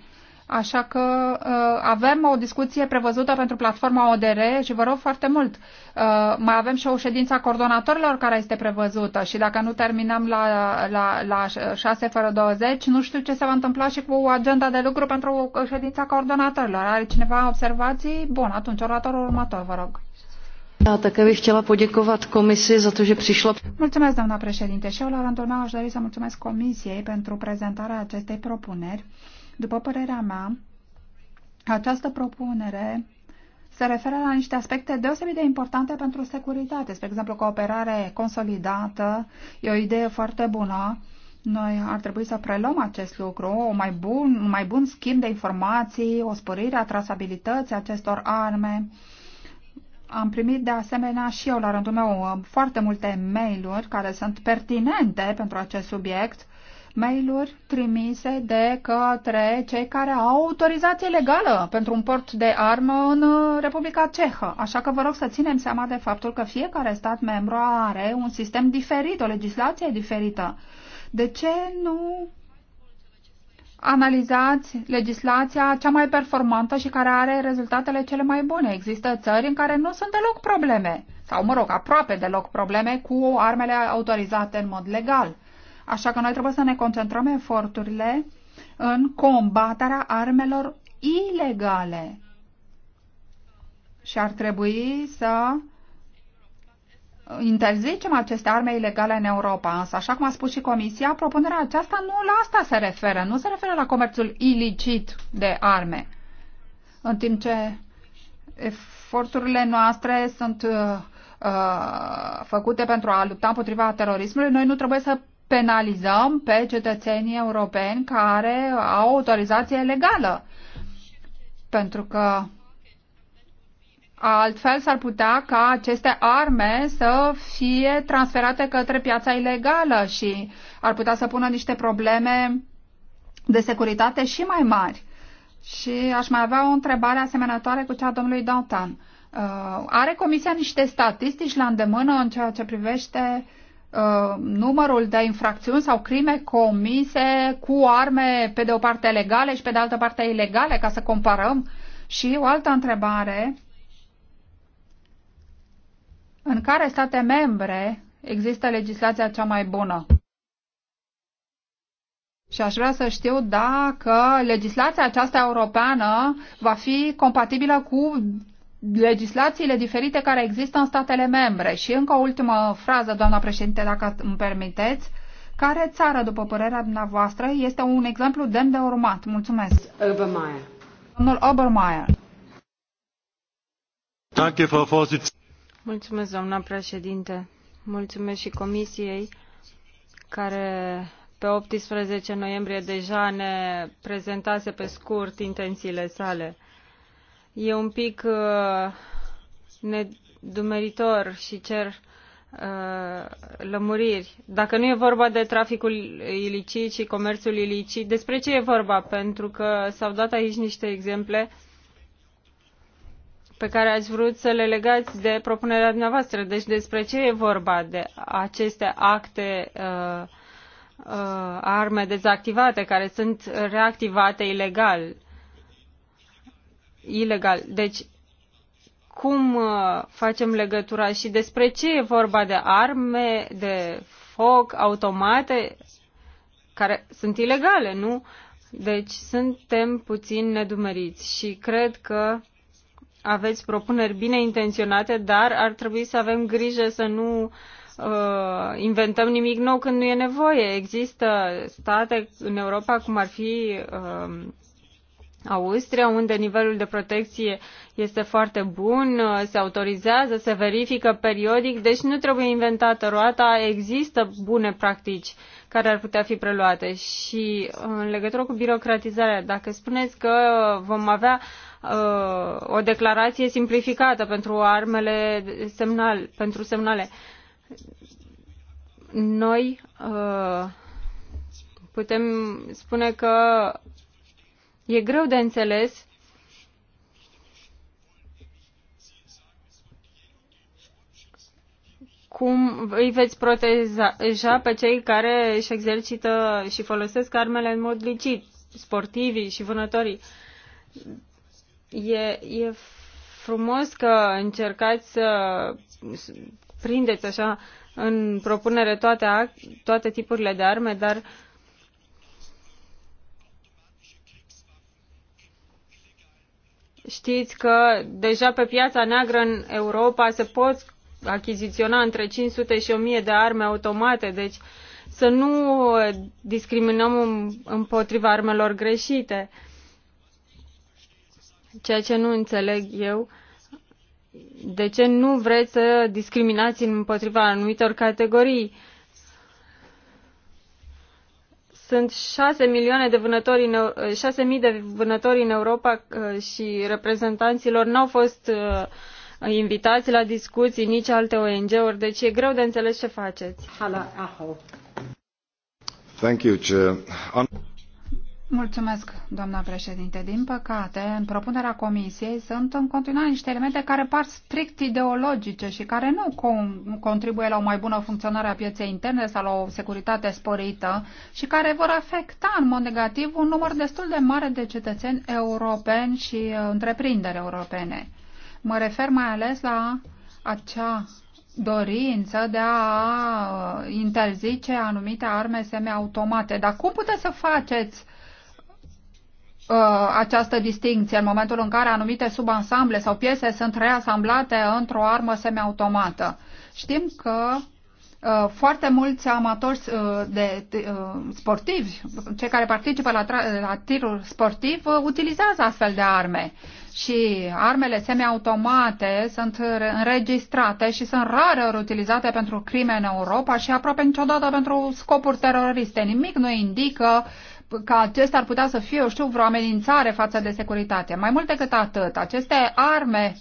Așa că uh, avem o discuție prevăzută pentru platforma ODR și vă rog foarte mult. Uh, mai avem și o ședință a coordonatorilor care este prevăzută și dacă nu terminăm la, la, la 6 fără 20, nu știu ce se va întâmpla și cu agenda de lucru pentru ședința coordonatorilor. Are cineva observații? Bun, atunci oratorul următor, vă rog. Da, také bych chtěla poděkovat komisi za to, že přišla. Mulțumesc, doamna președinte. Și eu, la rândul meu, aș dori să mulțumesc comisiei pentru prezentarea acestei propuneri. După părerea mea, această propunere se referă la niște aspecte deosebit de importante pentru securitate. Spre exemplu, cooperare consolidată e o idee foarte bună. Noi ar trebui să preluăm acest lucru, o mai bun, un mai bun schimb de informații, o sporire a trasabilității acestor arme. Am primit de asemenea și eu la rândul meu foarte multe mail-uri care sunt pertinente pentru acest subiect mail-uri trimise de către cei care au autorizație legală pentru un port de armă în uh, Republica Cehă. Așa că vă rog să ținem seama de faptul că fiecare stat membru are un sistem diferit, o legislație diferită. De ce nu analizați legislația cea mai performantă și care are rezultatele cele mai bune. Există țări în care nu sunt deloc probleme, sau mă rog, aproape deloc probleme cu armele autorizate în mod legal. Așa că noi trebuie să ne concentrăm eforturile în combaterea armelor ilegale. Și ar trebui să interzicem aceste arme ilegale în Europa, însă, așa cum a spus și Comisia, propunerea aceasta nu la asta se referă, nu se referă la comerțul ilicit de arme. În timp ce eforturile noastre sunt uh, uh făcute pentru a lupta împotriva terorismului, noi nu trebuie să penalizăm pe cetățenii europeni care au autorizație legală. Pentru că altfel s-ar putea ca aceste arme să fie transferate către piața ilegală și ar putea să pună niște probleme de securitate și mai mari. Și aș mai avea o întrebare asemănătoare cu cea a domnului Dantan. Uh, are Comisia niște statistici la îndemână în ceea ce privește uh, Uh, numărul de infracțiuni sau crime comise cu arme, pe de o parte legale și pe de altă parte ilegale, ca să comparăm? Și o altă întrebare, în care state membre există legislația cea mai bună? Și aș vrea să știu dacă legislația aceasta europeană va fi compatibilă cu legislațiile diferite care există în statele membre. Și încă o ultimă frază, doamna președinte, dacă îmi permiteți. Care țară, după părerea dumneavoastră, este un exemplu demn de urmat? Mulțumesc. Obermeier. Domnul Obermeier. Mulțumesc, doamna președinte. Mulțumesc și comisiei care pe 18 noiembrie deja ne prezentase pe scurt intențiile sale e un pic uh, nedumeritor și cer uh, lămuriri. Dacă nu e vorba de traficul ilicit și comerțul ilicit, despre ce e vorba? Pentru că s-au dat aici niște exemple pe care ați vrut să le legați de propunerea dumneavoastră. Deci despre ce e vorba de aceste acte uh, uh, arme dezactivate care sunt reactivate ilegal? Uh, ilegal. Deci, cum uh, facem legătura și despre ce e vorba de arme, de foc, automate, care sunt ilegale, nu? Deci suntem puțin nedumeriți și cred că aveți propuneri bine intenționate, dar ar trebui să avem grijă să nu uh, inventăm nimic nou când nu e nevoie. Există state în Europa, cum ar fi uh, Austria, unde nivelul de protecție este foarte bun, se autorizează, se verifică periodic, deci nu trebuie inventată roata, există bune practici care ar putea fi preluate. Și în legătură cu birocratizarea, dacă spuneți că vom avea uh, o declarație simplificată pentru armele semnal, pentru semnale, noi uh, putem spune că E greu de înțeles cum îi veți proteja pe cei care își exercită și folosesc armele în mod licit, sportivii și vânătorii. E, e frumos că încercați să prindeți așa în propunere toate, toate tipurile de arme, dar uh, Știți că deja pe piața neagră în Europa se pot achiziționa între 500 și 1000 de arme automate, deci să nu discriminăm împotriva armelor greșite. Ceea ce nu înțeleg eu, de ce nu vreți să discriminați împotriva anumitor categorii? Sunt 6 milioane de vânători, în, 6 eh, mii de vânători în Europa eh, și reprezentanților n-au fost eh, invitați la discuții, nici alte ONG-uri, deci e greu de înțeles ce faceți. Thank you, Chair. Mulțumesc, doamna președinte. Din păcate, în propunerea comisiei sunt în continuare niște elemente care par strict ideologice și care nu contribuie la o mai bună funcționare a pieței interne sau la o securitate sporită și care vor afecta în mod negativ un număr destul de mare de cetățeni europeni și uh, întreprinderi europene. Mă refer mai ales la acea dorință de a uh, interzice anumite arme semiautomate. Dar cum puteți să faceți Uh, această distinție în momentul în care anumite subansamble sau piese sunt reasamblate într-o armă semiautomată. Știm că uh, foarte mulți amatori uh, de uh, sportivi, cei care participă la, la tirul sportiv, uh, utilizează astfel de arme și armele semiautomate sunt înregistrate și sunt rare utilizate pentru crime în Europa și aproape niciodată pentru scopuri teroriste. Nimic nu indică uh, că acesta ar putea să fie, eu știu, vreo amenințare față de securitate. Mai mult decât atât, aceste arme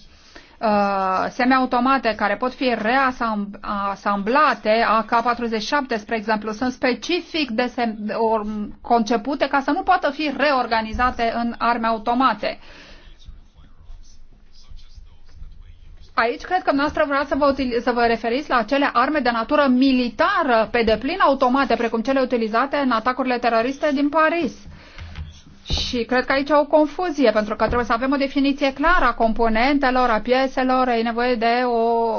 uh, semiautomate care pot fi reasamblate, AK-47, spre exemplu, sunt specific de sem- or, concepute ca să nu poată fi reorganizate în arme automate. Uh, Aici cred că noastră vrea să vă, să vă referiți la acele arme de natură militară pe deplin automate, precum cele utilizate în atacurile teroriste din Paris. Și cred că aici o confuzie, pentru că trebuie să avem o definiție clară a componentelor, a pieselor, e nevoie de o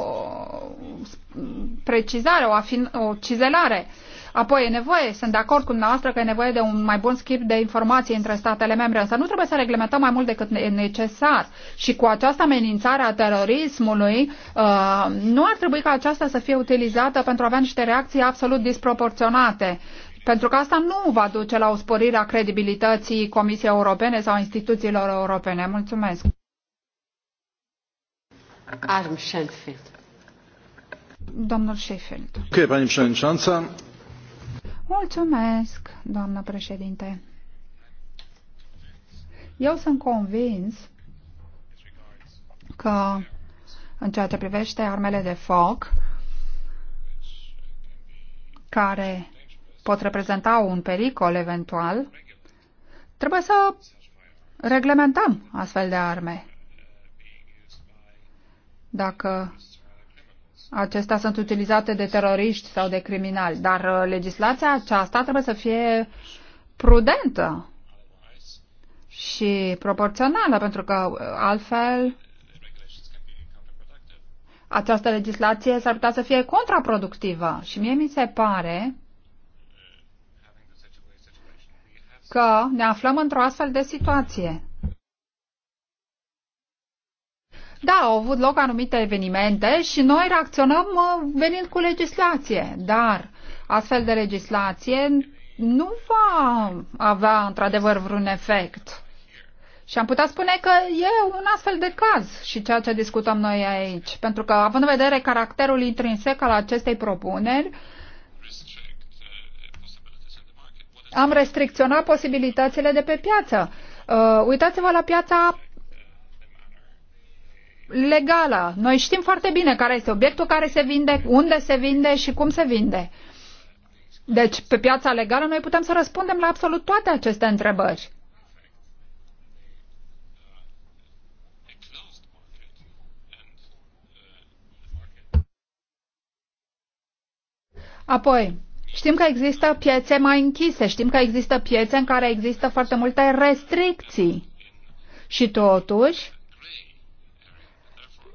precizare, o, afin, o cizelare. Uh, Apoi e nevoie, sunt de acord cu dumneavoastră că e nevoie de un mai bun schimb de informații între statele membre, însă nu trebuie să reglementăm mai mult decât e necesar. Și cu această amenințare a terorismului, uh, nu ar trebui ca aceasta să fie utilizată pentru a avea niște reacții absolut disproporționate. Pentru că asta nu va duce la o sporire a credibilității Comisiei Europene sau instituțiilor europene. Mulțumesc. Arm Sheffield. Domnul Sheffield. Okay, pani przewodnicząca. Mulțumesc, doamnă președinte. Eu sunt convins că în ceea ce privește armele de foc, care pot reprezenta un pericol eventual, trebuie să reglementăm astfel de arme. Dacă acestea sunt utilizate de teroriști sau de criminali, dar uh, legislația aceasta trebuie să fie prudentă și proporțională, pentru că uh, altfel această legislație s-ar putea să fie contraproductivă. Și mie mi se pare că ne aflăm într-o astfel de situație. Da, au avut loc anumite evenimente și noi reacționăm uh, venind cu legislație, dar astfel de legislație nu va avea într-adevăr vreun efect. Și am putea spune că e un astfel de caz și ceea ce discutăm noi aici, pentru că având în vedere caracterul intrinsec al acestei propuneri, am restricționat posibilitățile de pe piață. Uh, uitați-vă la piața legală. Noi știm foarte bine care este obiectul care se vinde, unde se vinde și cum se vinde. Deci, pe piața legală, noi putem să răspundem la absolut toate aceste întrebări. Apoi, știm că există piețe mai închise, știm că există piețe în care există foarte multe restricții. Și totuși,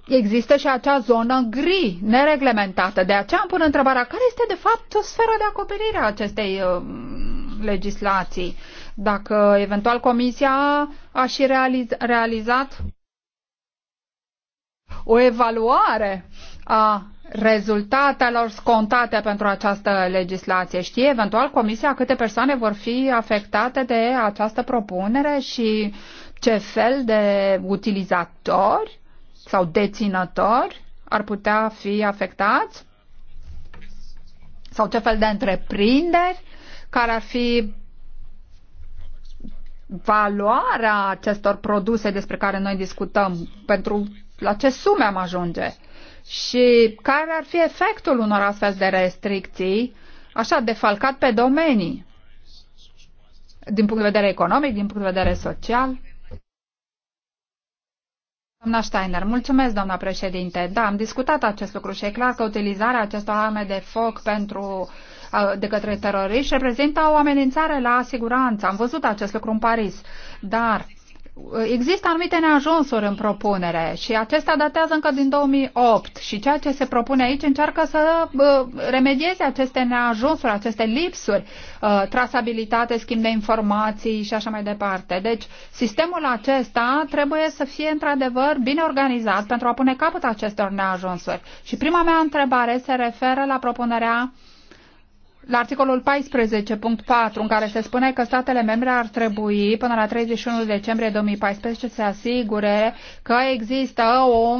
există și acea zonă gri, nereglementată. De aceea am pun întrebarea, care este de fapt o sferă de acoperire a acestei uh, legislații? Dacă eventual Comisia a și realiz realizat o evaluare a rezultatelor scontate pentru această legislație. Știe eventual Comisia câte persoane vor fi afectate de această propunere și ce fel de utilizatori sau deținători ar putea fi afectați? Sau ce fel de întreprinderi care ar fi valoarea acestor produse despre care noi discutăm? Pentru la ce sume am ajunge? Și care ar fi efectul unor astfel de restricții, așa, defalcat pe domenii? Din punct de vedere economic, din punct de vedere social? Doamna Steiner, mulțumesc, doamna președinte. Da, am discutat acest lucru și e clar că utilizarea acestor arme de foc pentru de către teroriști reprezintă o amenințare la siguranță. Am văzut acest lucru în Paris. Dar Există anumite neajunsuri în propunere și acestea datează încă din 2008 și ceea ce se propune aici încearcă să remedieze aceste neajunsuri, aceste lipsuri, ă, trasabilitate, schimb de informații și așa mai departe. Deci sistemul acesta trebuie să fie într-adevăr bine organizat pentru a pune capăt acestor neajunsuri. Și prima mea întrebare se referă la propunerea uh, la articolul 14.4, în care se spune că statele membre ar trebui până la 31 decembrie 2014 să se asigure că există o,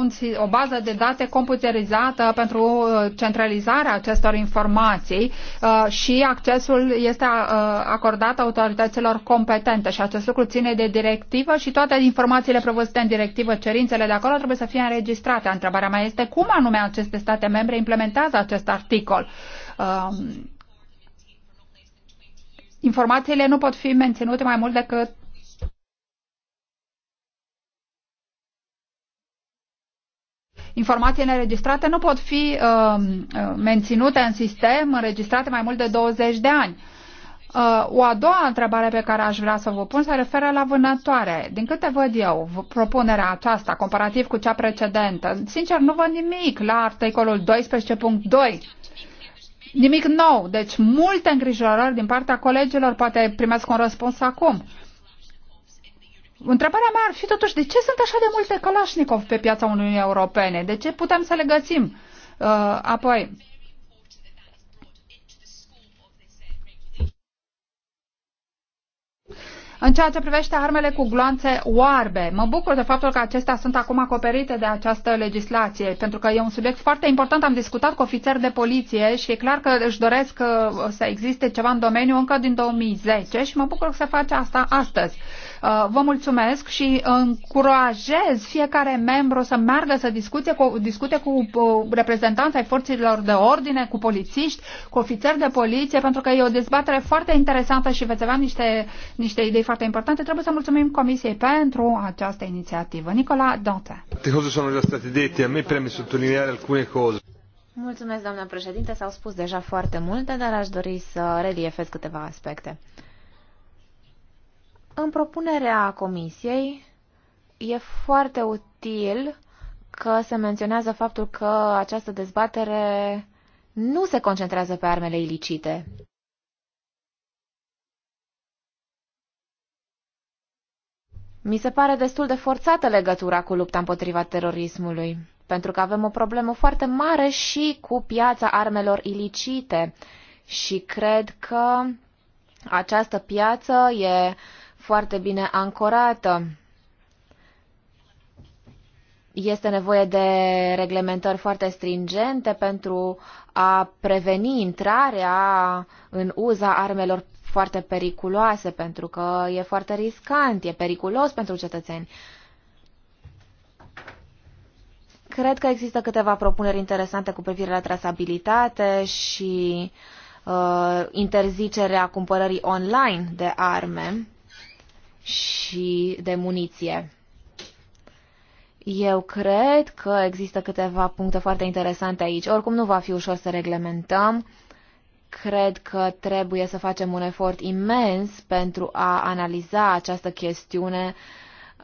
o bază de date computerizată pentru uh, centralizarea acestor informații uh, și accesul este uh, acordat autorităților competente și acest lucru ține de directivă și toate informațiile prevăzute în directivă, cerințele de acolo trebuie să fie înregistrate. Întrebarea mea este cum anume aceste state membre implementează acest articol. Uh, informațiile nu pot fi menținute mai mult decât informațiile înregistrate nu pot fi uh, uh, menținute în sistem, înregistrate mai mult de 20 de ani. Uh, o a doua întrebare pe care aș vrea să vă pun se referă la vânătoare. Din câte văd eu propunerea aceasta comparativ cu cea precedentă, sincer nu văd nimic la articolul 12.2 nimic nou. Deci multe îngrijorări din partea colegilor, poate primesc un răspuns acum. Întrebarea mea ar fi totuși, de ce sunt așa de multe Kalashnikov pe piața Uniunii Europene? De ce putem să le găsim? Uh, apoi, În ceea ce privește armele cu gloanțe oarbe, mă bucur de faptul că acestea sunt acum acoperite de această legislație, pentru că e un subiect foarte important. Am discutat cu ofițeri de poliție și e clar că își doresc uh, să existe ceva în domeniu încă din 2010 și mă bucur că se face asta astăzi. Uh, vă mulțumesc și încurajez fiecare membru să meargă să discute cu, discute cu uh, reprezentanța ai forțelor de ordine, cu polițiști, cu ofițeri de poliție, pentru că e o dezbatere foarte interesantă și veți avea niște, niște idei foarte importante. Trebuie să mulțumim Comisiei pentru această inițiativă. Nicola Dante. a Mulțumesc, doamna președinte. S-au spus deja foarte multe, dar aș dori să reliefez câteva aspecte. În propunerea comisiei e foarte util că se menționează faptul că această dezbatere nu se concentrează pe armele ilicite. Mi se pare destul de forțată legătura cu lupta împotriva terorismului, pentru că avem o problemă foarte mare și cu piața armelor ilicite și cred că această piață e foarte bine ancorată. Este nevoie de reglementări foarte stringente pentru a preveni intrarea în uza armelor foarte periculoase, pentru că e foarte riscant, e periculos pentru cetățeni. Cred că există câteva propuneri interesante cu privire la trasabilitate și uh, interzicerea cumpărării online de arme și de muniție. Eu cred că există câteva puncte foarte interesante aici. Oricum nu va fi ușor să reglementăm. Cred că trebuie să facem un efort imens pentru a analiza această chestiune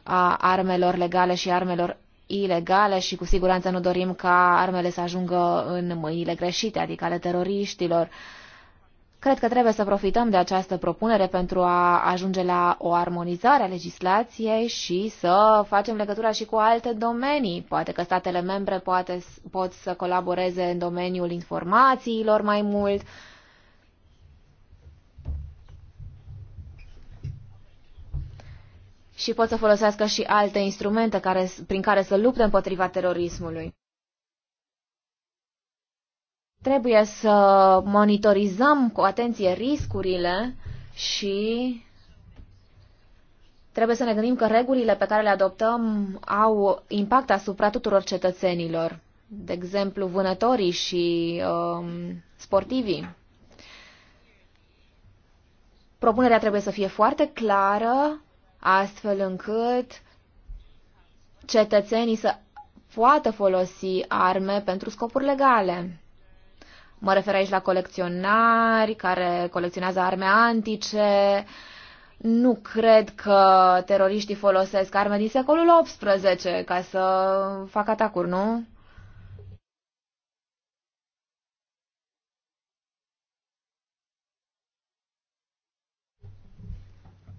a armelor legale și armelor ilegale și cu siguranță nu dorim ca armele să ajungă în mâinile greșite, adică ale teroriștilor. Uh, Cred că trebuie să profităm de această propunere pentru a ajunge la o armonizare a legislației și să facem legătura și cu alte domenii. Poate că statele membre poate, pot să colaboreze în domeniul informațiilor mai mult. Și pot să folosească și alte instrumente care, prin care să lupte împotriva terorismului. Trebuie să monitorizăm cu atenție riscurile și trebuie să ne gândim că regulile pe care le adoptăm au impact asupra tuturor cetățenilor, de exemplu vânătorii și um, sportivii. Propunerea trebuie să fie foarte clară, astfel încât cetățenii să poată folosi arme pentru scopuri legale. Mă refer aici la colecționari care colecționează arme antice. Nu cred că teroriștii folosesc arme din secolul XVIII ca să facă atacuri, nu?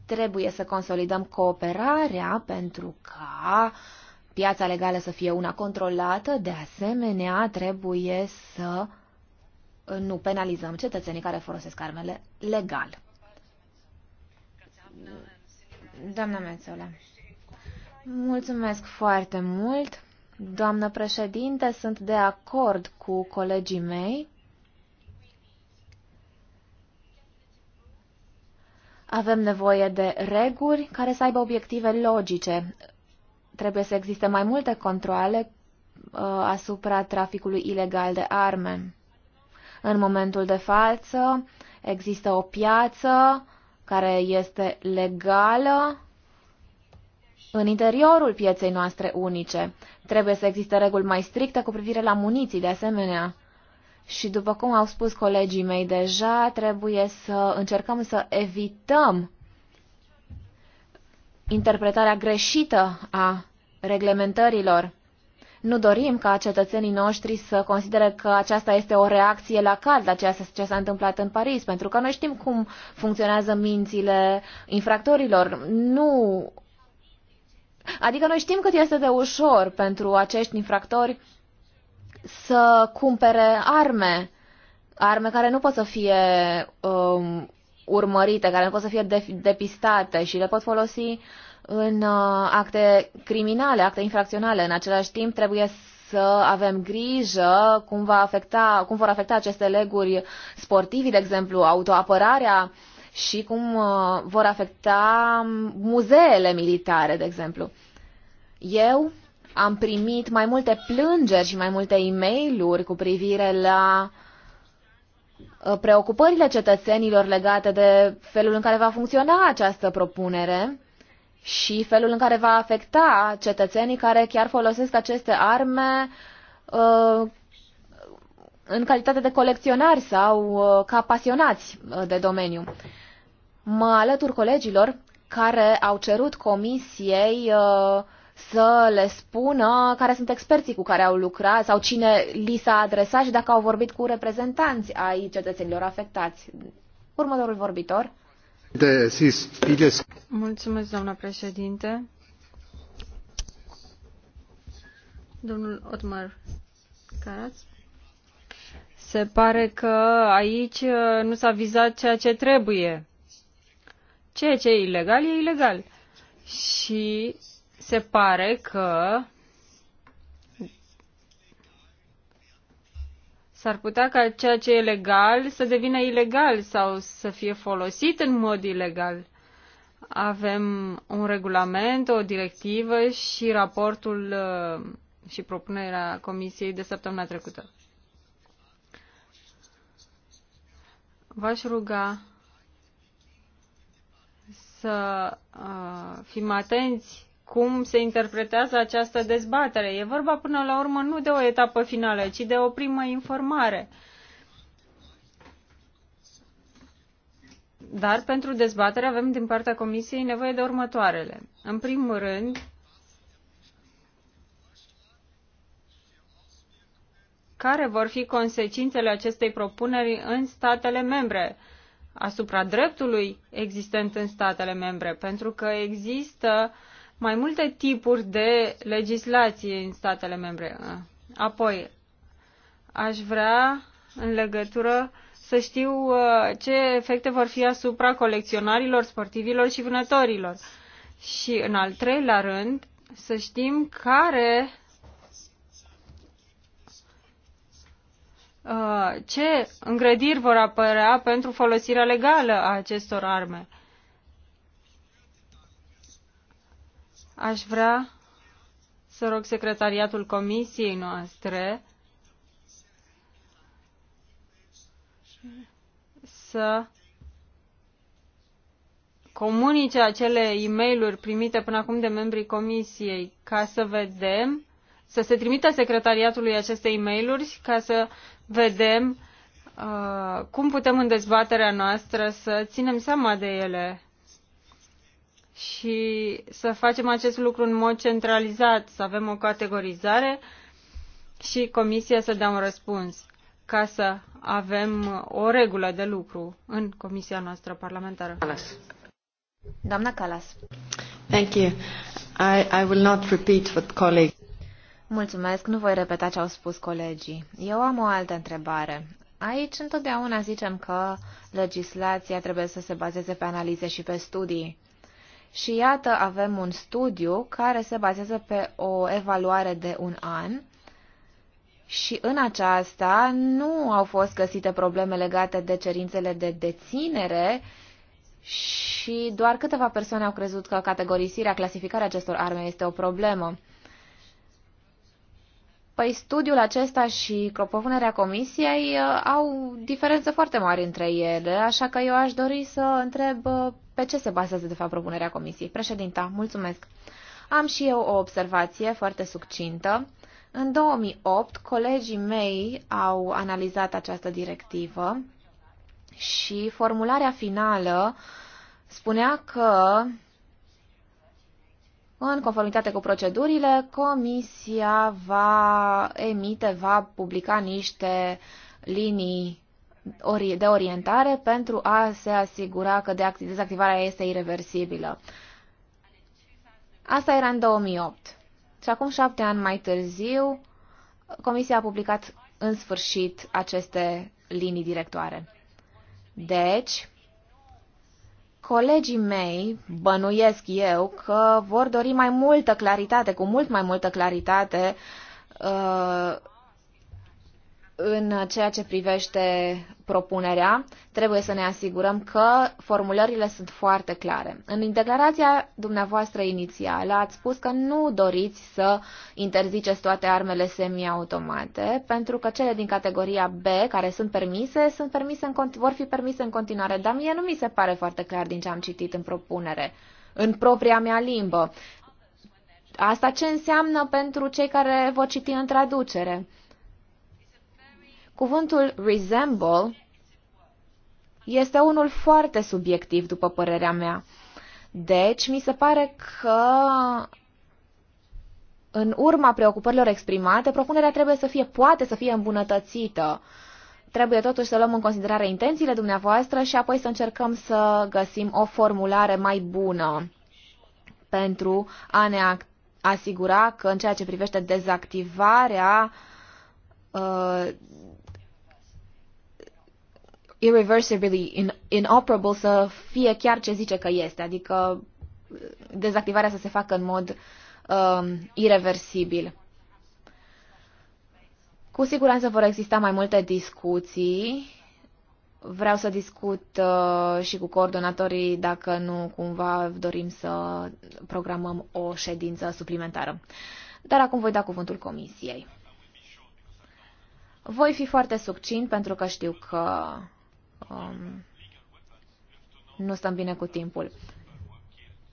Trebuie să consolidăm cooperarea pentru ca piața legală să fie una controlată, de asemenea trebuie să uh, nu penalizăm cetățenii care folosesc armele legal. Doamna Mețola, mulțumesc foarte mult. Doamnă președinte, sunt de acord cu colegii mei. Avem nevoie de reguli care să aibă obiective logice. Trebuie să existe mai multe controle uh, asupra traficului ilegal de arme. În momentul de față există o piață care este legală în interiorul pieței noastre unice. Trebuie să existe reguli mai stricte cu privire la muniții, de asemenea. Și după cum au spus colegii mei deja, trebuie să încercăm să evităm interpretarea greșită a reglementărilor nu dorim ca cetățenii noștri să considere că aceasta este o reacție la cald la ceea ce s-a întâmplat în Paris, pentru că noi știm cum funcționează mințile infractorilor. Nu. Adică noi știm cât este de ușor pentru acești infractori să cumpere arme, arme care nu pot să fie um, urmărite, care nu pot să fie depistate și le pot folosi în uh, acte criminale, acte infracționale. În același timp, trebuie să avem grijă cum, va afecta, cum vor afecta aceste leguri sportivi, de exemplu, autoapărarea și cum uh, vor afecta muzeele militare, de exemplu. Eu am primit mai multe plângeri și mai multe e mail cu privire la uh, preocupările cetățenilor legate de felul în care va funcționa această propunere și felul în care va afecta cetățenii care chiar folosesc aceste arme uh, în calitate de colecționari sau uh, ca pasionați uh, de domeniu. Mă alătur colegilor care au cerut comisiei să le spună care sunt experții cu care au lucrat sau cine li s-a adresat și dacă au vorbit cu reprezentanți ai cetățenilor afectați. Următorul vorbitor. De, sis, Mulțumesc, doamna președinte. Domnul Otmar Caraț. Se pare că aici uh, nu s-a vizat ceea ce trebuie. Ceea ce e ilegal, e ilegal. Și se pare că s-ar putea ca ceea ce e legal să devină ilegal sau să fie folosit în mod ilegal. Avem un regulament, o directivă și raportul uh, și propunerea Comisiei de săptămâna trecută. V-aș ruga să uh, fim atenți cum se interpretează această dezbatere. E vorba până la urmă nu de o etapă finală, ci de o primă informare. Uh, Dar pentru dezbatere avem din partea Comisiei nevoie de următoarele. În primul rând, care vor fi consecințele acestei propuneri în statele membre, asupra dreptului existent în statele membre, pentru că există mai multe tipuri de legislație în statele membre. Apoi, aș vrea, în legătură să știu uh, ce efecte vor fi asupra colecționarilor, sportivilor și vânătorilor. Și în al treilea rând, să știm care uh, ce îngrediri vor apărea pentru folosirea legală a acestor arme. Aș vrea să rog secretariatul comisiei noastre să comunice acele e mail primite până acum de membrii comisiei ca să vedem, să se trimită secretariatului aceste e mail ca să vedem uh, cum putem în dezbaterea noastră să ținem seama de ele și să facem acest lucru în mod centralizat, să avem o categorizare și comisia să dea un răspuns ca să avem o regulă de lucru în comisia noastră parlamentară. Calas. Doamna Calas. Thank you. I, I will not repeat what colleagues... Mulțumesc, nu voi repeta ce au spus colegii. Eu am o altă întrebare. Aici întotdeauna zicem că legislația trebuie să se bazeze pe analize și pe studii. Și iată, avem un studiu care se bazează pe o evaluare de un an și în aceasta nu au fost găsite probleme legate de cerințele de deținere și doar câteva persoane au crezut că categorisirea, clasificarea acestor arme este o problemă. Păi studiul acesta și propunerea comisiei uh, au diferențe foarte mari între ele, așa că eu aș dori să întreb uh, pe ce se bazează de fapt propunerea comisiei. Președinta, mulțumesc. Am și eu o observație foarte succintă. În 2008, colegii mei au analizat această directivă și formularea finală spunea că, în conformitate cu procedurile, Comisia va emite, va publica niște linii de orientare pentru a se asigura că dezactivarea este irreversibilă. Asta era în 2008. Și acum șapte ani mai târziu, Comisia a publicat în sfârșit aceste linii directoare. Deci, colegii mei, bănuiesc eu, că vor dori mai multă claritate, cu mult mai multă claritate, uh, în ceea ce privește propunerea, trebuie să ne asigurăm că formulările sunt foarte clare. În declarația dumneavoastră inițială ați spus că nu doriți să interziceți toate armele semiautomate, pentru că cele din categoria B, care sunt permise, sunt permise în, vor fi permise în continuare, dar mie nu mi se pare foarte clar din ce am citit în propunere, în propria mea limbă. Asta ce înseamnă pentru cei care vor citi în traducere? Cuvântul resemble este unul foarte subiectiv, după părerea mea. Deci, mi se pare că în urma preocupărilor exprimate, propunerea trebuie să fie, poate să fie îmbunătățită. Trebuie totuși să luăm în considerare intențiile dumneavoastră și apoi să încercăm să găsim o formulare mai bună pentru a ne asigura că în ceea ce privește dezactivarea uh, irreversibly, in, inoperable să fie chiar ce zice că este, adică dezactivarea să se facă în mod um, irreversibil. Cu siguranță vor exista mai multe discuții. Vreau să discut uh, și cu coordonatorii dacă nu cumva dorim să programăm o ședință suplimentară. Dar acum voi da cuvântul comisiei. Voi fi foarte succint pentru că știu că um, nu stăm bine cu timpul.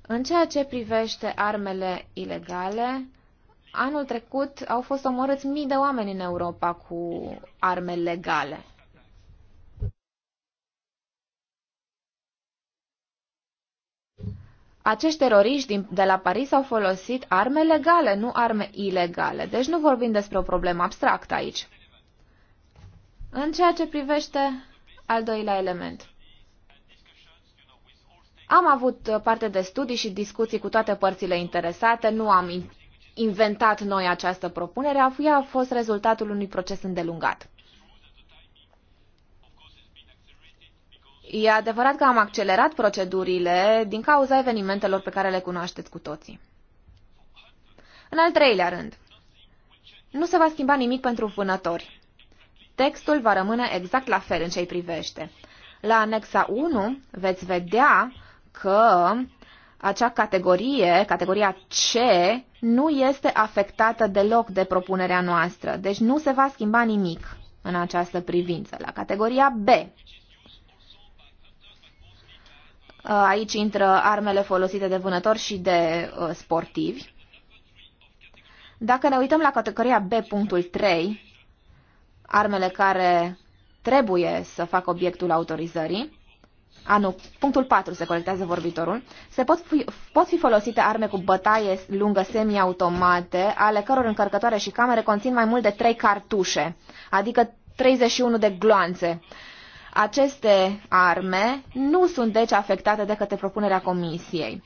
În ceea ce privește armele ilegale, anul trecut au fost omorâți mii de oameni în Europa cu arme legale. Acești teroriști de la Paris au folosit arme legale, nu arme ilegale. Deci nu vorbim despre o problemă abstractă aici. În ceea ce privește al doilea element. Am avut parte de studii și discuții cu toate părțile interesate, nu am inventat noi această propunere, a fost rezultatul unui proces îndelungat. E adevărat că am accelerat procedurile din cauza evenimentelor pe care le cunoașteți cu toții. În al treilea rând, nu se va schimba nimic pentru vânători. Textul va rămâne exact la fel în ce-i privește. La anexa 1 veți vedea că acea categorie, categoria C, nu este afectată deloc de propunerea noastră, deci nu se va schimba nimic în această privință. La categoria B, uh, aici intră armele folosite de vânători și de uh, sportivi. Dacă ne uităm la categoria B.3, armele care trebuie să facă obiectul autorizării, a, nu, punctul 4 se colectează vorbitorul, se pot fi, pot fi folosite arme cu bătaie lungă automate ale căror încărcătoare și camere conțin mai mult de 3 cartușe, adică 31 de gloanțe. Aceste arme nu sunt deci afectate de către propunerea comisiei.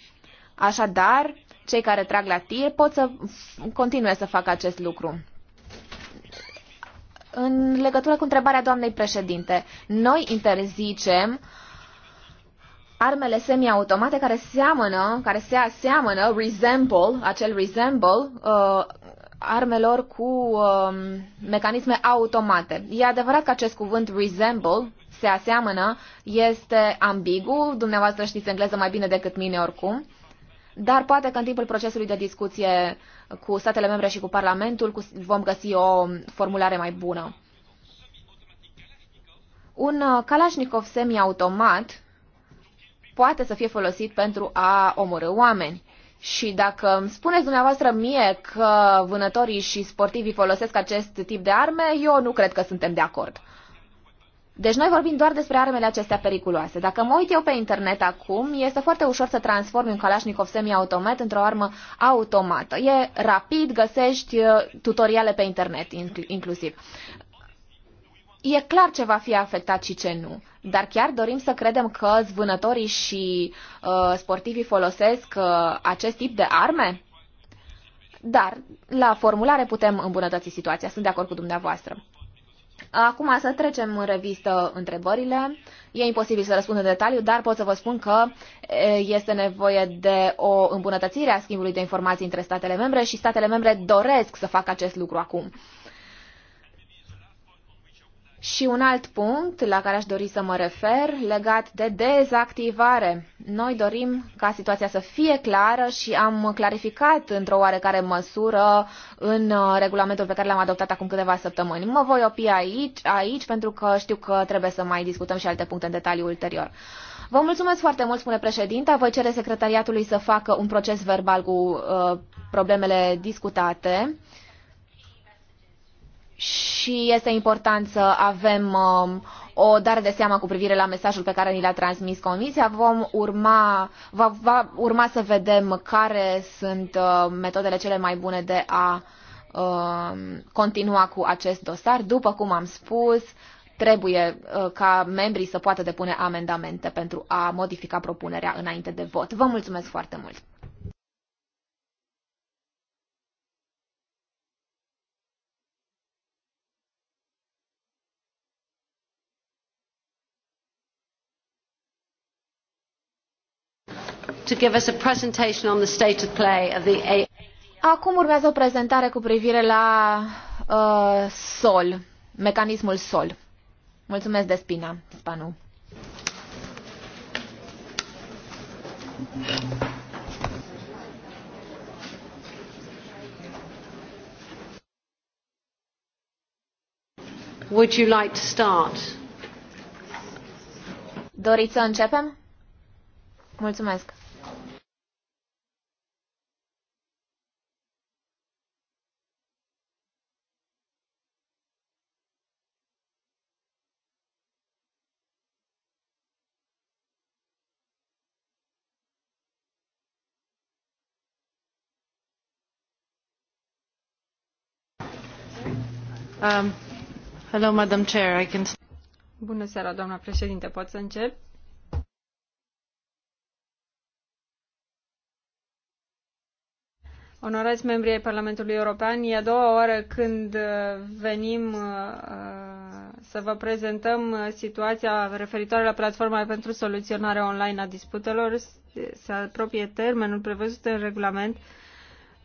Așadar, cei care trag la tie pot să continue să facă acest lucru în legătură cu întrebarea doamnei președinte. Noi interzicem armele semiautomate care seamănă, care se aseamănă, resemble, acel resemble, uh, armelor cu uh, mecanisme automate. E adevărat că acest cuvânt resemble, se aseamănă, este ambigu, dumneavoastră știți engleză mai bine decât mine oricum, dar poate că în timpul procesului de discuție cu statele membre și cu Parlamentul vom găsi o formulare mai bună. Un uh, Kalashnikov semi-automat poate să fie folosit pentru a omorâ oameni. Și dacă îmi spuneți dumneavoastră mie că vânătorii și sportivii folosesc acest tip de arme, eu nu cred că suntem de acord. Deci noi vorbim doar despre armele acestea periculoase. Dacă mă uit eu pe internet acum, este foarte ușor să transformi un Kalashnikov semi-automat într-o armă automată. E rapid, găsești uh, tutoriale pe internet inclusiv. E clar ce va fi afectat și ce nu, dar chiar dorim să credem că zvânătorii și uh, sportivii folosesc uh, acest tip de arme? Dar la formulare putem îmbunătăți situația, sunt de acord cu dumneavoastră. Acum să trecem în revistă întrebările. E imposibil să răspund în detaliu, dar pot să vă spun că este nevoie de o îmbunătățire a schimbului de informații între statele membre și statele membre doresc să facă acest lucru acum. Și un alt punct la care aș dori să mă refer, legat de dezactivare. Noi dorim ca situația să fie clară și am clarificat într-o oarecare măsură în uh, regulamentul pe care l-am adoptat acum câteva săptămâni. Mă voi opri aici, aici pentru că știu că trebuie să mai discutăm și alte puncte în detaliu ulterior. Vă mulțumesc foarte mult, spune președinta. Voi cere secretariatului să facă un proces verbal cu uh, problemele discutate și este important să avem um, o dare de seamă cu privire la mesajul pe care ni l-a transmis Comisia. Vom urma, va, va urma să vedem care sunt uh, metodele cele mai bune de a um, continua cu acest dosar. După cum am spus, trebuie uh, ca membrii să poată depune amendamente pentru a modifica propunerea înainte de vot. Vă mulțumesc foarte mult! to give us a presentation on the state of play of the A Acum urmează o prezentare cu privire la uh, SOL, mecanismul SOL. Mulțumesc de spina, Spanu. Would you like to start? Doriți să începem? Mulțumesc! Um, hello, Madam Chair. I can... Bună seara, doamna președinte. Pot să încep? Onorați membrii ai Parlamentului European, e a doua oară când uh, venim uh, uh, să vă prezentăm situația referitoare la platforma pentru soluționarea online a disputelor. Se apropie termenul prevăzut în regulament uh,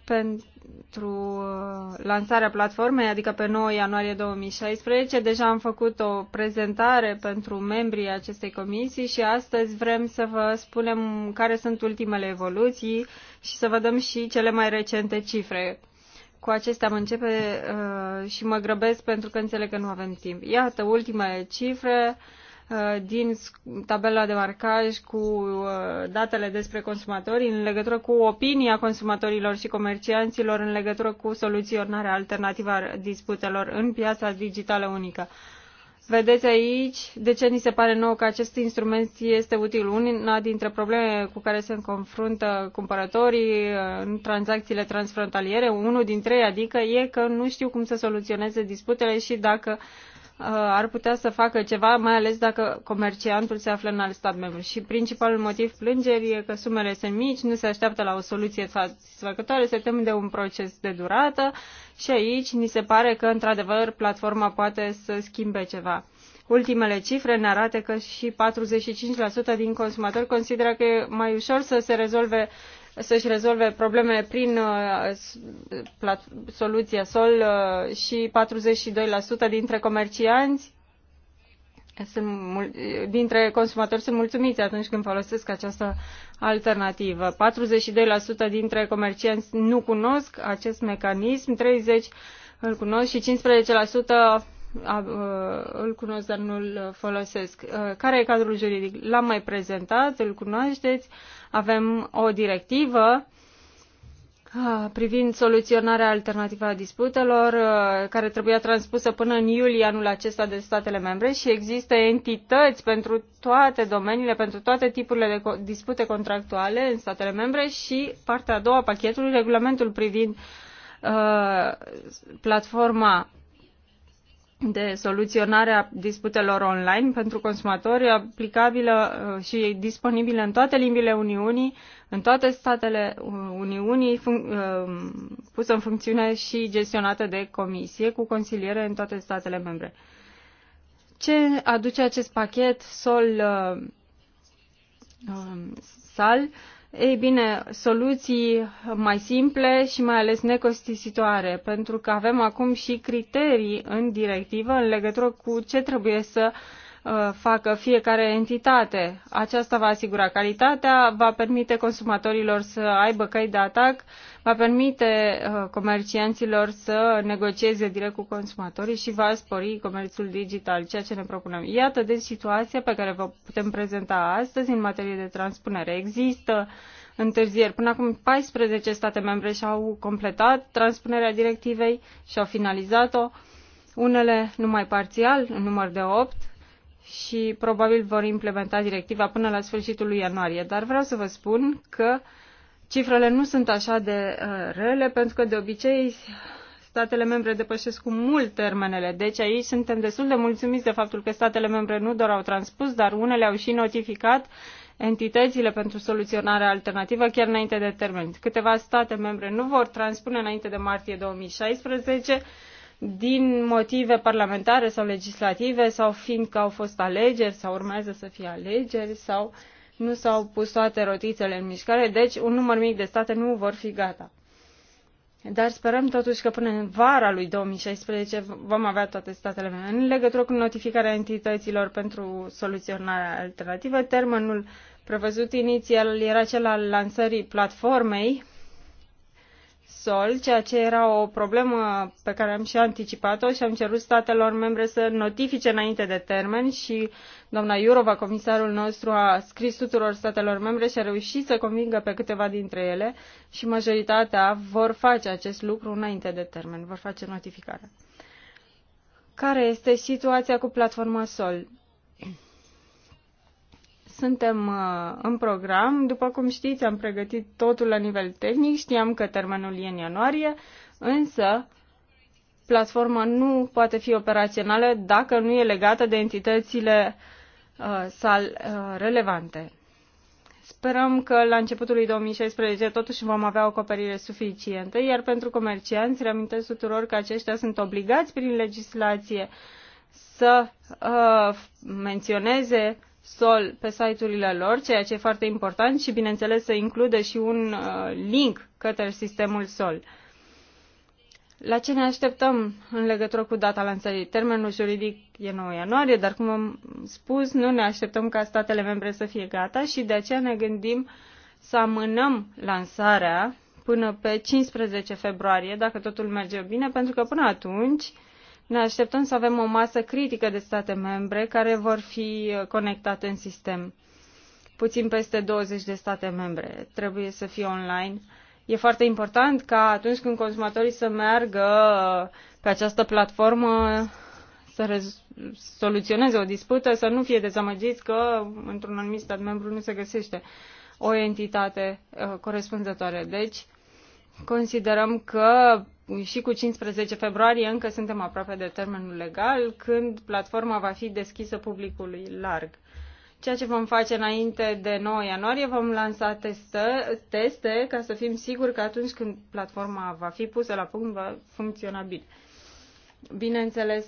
pentru uh, lansarea platformei, adică pe 9 ianuarie 2016. Deja am făcut o prezentare pentru membrii acestei comisii și astăzi vrem să vă spunem care sunt ultimele evoluții și să vă dăm și cele mai recente cifre. Cu acestea am începe uh, și mă grăbesc pentru că înțeleg că nu avem timp. Iată, ultimele cifre. Uh, Uh, din tabela de marcaj cu uh, datele despre consumatori în legătură cu opinia consumatorilor și comercianților în legătură cu soluționarea alternativă a disputelor în piața digitală unică. Vedeți aici de ce ni se pare nou că acest instrument este util. Una dintre problemele cu care se confruntă cumpărătorii uh, în tranzacțiile transfrontaliere, unul dintre ei adică, e că nu știu cum să soluționeze disputele și dacă uh, Uh, ar putea să facă ceva, mai ales dacă comerciantul se află în alt stat membru. Și principalul motiv plângerii e că sumele sunt mici, nu se așteaptă la o soluție satisfăcătoare, se tem de un proces de durată și aici ni se pare că, într-adevăr, platforma poate să schimbe ceva. Ultimele cifre ne arată că și 45% din consumatori consideră că e mai ușor să se rezolve să își rezolve problemele prin uh, soluția SOL uh, și 42% dintre comercianți sunt, dintre consumatori sunt mulțumiți atunci când folosesc această alternativă. 42% dintre comercianți nu cunosc acest mecanism, 30% îl cunosc și 15% îl cunosc, dar nu îl folosesc. Care e cadrul juridic? L-am mai prezentat, îl cunoașteți. Avem o directivă privind soluționarea alternativă a disputelor, care trebuia transpusă până în iulie anul acesta de statele membre și există entități pentru toate domeniile, pentru toate tipurile de dispute contractuale în statele membre și partea a doua a pachetului, regulamentul privind uh, platforma de soluționare a disputelor online pentru consumatori aplicabilă uh, și disponibilă în toate limbile Uniunii, în toate statele Uniunii, uh, pusă în funcțiune și gestionată de comisie cu consiliere în toate statele membre. Ce aduce acest pachet sol uh, sal? Ei bine, soluții mai simple și mai ales necostisitoare, pentru că avem acum și criterii în directivă în legătură cu ce trebuie să uh, Uh, facă fiecare entitate. Aceasta va asigura calitatea, va permite consumatorilor să aibă căi de atac, va permite uh, comercianților să negocieze direct cu consumatorii și va spori comerțul digital, ceea ce ne propunem. Iată deci situația pe care vă putem prezenta astăzi în materie de transpunere. Există întârzieri. Până acum 14 state membre și-au completat transpunerea directivei și-au finalizat-o, unele numai parțial, în număr de 8, și probabil vor implementa directiva până la sfârșitul lui ianuarie. Dar vreau să vă spun că cifrele nu sunt așa de uh, rele, pentru că de obicei statele membre depășesc cu mult termenele. Deci aici suntem destul de mulțumiți de faptul că statele membre nu doar au transpus, dar unele au și notificat entitățile pentru soluționarea alternativă chiar înainte de termen. Câteva state membre nu vor transpune înainte de martie 2016 din motive parlamentare sau legislative sau fiindcă au fost alegeri sau urmează să fie alegeri sau nu s-au pus toate rotițele în mișcare, deci un număr mic de state nu vor fi gata. Dar sperăm totuși că până în vara lui 2016 vom avea toate statele mele. În legătură cu notificarea entităților pentru soluționarea alternativă, termenul prevăzut inițial era cel al lansării platformei sol, ceea ce era o problemă pe care am și anticipat-o și am cerut statelor membre să notifice înainte de termen și doamna Iurova, comisarul nostru, a scris tuturor statelor membre și a reușit să convingă pe câteva dintre ele și majoritatea vor face acest lucru înainte de termen, vor face notificarea. Care este situația cu platforma sol? suntem uh, în program. După cum știți, am pregătit totul la nivel tehnic, știam că termenul e în ianuarie, însă platforma nu poate fi operațională dacă nu e legată de entitățile uh, sal uh, relevante. Sperăm că la începutul lui 2016 totuși vom avea o acoperire suficientă, iar pentru comercianți reamintesc tuturor că aceștia sunt obligați prin legislație să uh, menționeze sol pe site-urile lor, ceea ce e foarte important și, bineînțeles, să includă și un uh, link către sistemul sol. La ce ne așteptăm în legătură cu data lansării? Termenul juridic e 9 ianuarie, dar cum am spus, nu ne așteptăm ca statele membre să fie gata și de aceea ne gândim să amânăm lansarea până pe 15 februarie, dacă totul merge bine, pentru că până atunci uh, ne așteptăm să avem o masă critică de state membre care vor fi conectate în sistem. Puțin peste 20 de state membre trebuie să fie online. E foarte important ca atunci când consumatorii să meargă pe această platformă să soluționeze o dispută, să nu fie dezamăgiți că într-un anumit stat membru nu se găsește o entitate uh, corespunzătoare. Deci, considerăm că și cu 15 februarie încă suntem aproape de termenul legal, când platforma va fi deschisă publicului larg. Ceea ce vom face înainte de 9 ianuarie, vom lansa testă, teste ca să fim siguri că atunci când platforma va fi pusă la punct, va funcționa bine. Bineînțeles,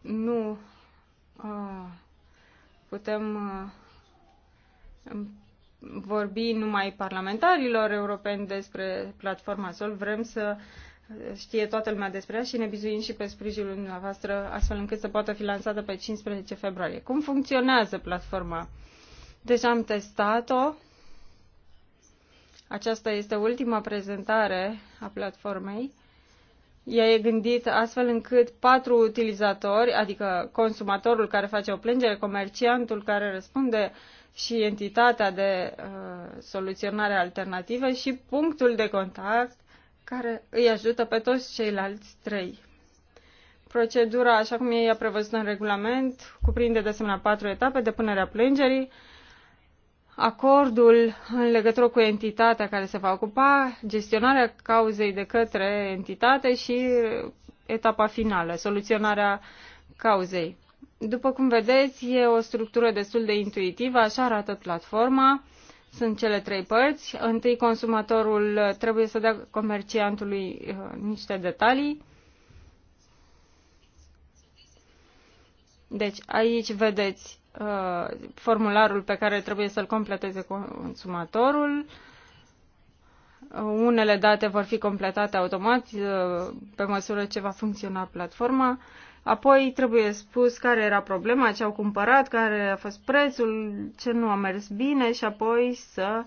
nu uh, putem uh, vorbi numai parlamentarilor europeni despre platforma Sol, vrem să știe toată lumea despre ea și ne bizuim și pe sprijinul dumneavoastră astfel încât să poată fi lansată pe 15 februarie. Cum funcționează platforma? Deja deci am testat-o. Aceasta este ultima prezentare a platformei. Ea e gândit astfel încât patru utilizatori, adică consumatorul care face o plângere, comerciantul care răspunde, și entitatea de uh, soluționare alternativă și punctul de contact care îi ajută pe toți ceilalți trei. Procedura, așa cum e prevăzută în regulament, cuprinde de asemenea patru etape, de punerea plângerii, acordul în legătură cu entitatea care se va ocupa, gestionarea cauzei de către entitate și etapa finală, soluționarea cauzei. După cum vedeți, e o structură destul de intuitivă, așa arată platforma. Sunt cele trei părți. Întâi, consumatorul trebuie să dea comerciantului uh, niște detalii. Deci, aici vedeți uh, formularul pe care trebuie să-l completeze consumatorul. Uh, unele date vor fi completate automat uh, pe măsură ce va funcționa platforma. Uh, Apoi trebuie spus care era problema, ce au cumpărat, care a fost prețul, ce nu a mers bine și apoi să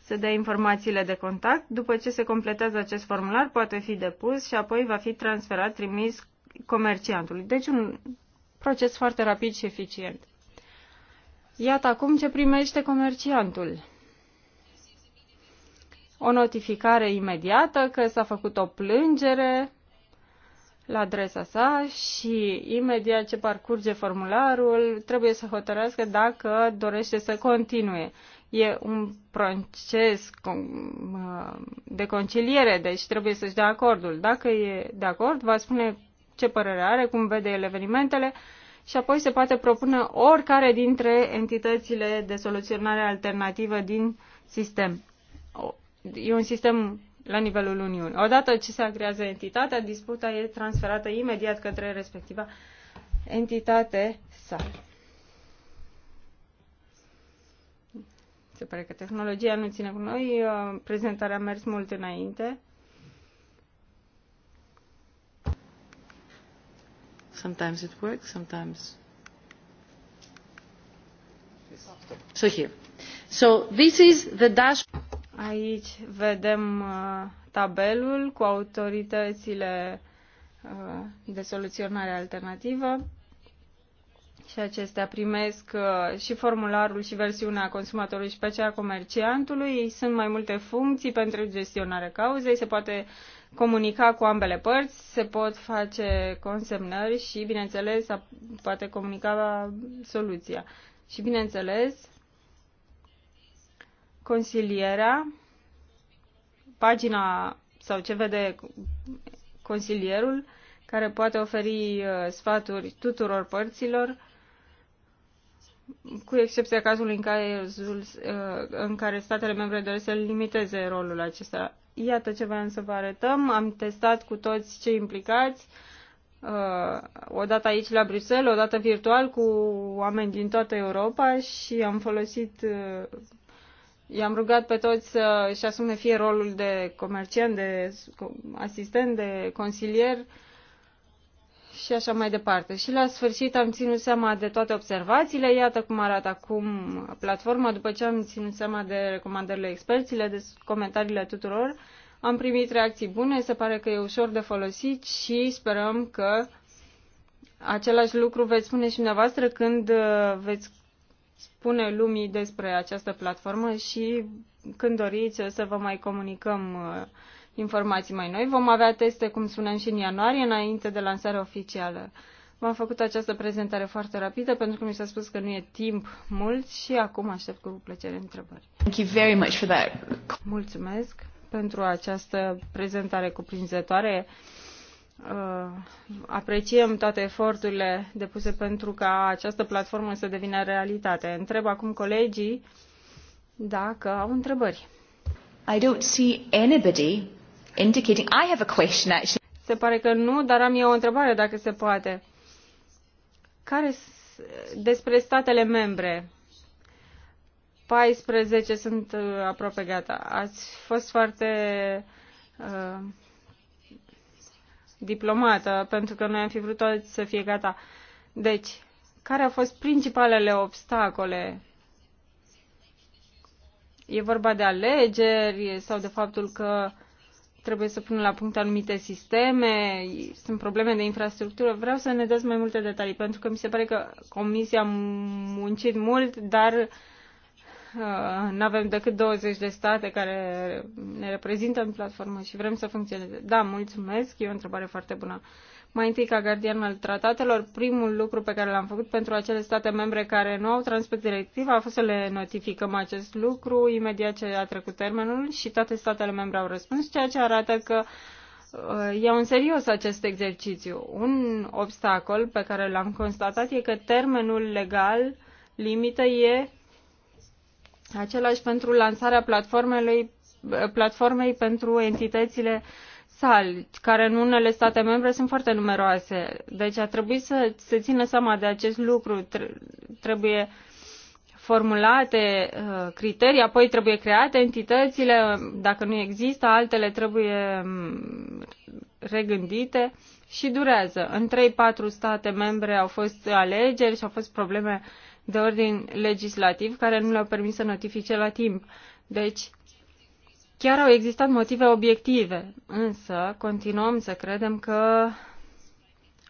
se dea informațiile de contact. După ce se completează acest formular, poate fi depus și apoi va fi transferat, trimis comerciantului. Deci un proces foarte rapid și eficient. Iată acum ce primește comerciantul. O notificare imediată că s-a făcut o plângere la adresa sa și imediat ce parcurge formularul trebuie să hotărească dacă dorește să continue. E un proces uh, de conciliere, deci trebuie să-și dea acordul. Dacă e de acord, va spune ce părere are, cum vede el evenimentele și apoi se poate propune oricare dintre entitățile de soluționare alternativă din sistem. E un sistem la nivelul Uniunii. Odată ce se agrează entitatea, disputa e transferată imediat către respectiva entitate sale. Se pare că tehnologia nu ține cu noi, uh, prezentarea a mers mult înainte. Sometimes it works, sometimes. So here. So this is the dashboard. Aici vedem uh, tabelul cu autoritățile uh, de soluționare alternativă și acestea primesc uh, și formularul și versiunea consumatorului și pe aceea comerciantului. sunt mai multe funcții pentru gestionarea cauzei, se poate comunica cu ambele părți, se pot face consemnări și, bineînțeles, poate comunica soluția. Și, bineînțeles, consilierea, pagina sau ce vede consilierul, care poate oferi uh, sfaturi tuturor părților, cu excepția cazului în care, uh, în care statele membre doresc să limiteze rolul acesta. Iată ce vreau să vă arătăm. Am testat cu toți cei implicați, uh, odată aici la Bruxelles, odată virtual cu oameni din toată Europa și am folosit I-am rugat pe toți să-și asume fie rolul de comerciant, de asistent, de consilier și așa mai departe. Și la sfârșit am ținut seama de toate observațiile. Iată cum arată acum platforma, după ce am ținut seama de recomandările experților, de comentariile tuturor. Am primit reacții bune, se pare că e ușor de folosit și sperăm că același lucru veți spune și dumneavoastră când uh, veți spune lumii despre această platformă și când doriți să vă mai comunicăm uh, informații mai noi. Vom avea teste, cum spuneam, și în ianuarie, înainte de lansarea oficială. V-am făcut această prezentare foarte rapidă pentru că mi s-a spus că nu e timp mult și acum aștept cu plăcere întrebări. Thank you very much for that. Mulțumesc pentru această prezentare cuprinzătoare. Uh, apreciem toate eforturile depuse pentru ca această platformă să devină realitate. Întreb acum colegii dacă au întrebări. I don't see anybody indicating I have a question actually. Se pare că nu, dar am eu o întrebare dacă se poate. Care despre statele membre? 14 sunt uh, aproape gata. Ați fost foarte uh, diplomată, pentru că noi am fi vrut toți să fie gata. Deci, care au fost principalele obstacole? E vorba de alegeri sau de faptul că trebuie să punem la punct anumite sisteme, sunt probleme de infrastructură. Vreau să ne dați mai multe detalii, pentru că mi se pare că comisia a muncit mult, dar uh, Uh, nu avem decât 20 de state care ne reprezintă în platformă și vrem să funcționeze. Da, mulțumesc, e o întrebare foarte bună. Mai întâi, ca gardian al tratatelor, primul lucru pe care l-am făcut pentru acele state membre care nu au transpus directiva a fost să le notificăm acest lucru imediat ce a trecut termenul și toate statele membre au răspuns, ceea ce arată că uh, iau în serios acest exercițiu. Un obstacol pe care l-am constatat e că termenul legal limită e același pentru lansarea platformei platformei pentru entitățile sali, care în unele state membre sunt foarte numeroase. Deci a trebuit să se țină seama de acest lucru. Trebuie formulate uh, criterii, apoi trebuie create entitățile, dacă nu există, altele trebuie um, regândite și durează. În 3-4 state membre au fost alegeri și au fost probleme uh, de ordin legislativ care nu le-au permis să notifice la timp. Deci, chiar au existat motive obiective, însă continuăm să credem că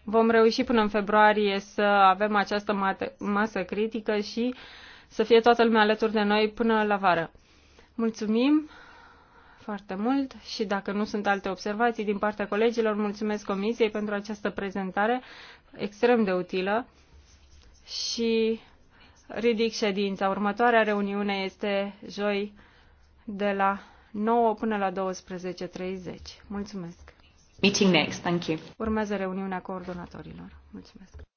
vom reuși până în februarie să avem această masă critică și să fie toată lumea alături de noi până la vară. Mulțumim foarte mult și dacă nu sunt alte observații din partea colegilor, mulțumesc Comisiei pentru această prezentare extrem de utilă și ridic ședința. Următoarea reuniune este joi de la 9 până la 12.30. Mulțumesc! Meeting next. Thank you. Urmează reuniunea coordonatorilor. Mulțumesc!